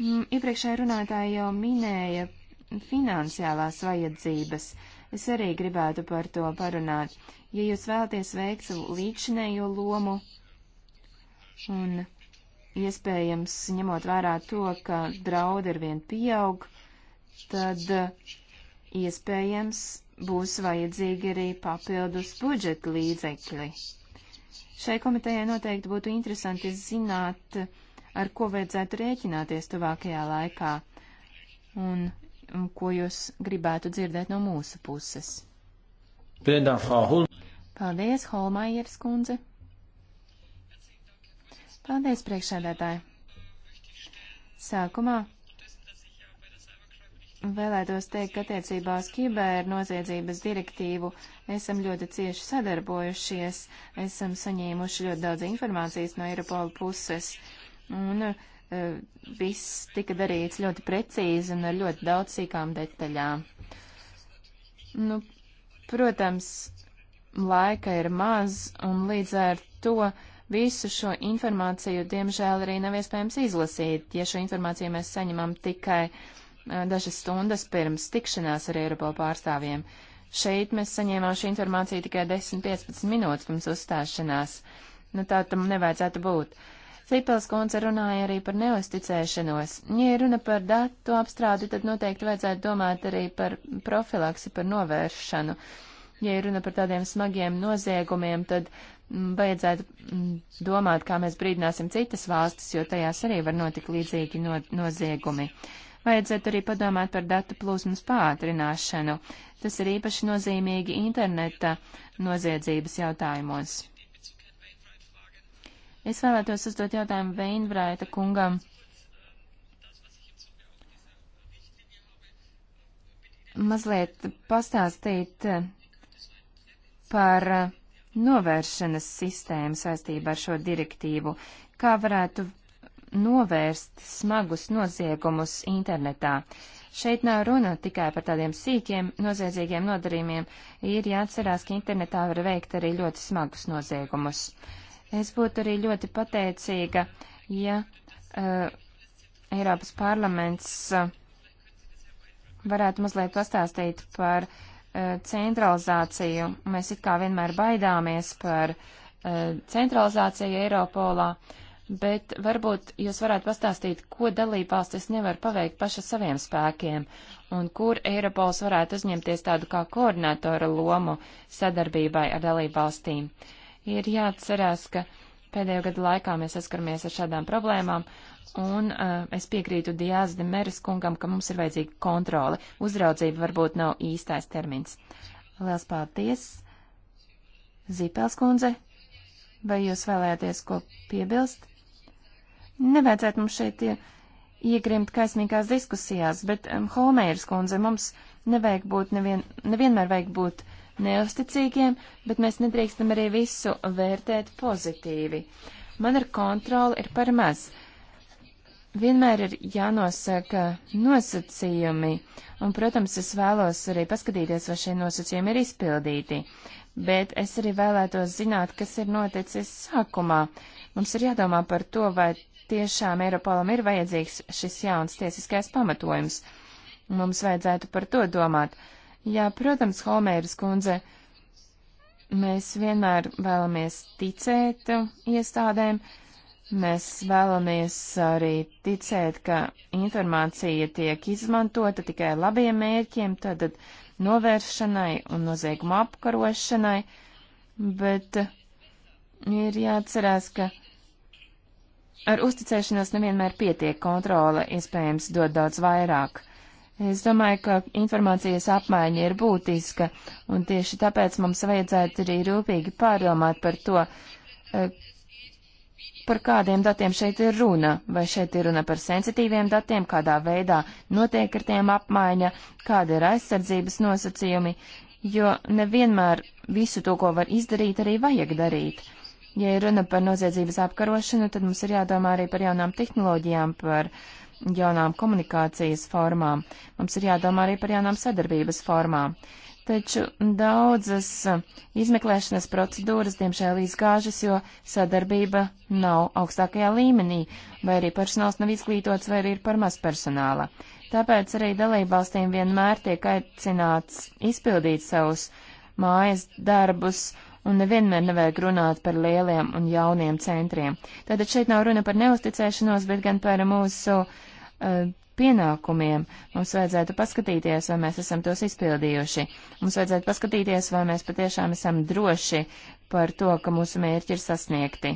Mm, iepriekšējā runātāja jau minēja finansiālās vajadzības. Es arī gribētu par to parunāt. Ja jūs vēlaties veikt savu līdzinējo lomu un iespējams ņemot vērā to, ka draudi ar vien pieaug, tad iespējams būs vajadzīgi arī papildus budžeta līdzekļi. Šai komitejai noteikti būtu interesanti zināt, uh, ar ko vajadzētu rēķināties tuvākajā laikā un, un ko jūs gribētu dzirdēt no mūsu puses. Paldies, Holmaieris kundze. Paldies, priekšsēdētāji. Sākumā vēlētos teikt, ka attiecībā uz kibernoziedzības direktīvu esam ļoti cieši sadarbojušies, esam saņēmuši ļoti daudz informācijas no Eiropola puses un uh, viss tika darīts ļoti precīzi un ar ļoti daudz sīkām detaļām. Nu, protams, laika ir maz, un līdz ar to visu šo informāciju, diemžēl, arī nav iespējams izlasīt, ja šo informāciju mēs saņemam tikai uh, dažas stundas pirms tikšanās ar Eiropa pārstāvjiem. Šeit mēs saņēmām šo informāciju tikai 10-15 minūtes pirms uzstāšanās. Nu, tā tam nevajadzētu būt. Uh, Cipels kundze runāja arī par neusticēšanos. Ja runa par datu apstrādi, tad noteikti vajadzētu domāt arī par profilaksi, par novēršanu. Ja runa par tādiem smagiem noziegumiem, tad m, mm, vajadzētu m, mm, domāt, kā mēs brīdināsim citas valstis, jo tajās arī var notikt līdzīgi no, noziegumi. Vajadzētu arī padomāt par datu plūsmas pātrināšanu. Tas ir īpaši nozīmīgi interneta noziedzības jautājumos. Es vēlētos uzdot jautājumu Veinbraita kungam. Mazliet pastāstīt par novēršanas sistēmu saistībā ar šo direktīvu, kā varētu novērst smagus noziegumus internetā. Šeit nav runa tikai par tādiem sīkiem noziedzīgiem nodarījumiem, ir jāatcerās, ka internetā var veikt arī ļoti smagus noziegumus. Uh, Es būtu arī ļoti pateicīga, ja uh, Eiropas parlaments uh, varētu mazliet pastāstīt par uh, centralizāciju. Mēs it kā vienmēr baidāmies par uh, centralizāciju Eiropolā, bet varbūt jūs varētu pastāstīt, ko dalībvalstis nevar paveikt paša saviem spēkiem un kur Eiropols varētu uzņemties tādu kā koordinātora lomu sadarbībai ar dalībvalstīm. Uh, Ir jāatcerās, ka pēdējo gadu laikā mēs saskaramies ar šādām problēmām, un uh, es piekrītu Diāzi de Meres kungam, ka mums ir vajadzīga kontrole. Uzraudzība varbūt nav īstais termins. Liels paldies! Zīpels kundze, vai jūs vēlēties ko piebilst? Nevajadzētu mums šeit iegrimt kaismīgās diskusijās, bet um, Holmeiras kundze mums nevajag būt nevien, nevienmēr vajag būt neusticīgiem, bet mēs nedrīkstam arī visu vērtēt pozitīvi. Man ar kontroli ir par maz. Vienmēr ir jānosaka nosacījumi, un, protams, es vēlos arī paskatīties, vai šie nosacījumi ir izpildīti, bet es arī vēlētos zināt, kas ir noticis sākumā. Mums ir jādomā par to, vai tiešām Eiropolam ir vajadzīgs šis jauns tiesiskais pamatojums. Mums vajadzētu par to domāt. Jā, protams, Holmēras kundze, mēs vienmēr vēlamies ticēt iestādēm, mēs vēlamies arī ticēt, ka informācija tiek izmantota tikai labiem mērķiem, tātad novēršanai un noziegumu apkarošanai, bet ir jāatcerās, ka ar uzticēšanos nevienmēr pietiek kontrole, iespējams, dod daudz vairāk. Es domāju, ka informācijas apmaiņa ir būtiska, un tieši tāpēc mums vajadzētu arī rūpīgi pārdomāt par to, e, par kādiem datiem šeit ir runa, vai šeit ir runa par sensitīviem datiem, kādā veidā notiek ar tiem apmaiņa, kāda ir aizsardzības nosacījumi, jo nevienmēr visu to, ko var izdarīt, arī vajag darīt. Ja ir runa par noziedzības apkarošanu, tad mums ir jādomā arī par jaunām tehnoloģijām, par uh, jaunām komunikācijas formām, mums ir jādomā arī par jaunām sadarbības formām. Taču daudzas izmeklēšanas procedūras, diemžēl, izgāžas, jo sadarbība nav augstākajā līmenī, vai arī personāls nav izglītots, vai arī ir par maz personāla. Tāpēc arī dalībvalstīm vienmēr tiek aicināts izpildīt savus mājas darbus un nevienmēr nevajag runāt par lieliem un jauniem centriem. Tātad šeit nav runa par neusticēšanos, bet gan par mūsu uh, Uh, pienākumiem. Mums vajadzētu paskatīties, vai mēs esam tos izpildījuši. Mums vajadzētu paskatīties, vai mēs patiešām esam droši par to, ka mūsu mērķi ir sasniegti.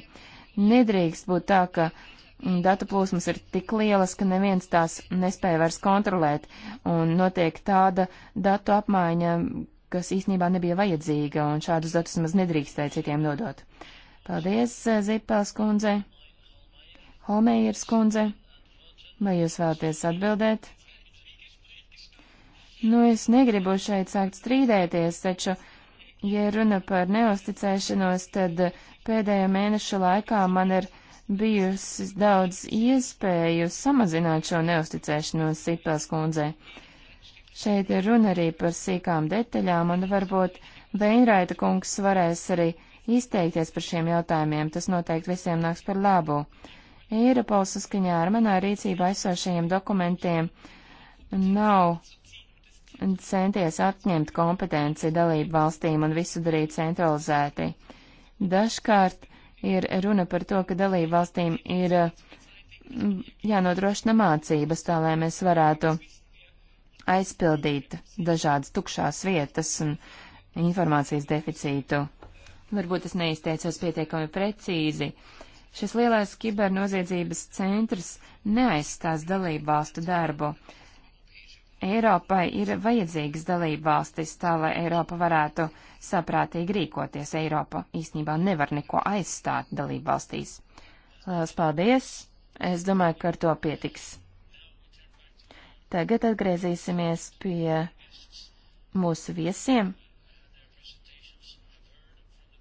Nedrīkst būt tā, ka mm, datu plūsmas ir tik lielas, ka neviens tās nespēja vairs kontrolēt, un notiek tāda datu apmaiņa, kas īstenībā nebija vajadzīga, un šādus datus maz nedrīkstēja citiem dodot. Paldies, Zipels kundze, Holmējers kundze. Vai jūs vēlaties atbildēt? Nu, es negribu šeit sākt strīdēties, taču, ja runa par neusticēšanos, tad pēdējo mēnešu laikā man ir bijusi daudz iespēju samazināt šo neusticēšanos Sipels kundzē. Šeit ir runa arī par sīkām detaļām, un varbūt Veinraita kungs varēs arī izteikties par šiem jautājumiem, tas noteikti visiem nāks par labu. Eiropols saskaņā ar manā rīcībā esošajiem dokumentiem nav centies atņemt kompetenci dalību valstīm un visu darīt centralizēti. Dažkārt ir runa par to, ka dalību valstīm ir mm, jānodrošina mācības tā, lai mēs varētu aizpildīt dažādas tukšās vietas un informācijas deficītu. Varbūt es neizteicos pietiekami precīzi. Uh, Šis lielais kibernoziedzības centrs neaizstās dalību valstu darbu. Eiropai ir vajadzīgas dalībvalstis tā, lai Eiropa varētu saprātīgi rīkoties. Eiropa īstenībā nevar neko aizstāt dalībvalstīs. Lielas paldies! Es domāju, ka ar to pietiks. Tagad atgriezīsimies pie mūsu viesiem.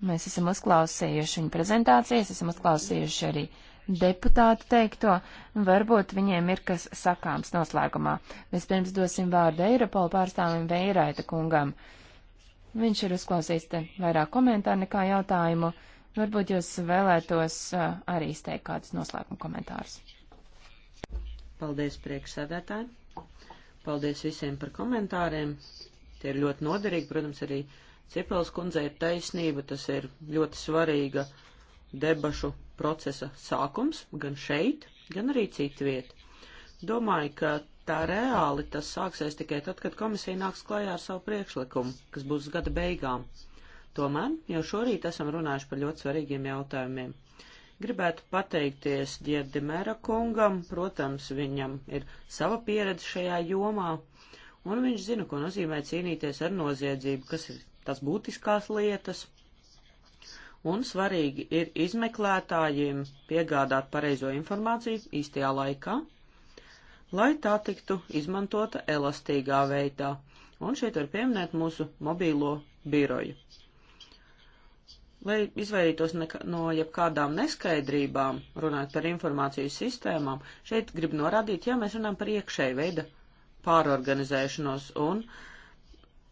Mēs esam uzklausījuši viņu prezentācijas, esam uzklausījuši arī deputātu teikto, un varbūt viņiem ir kas sakāms noslēgumā. Vispirms dosim vārdu Eiropola pārstāvim Veiraita kungam. Viņš ir uzklausījis te vairāk komentāru nekā jautājumu. Varbūt jūs vēlētos uh, arī izteikt kādus noslēguma komentārus. Paldies priekšsēdētāji. Paldies visiem par komentāriem. Tie ir ļoti noderīgi. Protams, arī uh, Cipels kundze ir taisnība, tas ir ļoti svarīga debašu procesa sākums gan šeit, gan arī citviet. Domāju, ka tā reāli tas sāksies tikai tad, kad komisija nāks klajā ar savu priekšlikumu, kas būs gada beigām. Tomēr jau šorīt esam runājuši par ļoti svarīgiem jautājumiem. Gribētu pateikties Dierdimēra kungam, protams, viņam ir sava pieredze šajā jomā, un viņš zina, ko nozīmē cīnīties ar noziedzību, kas ir tās būtiskās lietas. Un svarīgi ir izmeklētājiem piegādāt pareizo informāciju īstajā laikā, lai tā tiktu izmantota elastīgā veidā. Un šeit var pieminēt mūsu mobīlo biroju. Lai izvairītos no jebkādām neskaidrībām, runājot par informācijas sistēmām, šeit grib norādīt, ja mēs runājam par iekšēju veidu pārorganizēšanos un uh,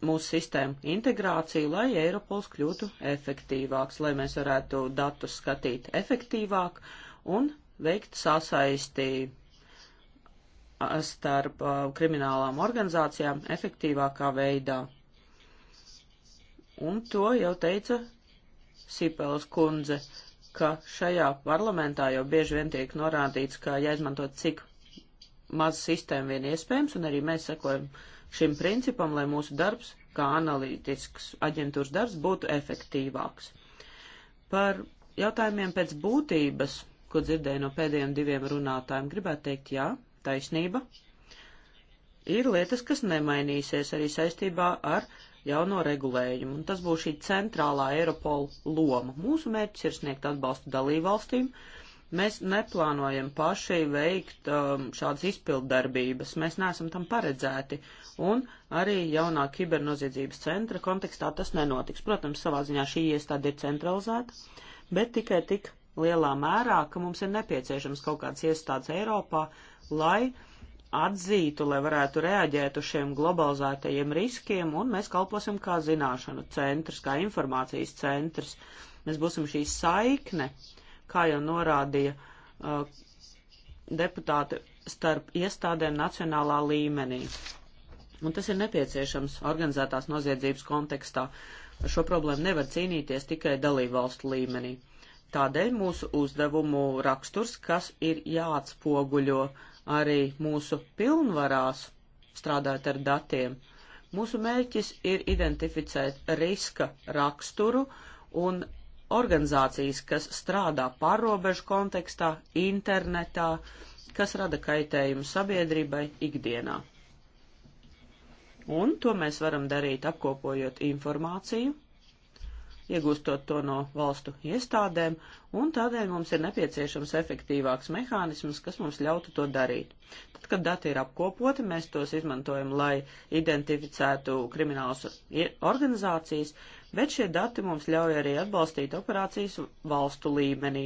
mūsu sistēmu integrāciju, lai Eiropols kļūtu efektīvāks, lai mēs varētu datus skatīt efektīvāk un veikt sasaisti starp kriminālām organizācijām efektīvākā veidā. Un to jau teica Sipels kundze, ka šajā parlamentā jau bieži vien tiek norādīts, ka jāizmanto cik maz sistēmu vien iespējams, un arī mēs sekojam uh, šim principam, lai mūsu darbs, kā analītisks aģentūras darbs, būtu efektīvāks. Par jautājumiem pēc būtības, ko dzirdēju no pēdējiem diviem runātājiem, gribētu teikt jā, taisnība. Ir lietas, kas nemainīsies arī saistībā ar jauno regulējumu, un tas būs šī centrālā Eiropola loma. Mūsu mērķis ir sniegt atbalstu dalībvalstīm, valstīm Mēs neplānojam paši veikt um, šādas izpilddarbības, mēs neesam tam paredzēti, un arī jaunā kibernoziedzības centra kontekstā tas nenotiks. Protams, savā ziņā šī iestāde ir centralizēta, bet tikai tik lielā mērā, ka mums ir nepieciešams kaut kāds iestādes Eiropā, lai atzītu, lai varētu reaģēt uz šiem globalizētajiem riskiem, un mēs kalposim kā zināšanu centrs, kā informācijas centrs. Mēs būsim šī saikne kā jau norādīja uh, deputāti, starp iestādēm nacionālā līmenī. Un tas ir nepieciešams organizētās noziedzības kontekstā. Ar šo problēmu nevar cīnīties tikai dalībvalstu līmenī. Tādēļ mūsu uzdevumu raksturs, kas ir jāatspoguļo arī mūsu pilnvarās strādāt ar datiem. Mūsu mērķis ir identificēt riska raksturu un organizācijas, kas strādā pārrobežu kontekstā, internetā, kas rada kaitējumu sabiedrībai ikdienā. Un to mēs varam darīt apkopojot informāciju, iegūstot to no valstu iestādēm, un tādēļ mums ir nepieciešams efektīvāks mehānisms, kas mums ļautu to darīt. Tad, kad dati ir apkopoti, mēs tos izmantojam, lai identificētu kriminālas organizācijas, bet šie dati mums ļauj arī atbalstīt operācijas valstu līmenī.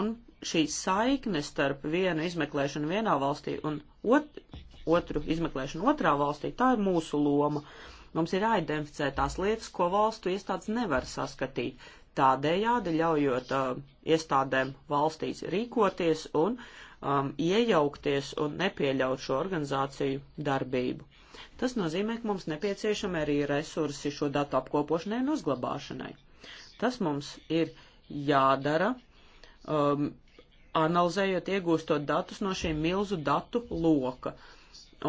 Un šī saikne starp vienu izmeklēšanu vienā valstī un ot otru izmeklēšanu otrā valstī, tā ir mūsu loma. Mums ir jāidentificē tās lietas, ko valstu iestādes nevar saskatīt. Tādējādi ļaujot uh, iestādēm valstīs rīkoties un um, iejaukties un nepieļaut šo organizāciju darbību. Tas nozīmē, ka mums nepieciešami arī resursi šo datu apkopošanai un uzglabāšanai. Tas mums ir jādara, um, analizējot iegūstot datus no šī milzu datu loka.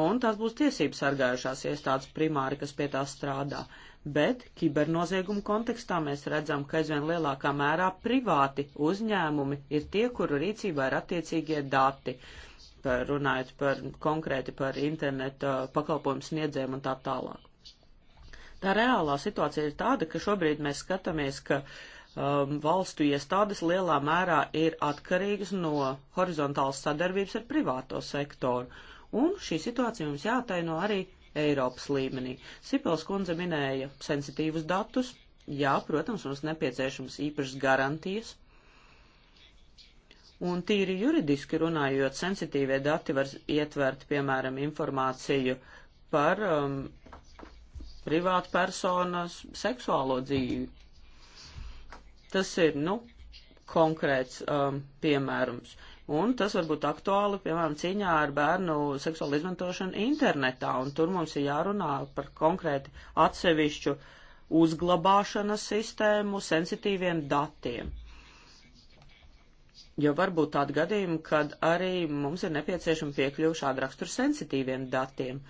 Un tās būs tiesības sargājušās iestādes primāri, kas pie tā strādā. Bet kibernozieguma kontekstā mēs redzam, ka aizvien lielākā mērā privāti uzņēmumi ir tie, kuru rīcībā ir attiecīgie dati. Uh, par runājot par konkrēti par interneta pakalpojumu sniedzēm un tā tālāk. Tā reālā situācija ir tāda, ka šobrīd mēs skatāmies, ka um, valstu iestādes lielā mērā ir atkarīgas no horizontālas sadarbības ar privāto sektoru. Un šī situācija mums jātaino arī Eiropas līmenī. Sipels kundze minēja sensitīvus datus. Jā, protams, mums nepieciešams īpašas garantijas Un tīri juridiski runājot, sensitīvie dati var ietvert, piemēram, informāciju par um, privātu personas seksuālo dzīvi. Tas ir, nu, konkrēts um, piemērums. Un tas var būt aktuāli, piemēram, cīņā ar bērnu seksuālu izmantošanu internetā, un tur mums ir jārunā par konkrēti atsevišķu uzglabāšanas sistēmu sensitīviem datiem. Jo var būt tādi gadījumi, kad arī mums ir nepieciešama piekļuva šāda rakstura sensitīviem datiem,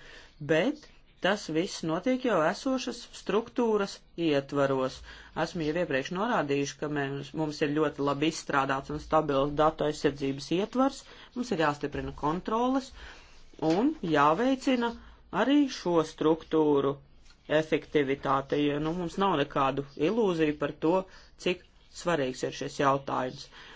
bet tas viss notiek jau esošas struktūras ietvaros. Esmu jau iepriekš norādījuši, ka mēs, mums ir ļoti labi izstrādāts un stabils datu aizsardzības ietvars, mums ir jāstiprina kontroles un jāveicina arī šo struktūru efektivitāte, jo nu, mums nav nekādu ilūziju par to, cik svarīgs ir šis jautājums. Uh,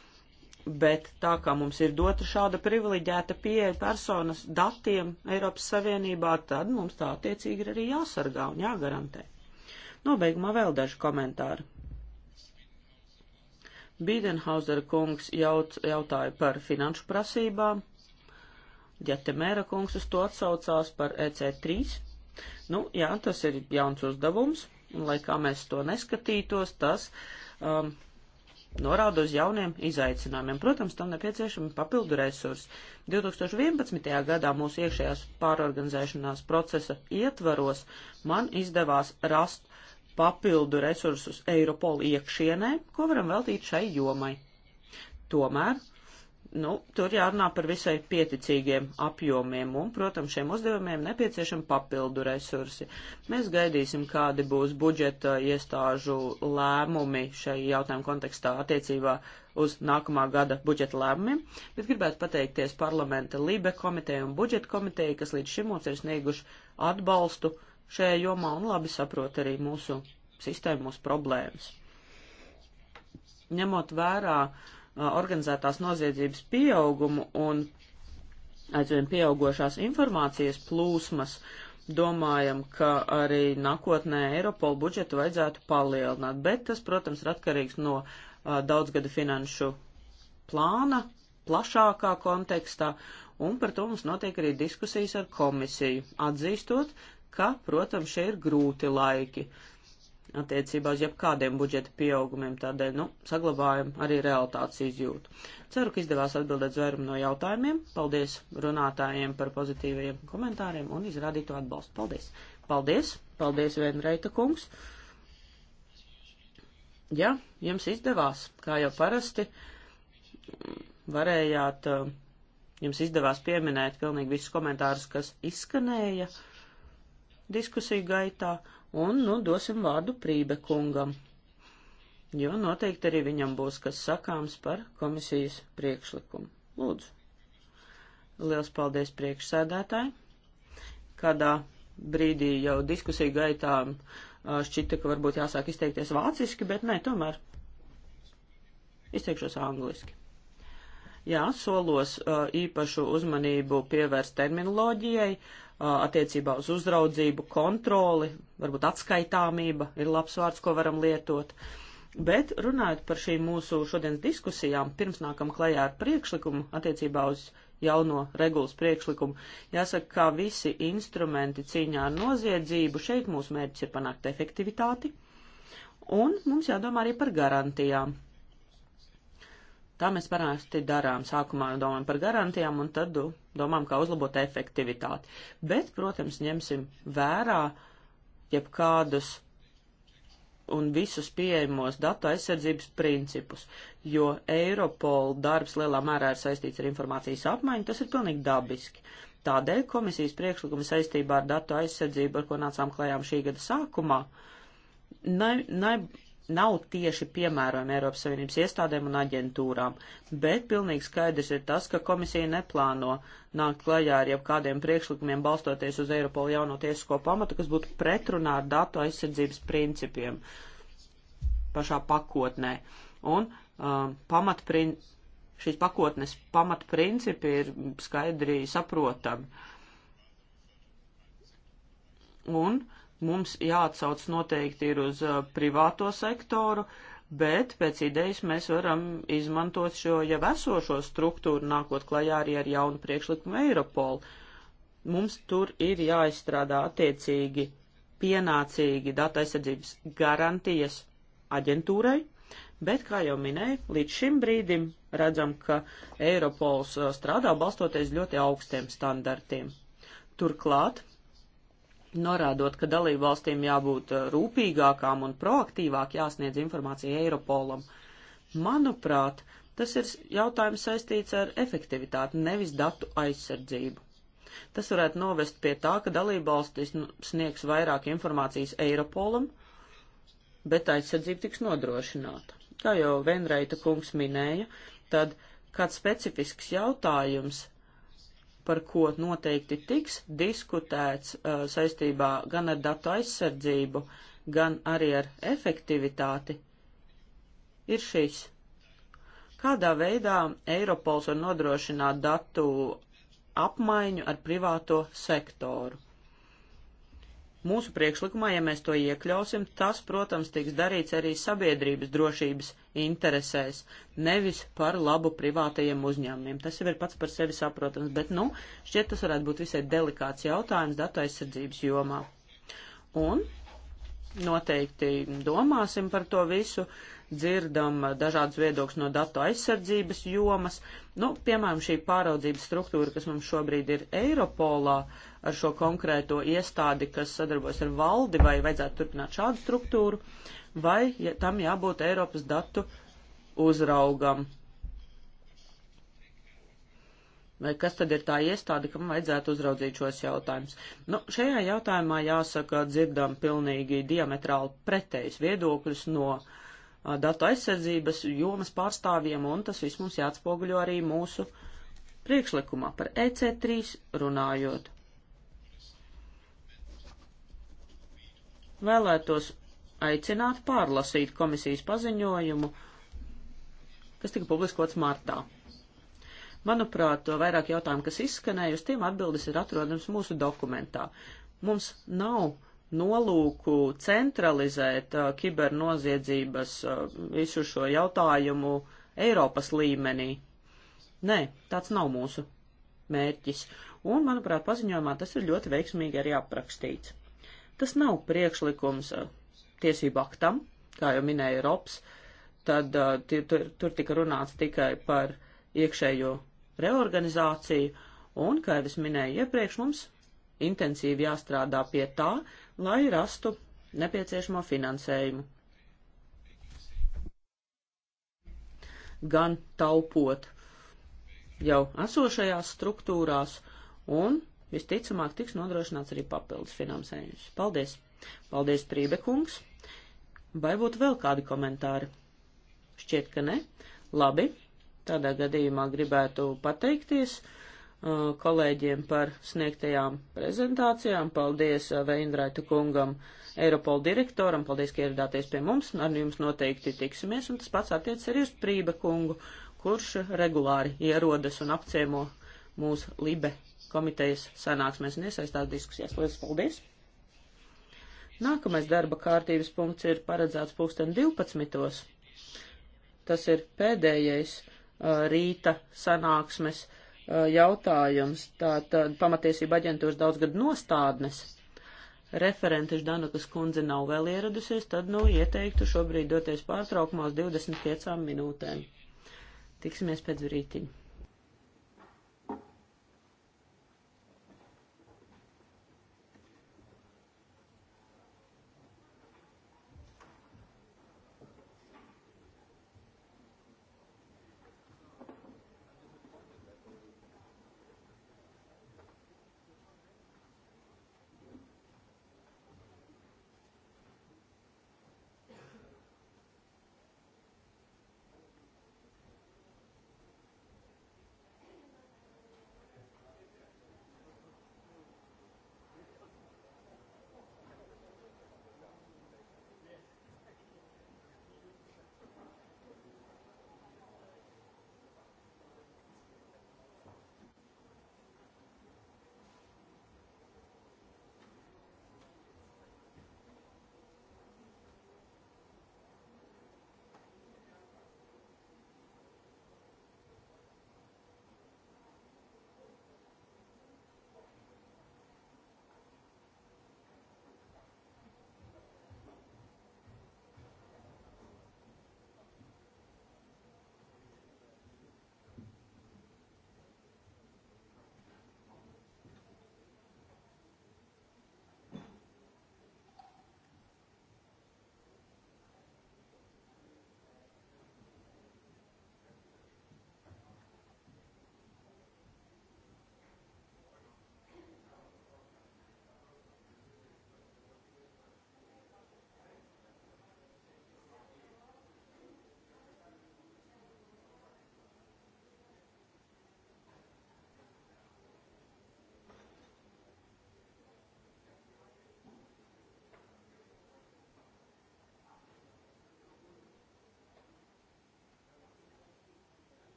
Bet tā kā mums ir dota šāda privileģēta pieeja personas datiem Eiropas Savienībā, tad mums tā attiecīgi ir arī jāsargā un jāgarantē. Nobeigumā vēl daži komentāri. Bīdenhauser kungs jaut, jautāja par finanšu prasībām, Ģetemēra kungs uz to atsaucās par EC3. Nu, jā, tas ir jauns uzdevums, un lai kā mēs to neskatītos, tas um, norāda uz jauniem izaicinājumiem. Protams, tam nepieciešami papildu resursi. 2011. gadā mūsu iekšējās pārorganizēšanās procesa ietvaros man izdevās rast papildu resursus Eiropol iekšienē, ko varam veltīt šai jomai. Tomēr nu, tur jārunā par visai pieticīgiem apjomiem, un, protams, šiem uzdevumiem nepieciešami papildu resursi. Mēs gaidīsim, kādi būs budžeta iestāžu lēmumi šai jautājumu kontekstā attiecībā uz nākamā gada budžeta lēmumiem, bet gribētu pateikties parlamenta Libe komiteja un budžeta komiteja, kas līdz šim mums ir snieguši atbalstu šajā jomā un labi saprot arī mūsu sistēmu, mūsu problēmas. Ņemot vērā uh, organizētās noziedzības pieaugumu un aizvien pieaugošās informācijas plūsmas, domājam, ka arī nākotnē Eiropola budžetu vajadzētu palielināt, bet tas, protams, ir atkarīgs no a, daudzgada finanšu plāna plašākā kontekstā, un par to mums notiek arī diskusijas ar komisiju, atzīstot, ka, protams, šie ir grūti laiki attiecībā uz jebkādiem budžeta pieaugumiem, tādēļ, nu, saglabājam arī realitātes izjūtu. Ceru, ka izdevās atbildēt zvērumu no jautājumiem. Paldies runātājiem par pozitīviem komentāriem un izrādīto atbalstu. Paldies! Paldies! Paldies, Vēnreita kungs! Ja, jums izdevās, kā jau parasti, varējāt, eh, jums izdevās pieminēt pilnīgi visus komentārus, kas izskanēja diskusiju gaitā un, nu, dosim vārdu Prībe kungam, jo noteikti arī viņam būs kas sakāms par komisijas priekšlikumu. Lūdzu. Liels paldies priekšsēdētāji. Kādā brīdī jau diskusiju gaitā šķita, ka varbūt jāsāk izteikties vāciski, bet nē, tomēr izteikšos angliski. Jā, solos īpašu uzmanību pievērst terminoloģijai. Uh, attiecībā uz uzraudzību, kontroli, varbūt atskaitāmība ir labs vārds, ko varam lietot. Bet runājot par šīm mūsu šodienas diskusijām, pirms nākam klajā ar priekšlikumu attiecībā uz jauno regulas priekšlikumu, jāsaka, ka visi instrumenti cīņā ar noziedzību šeit mūsu mērķis ir panākt efektivitāti, un mums jādomā arī par garantijām. Tā mēs parasti darām. Sākumā domājam par garantijām un tad domājam, kā uzlabot efektivitāti. Bet, protams, ņemsim vērā jebkādus un visus pieejamos datu aizsardzības principus, jo Eiropola darbs lielā mērā ir saistīts ar informācijas apmaiņu, tas ir pilnīgi dabiski. Tādēļ komisijas priekšlikumi saistībā ar datu aizsardzību, ar ko nācām klajām šī gada sākumā, ne, ne, nav tieši piemērojami Eiropas Savienības iestādēm un aģentūrām, bet pilnīgi skaidrs ir tas, ka komisija neplāno nākt klajā ar jebkādiem priekšlikumiem balstoties uz Eiropola jauno tiesisko pamatu, kas būtu pretrunā ar datu aizsardzības principiem pašā pakotnē. Un um, pamatprin šīs pakotnes pamatprincipi ir skaidri saprotami. Un uh, mums jāatsauc noteikti ir uz uh, privāto sektoru, bet pēc idejas mēs varam izmantot šo jau esošo struktūru, nākot klajā arī ar jaunu priekšlikumu Eiropolu. Mums tur ir jāizstrādā attiecīgi pienācīgi data aizsardzības garantijas aģentūrai, bet, kā jau minēju, līdz šim brīdim redzam, ka Eiropols uh, strādā balstoties ļoti augstiem standartiem. Turklāt norādot, ka dalībvalstīm jābūt eh, rūpīgākām un proaktīvāk jāsniedz informācija Eiropolam. Manuprāt, tas ir jautājums saistīts ar efektivitāti, nevis datu aizsardzību. Tas varētu novest pie tā, ka dalībvalstis sniegs vairāk informācijas Eiropolam, bet aizsardzība tiks nodrošināta. Kā jau Venreita kungs minēja, tad kāds specifisks jautājums par ko noteikti tiks diskutēts uh, saistībā gan ar datu aizsardzību, gan arī ar efektivitāti, ir šīs. Kādā veidā Eiropols var nodrošināt datu apmaiņu ar privāto sektoru? Mūsu priekšlikumā, ja mēs to iekļausim, tas, protams, tiks darīts arī sabiedrības drošības interesēs, nevis par labu privātajiem uzņēmumiem. Tas jau ir pats par sevi saprotams, bet, nu, šķiet tas varētu būt visai delikāts jautājums datu aizsardzības jomā. Un noteikti domāsim par to visu, dzirdam dažādas viedokļas no datu aizsardzības jomas. Nu, piemēram, šī pāraudzības struktūra, kas mums šobrīd ir Eiropolā, uh, ar šo konkrēto iestādi, kas sadarbojas ar valdi, vai vajadzētu turpināt šādu struktūru, vai ja, tam jābūt Eiropas datu uzraugam. Vai kas tad ir tā iestāde, kam vajadzētu uzraudzīt šos jautājumus? Nu, šajā jautājumā jāsaka, dzirdam pilnīgi diametrāli pretējus viedokļus no a, datu aizsardzības jomas pārstāvjiem, un tas viss mums jāatspoguļo arī mūsu priekšlikumā par EC3 runājot. vēlētos aicināt pārlasīt komisijas paziņojumu, kas tika publiskots martā. Manuprāt, to vairāk jautājumu, kas izskanēja, uz tiem atbildes ir atrodams mūsu dokumentā. Mums nav nolūku centralizēt uh, kibernoziedzības uh, visu šo jautājumu Eiropas līmenī. Nē, tāds nav mūsu mērķis. Un, manuprāt, paziņojumā tas ir ļoti veiksmīgi arī aprakstīts. Tas nav priekšlikums uh, tiesību aktam, kā jau minēja Eiropas, tad uh, tur, tur tika runāts tikai par iekšējo reorganizāciju, un, kā jau es minēju iepriekš, mums intensīvi jāstrādā pie tā, lai rastu nepieciešamo finansējumu. Gan taupot jau esošajās struktūrās un visticamāk tiks nodrošināts arī papildus finansējums. Paldies! Paldies, Prībekungs! Vai būtu vēl kādi komentāri? Šķiet, ka ne. Labi, tādā gadījumā gribētu pateikties uh, kolēģiem par sniegtajām prezentācijām. Paldies uh, Veindraita kungam, Eiropol direktoram, paldies, ka ieradāties pie mums. Ar jums noteikti tiksimies, un tas pats attiec arī uz Prībe kungu, kurš regulāri ierodas un apciemo mūsu libe komitejas sanāksmēs un iesaistās diskusijās. Lielas paldies! Nākamais darba kārtības punkts ir paredzēts pulksten 12. Tas ir pēdējais uh, rīta sanāksmes uh, jautājums, tātad pamatiesība aģentūras daudzgad nostādnes. Referente Ždanukas kundze nav vēl ieradusies, tad nu ieteiktu šobrīd doties pārtraukumās 25 minūtēm. Tiksimies pēc rītiņa.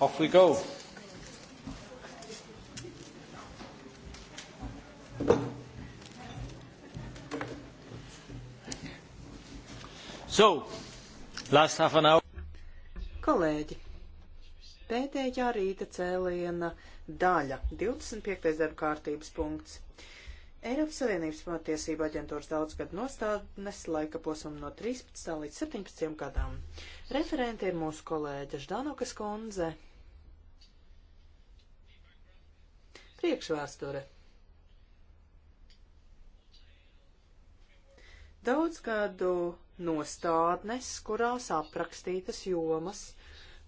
Off we go. So, last half an hour. Kolēģi, pēdējā rīta cēliena daļa, 25. darba kārtības punkts. Eiropas Savienības pamatiesība aģentūras daudzgadu nostādnes laika posmu no 13. līdz 17. gadam. Referenti ir mūsu kolēģa Ždanokas kundze. Priekšvēsture. Daudzgadu nostādnes, kurās aprakstītas jomas,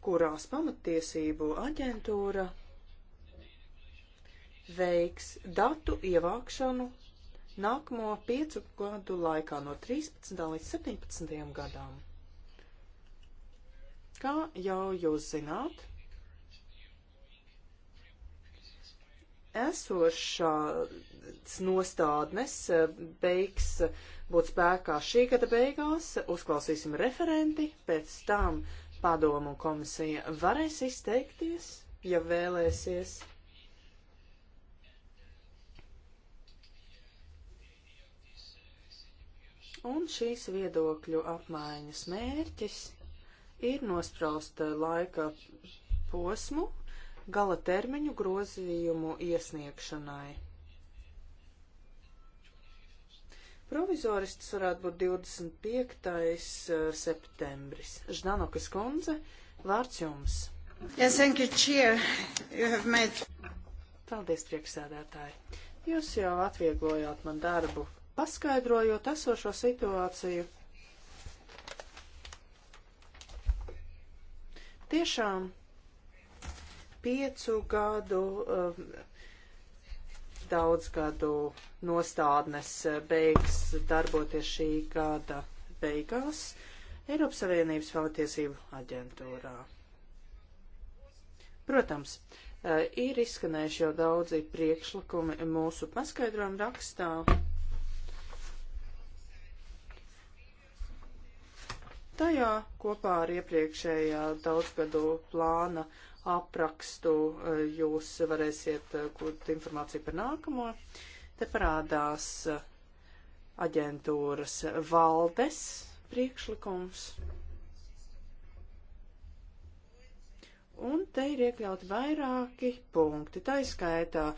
kurās pamatiesību aģentūra veiks datu ievākšanu nākamo piecu gadu laikā no 13. līdz 17. gadām. Kā jau jūs zināt, esošās nostādnes eh, beigs eh, būt spēkā šī gada beigās, uzklausīsim referenti, pēc tam padomu komisija varēs izteikties, ja vēlēsies Un šīs viedokļu apmaiņas mērķis ir nospraust eh, laika posmu gala termiņu grozījumu iesniegšanai. Provizorists varētu būt 25. Eh, septembris. Ždanokas kundze, vārds jums. Yes, thank you, cheer. You have made... Paldies, priekšsēdētāji. Jūs jau atvieglojāt man darbu paskaidrojot esošo situāciju. Tiešām piecu gadu, um, daudz gadu nostādnes beigs darboties šī gada beigās Eiropas Savienības pamatiesību aģentūrā. Protams, uh, ir izskanējuši jau daudzi priekšlikumi mūsu paskaidrojumu rakstā, Tajā kopā ar iepriekšējā daudzgadu plāna aprakstu e, jūs varēsiet e, gūt informāciju par nākamo. Te parādās e, aģentūras valdes priekšlikums. Un te ir iekļauti vairāki punkti. Tā izskaitā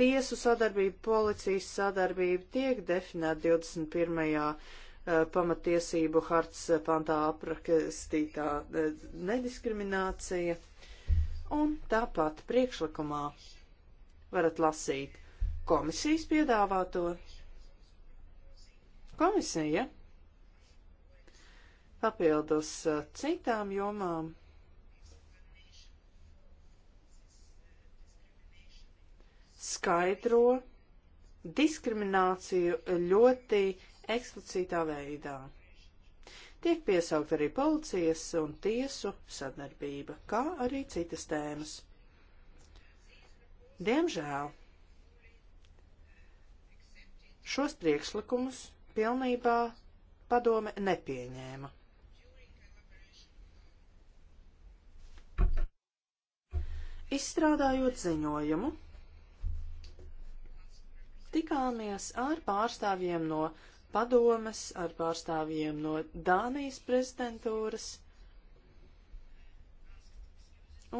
tiesu sadarbība, policijas sadarbība tiek definēta 21 Eh, pamatiesību harts eh, pantā aprakstītā eh, nediskriminācija. Un tāpat priekšlikumā varat lasīt komisijas piedāvāto. Komisija papildus citām jomām. Skaidro diskrimināciju ļoti eksplicītā veidā. Tiek piesaukt arī policijas un tiesu sadarbība, kā arī citas tēmas. Diemžēl šos priekšlikumus pilnībā padome nepieņēma. Izstrādājot ziņojumu, tikāmies ar pārstāvjiem no padomes, ar pārstāvjiem no Dānijas prezidentūras,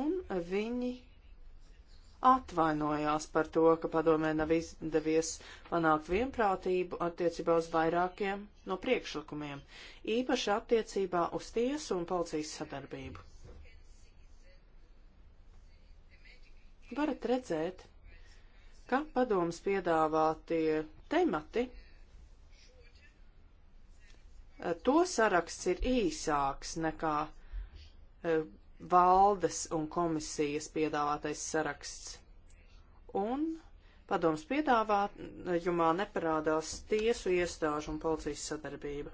un viņi atvainojās par to, ka padomē nav izdevies panākt vienprātību attiecībā uz vairākiem no priekšlikumiem, īpaši attiecībā uz tiesu un policijas sadarbību. Varat redzēt, ka padomas piedāvātie temati Eh, to saraksts ir īsāks nekā eh, valdes un komisijas piedāvātais saraksts. Un padoms piedāvājumā neparādās tiesu iestāžu un policijas sadarbība.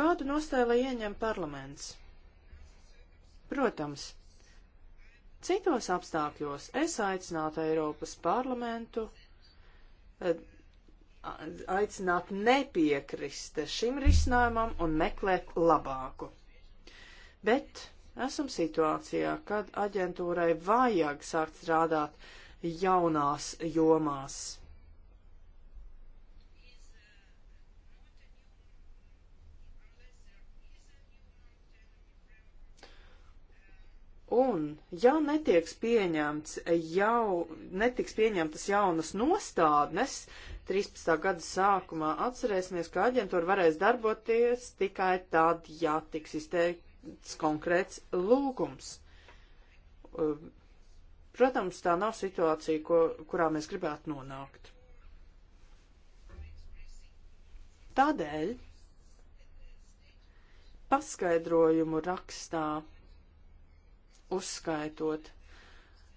Kādu nostāju ieņem parlaments? Protams, citos apstākļos es aicinātu Eiropas parlamentu aicināt nepiekrist šim risinājumam un meklēt labāku. Bet esam situācijā, kad aģentūrai vajag sākt strādāt jaunās jomās. Un, ja netiks pieņemts jau, netiks pieņemtas jaunas nostādnes, 13. gada sākumā atcerēsimies, ka aģentūra varēs darboties tikai tad, ja tiks izteikts konkrēts lūgums. Um, protams, tā nav situācija, ko, kurā mēs gribētu nonākt. Tādēļ paskaidrojumu rakstā uzskaitot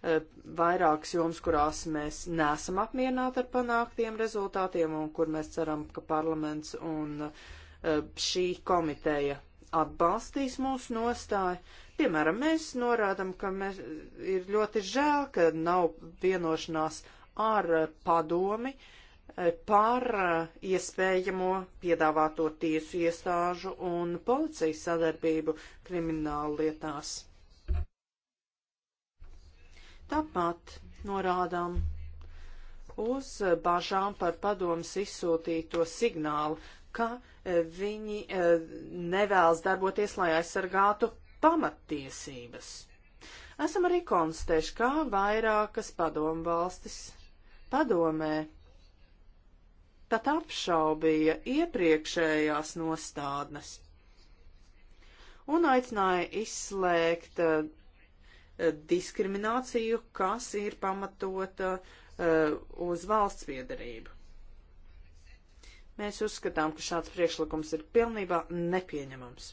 eh, vairākas jomas, kurās mēs nesam apmierināti ar panāktiem rezultātiem un kur mēs ceram, ka parlaments un eh, šī komiteja atbalstīs mūsu nostāju. Piemēram, mēs norādam, ka mēs ir ļoti žēl, ka nav vienošanās ar padomi eh, par iespējamo piedāvāto tiesu iestāžu un policijas sadarbību krimināllietās. Tāpat norādām uz bažām par padomus izsūtīto signālu, ka eh, viņi eh, nevēlas darboties, lai aizsargātu pamattiesības. Esam arī konstatējuši, kā vairākas padomu valstis padomē pat apšaubīja iepriekšējās nostādnes un aicināja izslēgt eh, diskrimināciju, kas ir pamatota uh, uz valsts piedarību. Mēs uzskatām, ka šāds priekšlikums ir pilnībā nepieņemams.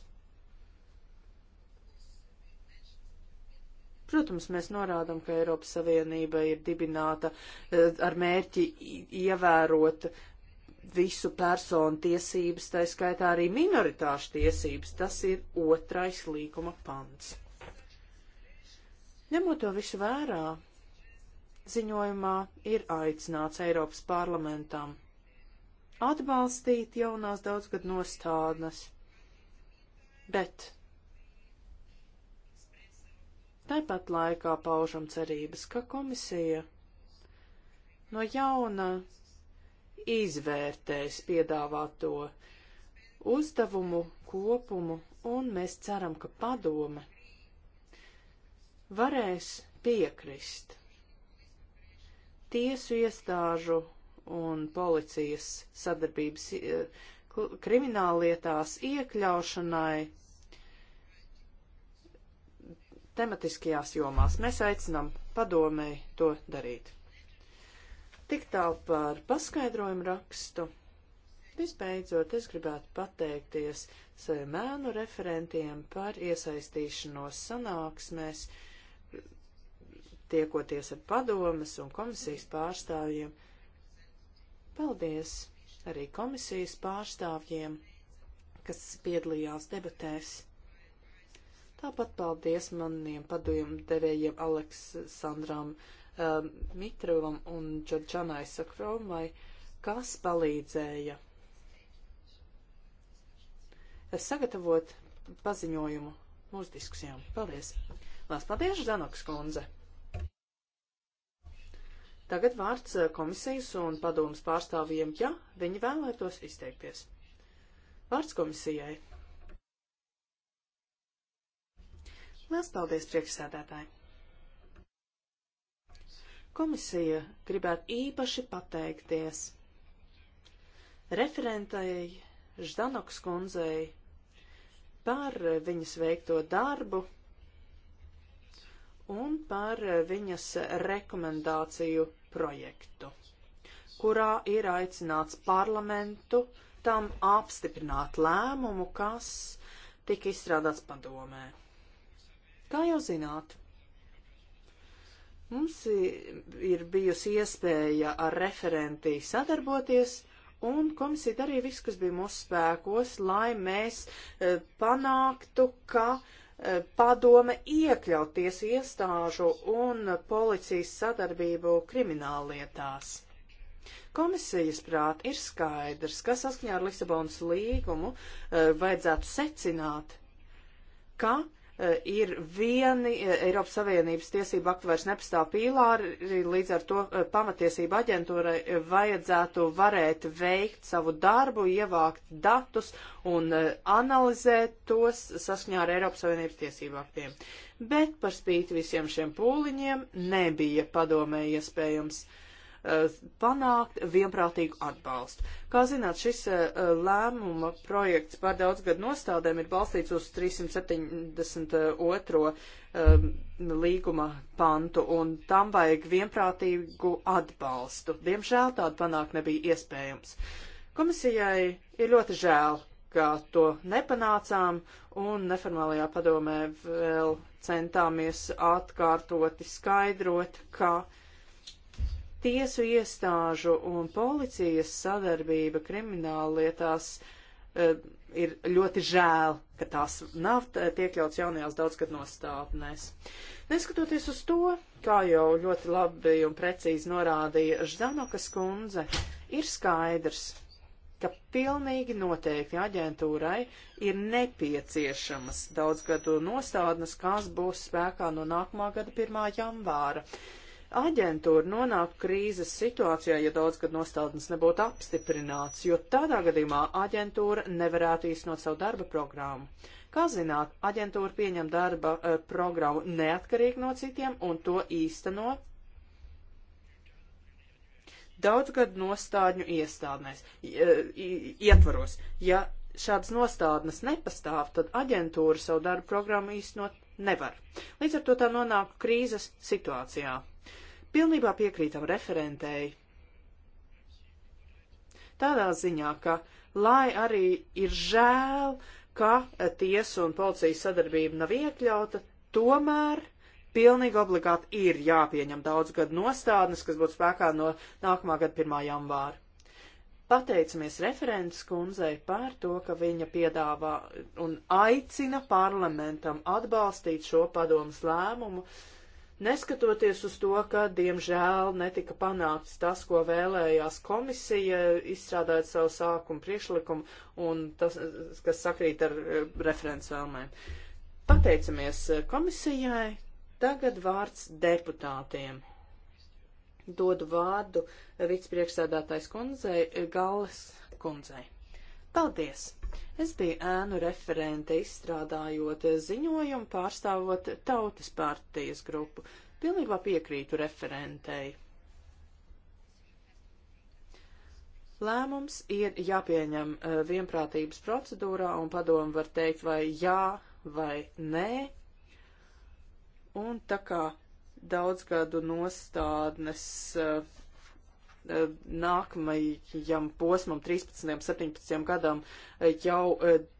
Protams, mēs norādām, ka Eiropas Savienība ir dibināta uh, ar mērķi ievērot visu personu tiesības, tā skaitā arī minoritāšu tiesības. Tas ir otrais līguma pants. Ņemot to visu vērā, ziņojumā ir aicināts Eiropas parlamentam atbalstīt jaunās daudzgad nostādnes, bet tāpat laikā paužam cerības, ka komisija no jauna izvērtēs piedāvāto uzdevumu kopumu, un mēs ceram, ka padome varēs piekrist tiesu iestāžu un policijas sadarbības eh, krimināllietās iekļaušanai tematiskajās jomās. Mēs aicinām padomēji to darīt. Tik tālu par paskaidrojumu rakstu. Visbeidzot, es gribētu pateikties saviem mēnu referentiem par iesaistīšanos sanāksmēs. No tiekoties ar padomas un komisijas pārstāvjiem. Paldies arī komisijas pārstāvjiem, kas piedalījās debatēs. Tāpat paldies maniem padomdevējiem Aleksandram um, eh, Mitrovam un Džordžanai Sakromai, kas palīdzēja eh, sagatavot paziņojumu mūsu diskusijām. Paldies! Lās paldies, Zanoks kundze! Tagad vārds eh, komisijas un padomas pārstāvjiem, ja viņi vēlētos izteikties. Vārds komisijai. Liels paldies, priekšsēdētāji! Komisija gribētu īpaši pateikties referentēji Ždanoks kundzei par viņas veikto darbu un par viņas rekomendāciju projektu, kurā ir aicināts parlamentu tam apstiprināt lēmumu, kas tika izstrādāts padomē. Kā jau zināt, mums ir bijusi iespēja ar referentī sadarboties, un komisija darīja visu, kas bija mūsu spēkos, lai mēs e, panāktu, ka uh, Eh, padome iekļaut tiesu iestāžu un policijas sadarbību krimināllietās. Komisijas prāt ir skaidrs, ka saskaņā ar Lisabonas līgumu eh, vajadzētu secināt, ka Eh, ir vieni eh, Eiropas Savienības tiesību aktu vairs nepastāv pīlāri, līdz ar to eh, pamatiesība aģentūrai vajadzētu varēt veikt savu darbu, ievākt datus un analizēt tos saskaņā ar Eiropas Savienības tiesību aktiem. Bet par spīti visiem šiem pūliņiem nebija padomē iespējams. Ja Eh, panākt vienprātīgu atbalstu. Kā zināt, šis eh, lēmuma projekts par daudzgadu nostādēm ir balstīts uz 372. Eh, līguma pantu, un tam vajag vienprātīgu atbalstu. Diemžēl tādu panākt nebija iespējams. Komisijai ir ļoti žēl, ka to nepanācām, un neformālajā padomē vēl centāmies atkārtoti skaidrot, ka uh, Tiesu iestāžu un policijas sadarbība krimināllietās uh, ir ļoti žēl, ka tās nav iekļauts jaunajās daudzgad nostātnēs. Neskatoties uz to, kā jau ļoti labi un precīzi norādīja Ždanokas kundze, ir skaidrs, ka pilnīgi noteikti aģentūrai ir nepieciešamas daudzgadu nostādnes, kas būs spēkā no nākamā gada 1. janvāra aģentūra nonāk krīzes situācijā, ja daudzgad nostādnes nebūtu apstiprināts, jo tādā gadījumā aģentūra nevarētu īstenot savu darba programmu. Kā zināt, aģentūra pieņem darba uh, programmu neatkarīgi no citiem un to īsteno daudzgad nostādņu iestādnēs, eh, ietvaros. Ja šādas nostādnes nepastāv, tad aģentūra savu darbu programmu īstenot nevar. Līdz ar to tā nonāk krīzes situācijā. Pilnībā piekrītam referentēji. Tādā ziņā, ka lai arī ir žēl, ka tiesu un policijas sadarbība nav iekļauta, tomēr pilnīgi obligāti ir jāpieņem daudz gadu nostādnes, kas būtu spēkā no nākamā gada 1. janvāra. Pateicamies referents kundzei par to, ka viņa piedāvā un aicina parlamentam atbalstīt šo padomas lēmumu, uh, Neskatoties uz to, ka, diemžēl, netika panākts tas, ko vēlējās komisija, izstrādājot savu sākumu priekšlikumu, un tas, kas sakrīt ar eh, referents vēlmēm. Pateicamies eh, komisijai, tagad vārds deputātiem. Dodu vārdu vicepriekšsēdātais kundzei, eh, Galles kundzei. Paldies! Es biju ēnu referente izstrādājot ziņojumu pārstāvot tautas partijas grupu. Pilnībā piekrītu referentei. Lēmums ir jāpieņem eh, vienprātības procedūrā un padomu var teikt vai jā vai nē. Un tā kā daudzgadu nostādnes uh, nākamajam posmam, 13. un 17. gadam, eh, jau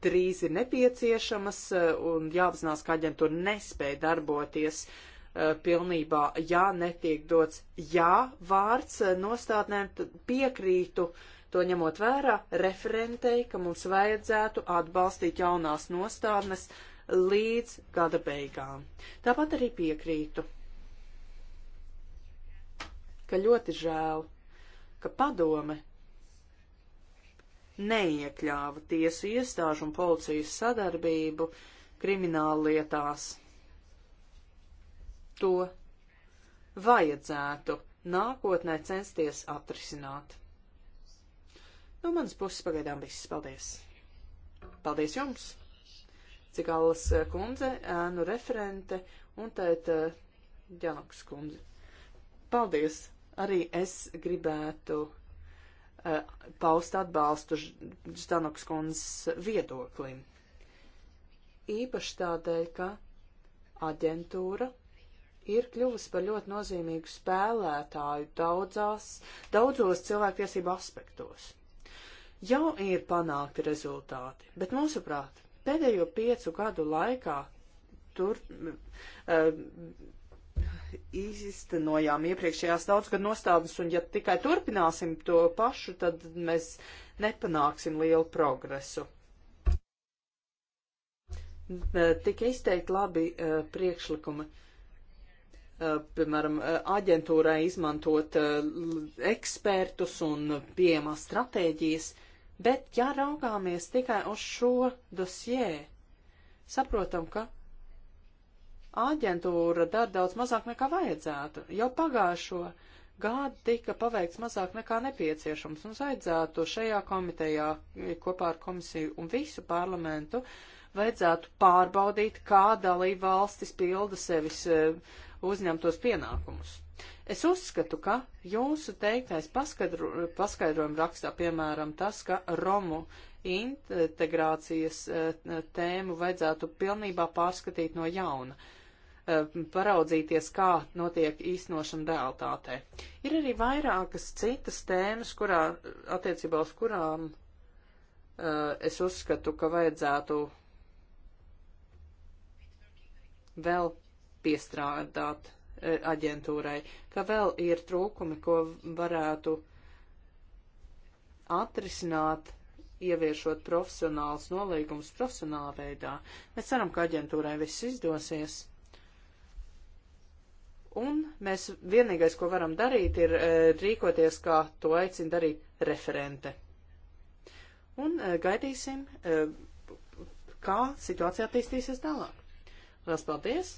drīz eh, ir nepieciešamas eh, un jāapzinās, ka aģentūra nespēja darboties pilnībā, ja netiek dots jā vārds nostādnēm, tad piekrītu. To ņemot vērā, referentei, ka mums vajadzētu atbalstīt jaunās nostādnes līdz gada beigām. Tāpat arī piekrītu, ka ļoti žēl, ka padome neiekļāva tiesu iestāžu un policijas sadarbību krimināla lietās. To vajadzētu nākotnē censties atrisināt. No nu, manas puses pagaidām viss. Paldies! Paldies jums! Cigalas eh, kundze, ēnu referente un tēt Ģanoks eh, kundze. Paldies! Arī es gribētu uh, paust atbalstu Ždanoks kundzes viedoklim. Īpaši tādēļ, ka aģentūra ir kļuvusi par ļoti nozīmīgu spēlētāju daudzās, daudzos cilvēktiesību aspektos. Jau ir panākti rezultāti, bet mūsuprāt, pēdējo piecu gadu laikā tur uh, īstenojām iepriekšējās daudzgad nostādnes, un ja tikai turpināsim to pašu, tad mēs nepanāksim lielu progresu. E, tika izteikti labi uh, priekšlikumi, uh, piemēram, aģentūrai izmantot uh, ekspertus un pieejamās stratēģijas, bet ja raugāmies tikai uz šo dosjē, saprotam, ka aģentūra dara daudz mazāk nekā vajadzētu. Jau pagājušo gadu tika paveikts mazāk nekā nepieciešams. Mums vajadzētu šajā komitejā kopā ar komisiju un visu parlamentu vajadzētu pārbaudīt, kā dalība valstis pilda sevis e, uzņemtos pienākumus. Es uzskatu, ka jūsu teiktais paskaidro, paskaidrojuma rakstā, piemēram, tas, ka Romu integrācijas e, tēmu vajadzētu pilnībā pārskatīt no jauna. Uh, Eh, paraudzīties, kā notiek īstenošana realitātē. Ir arī vairākas citas tēmas, kurā, attiecībā uz kurām eh, es uzskatu, ka vajadzētu vēl piestrādāt eh, aģentūrai, ka vēl ir trūkumi, ko varētu atrisināt, ieviešot profesionāls nolīgums profesionālā veidā. Mēs ceram, ka aģentūrai viss izdosies. Un mēs vienīgais, ko varam darīt, ir e, rīkoties, kā to aicina darīt referente. Un e, gaidīsim, e, kā situācija attīstīsies tālāk. Lielas paldies!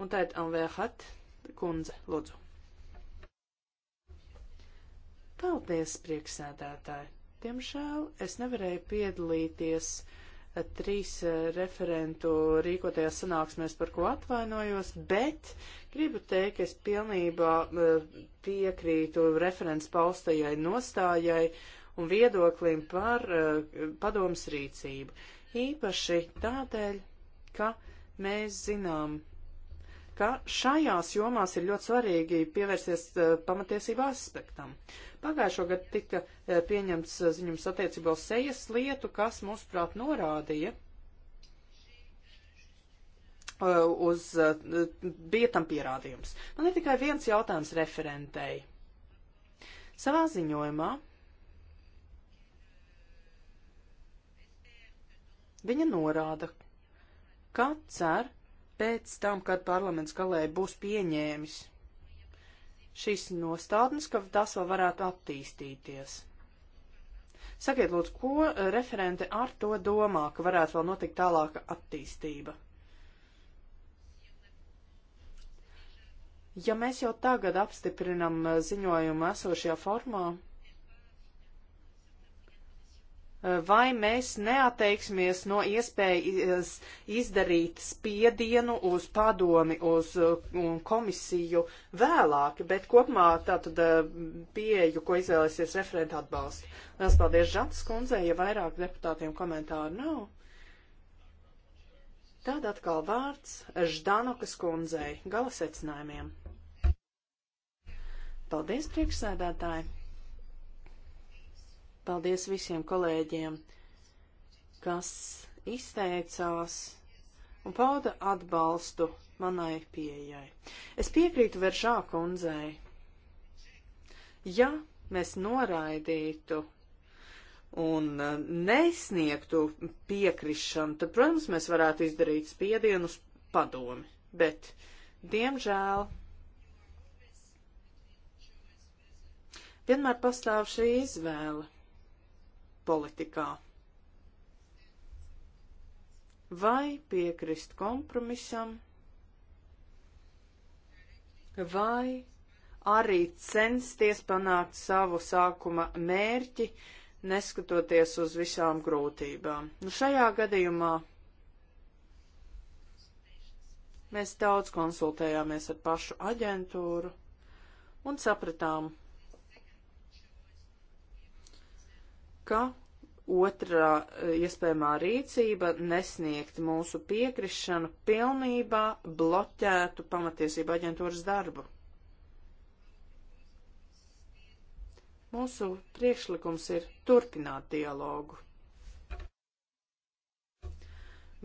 Un tagad Anvērhat kundze, lūdzu. Paldies, prieksēdētāji! Diemžēl es nevarēju piedalīties uh, trīs eh, referentu rīkotajās sanāksmēs, par ko atvainojos, bet gribu teikt, ka es pilnībā eh, piekrītu referents paustajai nostājai un viedoklim par eh, padomas rīcību. Īpaši tādēļ, ka mēs zinām, ka šajās jomās ir ļoti svarīgi pievērsties pamatiesību aspektam. Pagājušo gadu tika eh, pieņemts eh, ziņums attiecībā uz sejas lietu, kas, mūsuprāt, norādīja eh, uz, bija tam pierādījums. Man nu, ir tikai viens jautājums referentei. Savā ziņojumā viņa norāda, ka cer pēc tam, kad parlaments galēji būs pieņēmis šīs nostādnes, ka tas vēl varētu attīstīties. Sakiet, lūdzu, ko referente ar to domā, ka varētu vēl notikt tālāka attīstība? Ja mēs jau tagad apstiprinam ziņojumu esošajā formā, vai mēs neatteiksimies no iespējas izdarīt spiedienu uz padomi, uz uh, komisiju vēlāk, bet kopumā tātad uh, pieeju, ko izvēlēsies referenta atbalstu. Lielas paldies Žants kundzei, ja vairāk deputātiem komentāru nav. Tad atkal vārds Ždanokas kundzei gala secinājumiem. Paldies, priekšsēdētāji! Paldies visiem kolēģiem, kas izteicās un pauda atbalstu manai pieejai. Es piekrītu Veržā kundzei. Ja mēs noraidītu un uh, nesniegtu piekrišanu, tad, protams, mēs varētu izdarīt spiedienu uz padomi. Bet, diemžēl, vienmēr pastāv šī izvēle politikā. Vai piekrist kompromisam, vai arī censties panākt savu sākuma mērķi, neskatoties uz visām grūtībām. Nu, šajā gadījumā mēs daudz konsultējāmies ar pašu aģentūru un sapratām, ka otrā e, iespējamā rīcība nesniegt mūsu piekrišanu pilnībā bloķētu pamatiesību aģentūras darbu. Mūsu priekšlikums ir turpināt dialogu.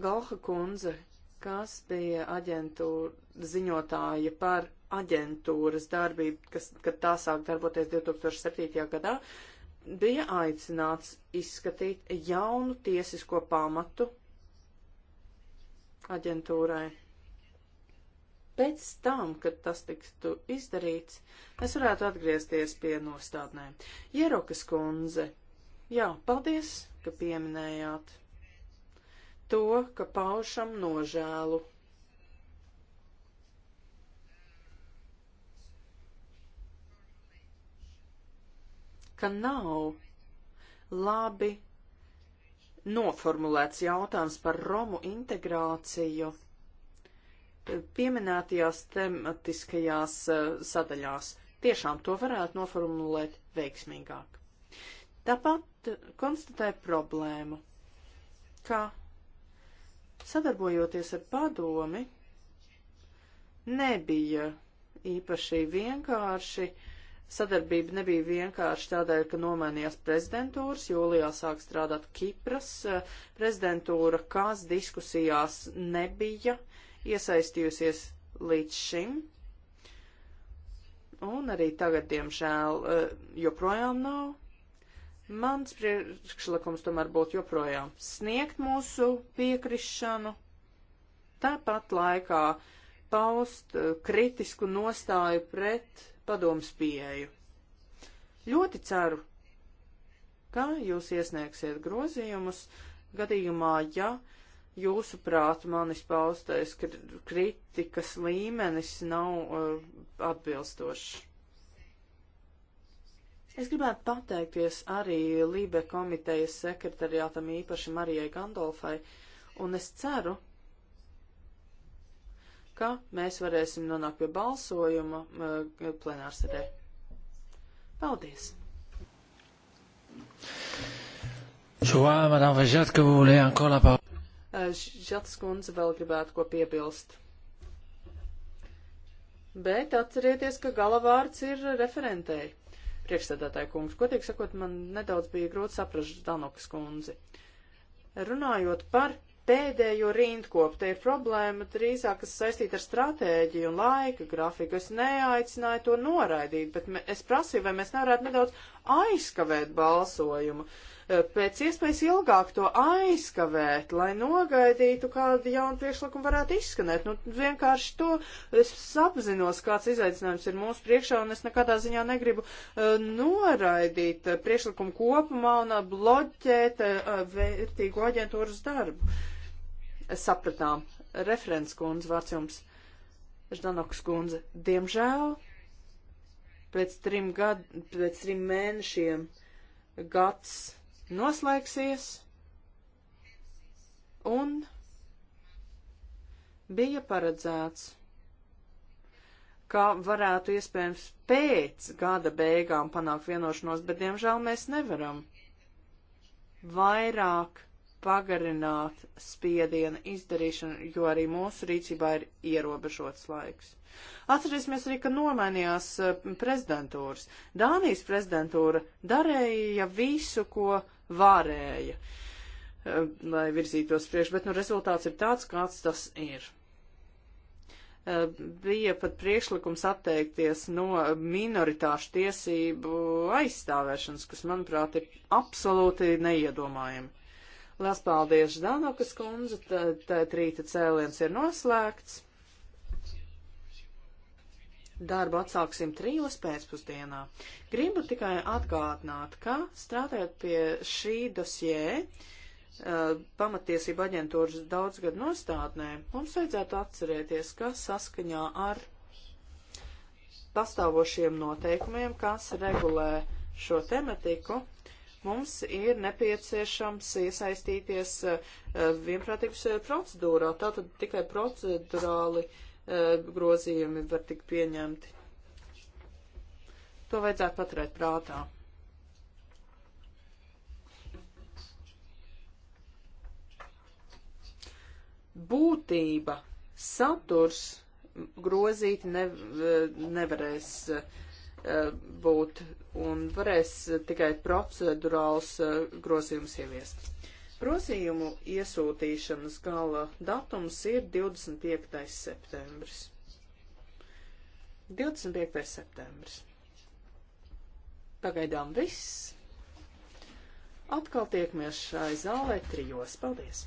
Galha kundze, kas bija aģentūra ziņotāja par aģentūras darbību, kas, kad tā sāk darboties 2007. gadā, bija aicināts izskatīt jaunu tiesisko pamatu aģentūrai. Pēc tam, kad tas tiktu izdarīts, mēs varētu atgriezties pie nostādnēm. Ierokas kundze, jā, paldies, ka pieminējāt to, ka paušam nožēlu ka nav labi noformulēts jautājums par Romu integrāciju pieminētajās tematiskajās eh, sadaļās. Tiešām to varētu noformulēt veiksmīgāk. Tāpat konstatēja problēmu, ka sadarbojoties ar padomi, nebija īpaši vienkārši uh, Sadarbība nebija vienkārši tādēļ, ka nomainījās prezidentūras, jūlijā sāk strādāt Kipras prezidentūra, kas diskusijās nebija iesaistījusies līdz šim. Un arī tagad, diemžēl, eh, joprojām nav. Mans priekšlikums tomēr būtu joprojām sniegt mūsu piekrišanu, tāpat laikā paust eh, kritisku nostāju pret padomas pieeju. Ļoti ceru, ka jūs iesniegsiet grozījumus gadījumā, ja jūsu prāt manis paustais kritikas līmenis nav uh, atbilstošs. Es gribētu pateikties arī Lībe komitejas sekretariātam īpaši Marijai Gandolfai, un es ceru, ka mēs varēsim nonākt pie balsojuma eh, plenārsēdē. Paldies! Žats eh, kundze vēl gribētu ko piebilst. Bet atcerieties, ka galavārds ir referentēji. Priekšsēdētāja kungs, ko tiek sakot, man nedaudz bija grūti saprast Danokas kundzi. Runājot par pēdējo rindkopu. Te ir problēma drīzāk, kas saistīta ar stratēģiju un laika grafiku. Es neaicināju to noraidīt, bet me, es prasīju, vai mēs nevarētu nedaudz aizkavēt balsojumu. E, pēc iespējas ilgāk to aizkavēt, lai nogaidītu, kādu jaunu priekšlikumu varētu izskanēt. Nu, vienkārši to es apzinos, kāds izaicinājums ir mūsu priekšā, un es nekādā ziņā negribu uh, noraidīt e, priekšlikumu kopumā un uh, bloķēt uh, vērtīgu aģentūras darbu. Uh, sapratām. Referents kundze, vārds jums, Ždanoks kundze, diemžēl pēc trim, gad, pēc trim mēnešiem gads noslēgsies un bija paredzēts, ka varētu iespējams pēc gada beigām panākt vienošanos, bet diemžēl mēs nevaram vairāk pagarināt spiediena izdarīšanu, jo arī mūsu rīcībā ir ierobežots laiks. Atcerēsimies arī, ka nomainījās eh, prezidentūras. Dānijas prezidentūra darīja visu, ko varēja, eh, lai virzītos priekš, bet nu rezultāts ir tāds, kāds tas ir eh, bija pat priekšlikums atteikties no minoritāšu tiesību aizstāvēšanas, kas, manuprāt, ir absolūti neiedomājami. Lielas paldies, Danokas kundze, tad rīta cēliens ir noslēgts. Darbu atsāksim trījos pēcpusdienā. Gribu tikai atgādināt, ka strādājot pie šī dosjē, uh, pamatiesība aģentūras daudzgadu nostādnē, mums vajadzētu atcerēties, ka saskaņā ar pastāvošiem noteikumiem, kas regulē šo tematiku, Mums ir nepieciešams iesaistīties eh, vienprātības eh, procedūrā, tātad tikai procedurāli eh, grozījumi var tikt pieņemti. To vajadzētu paturēt prātā. Būtība, saturs grozīt ne, nevarēs uh, Eh, būt un varēs tikai procedurāls eh, grozījums ieviest. Grozījumu iesūtīšanas gala datums ir 25. septembris. 25. septembris. Pagaidām viss. Atkal tiekamies šai zālē trijos. Paldies!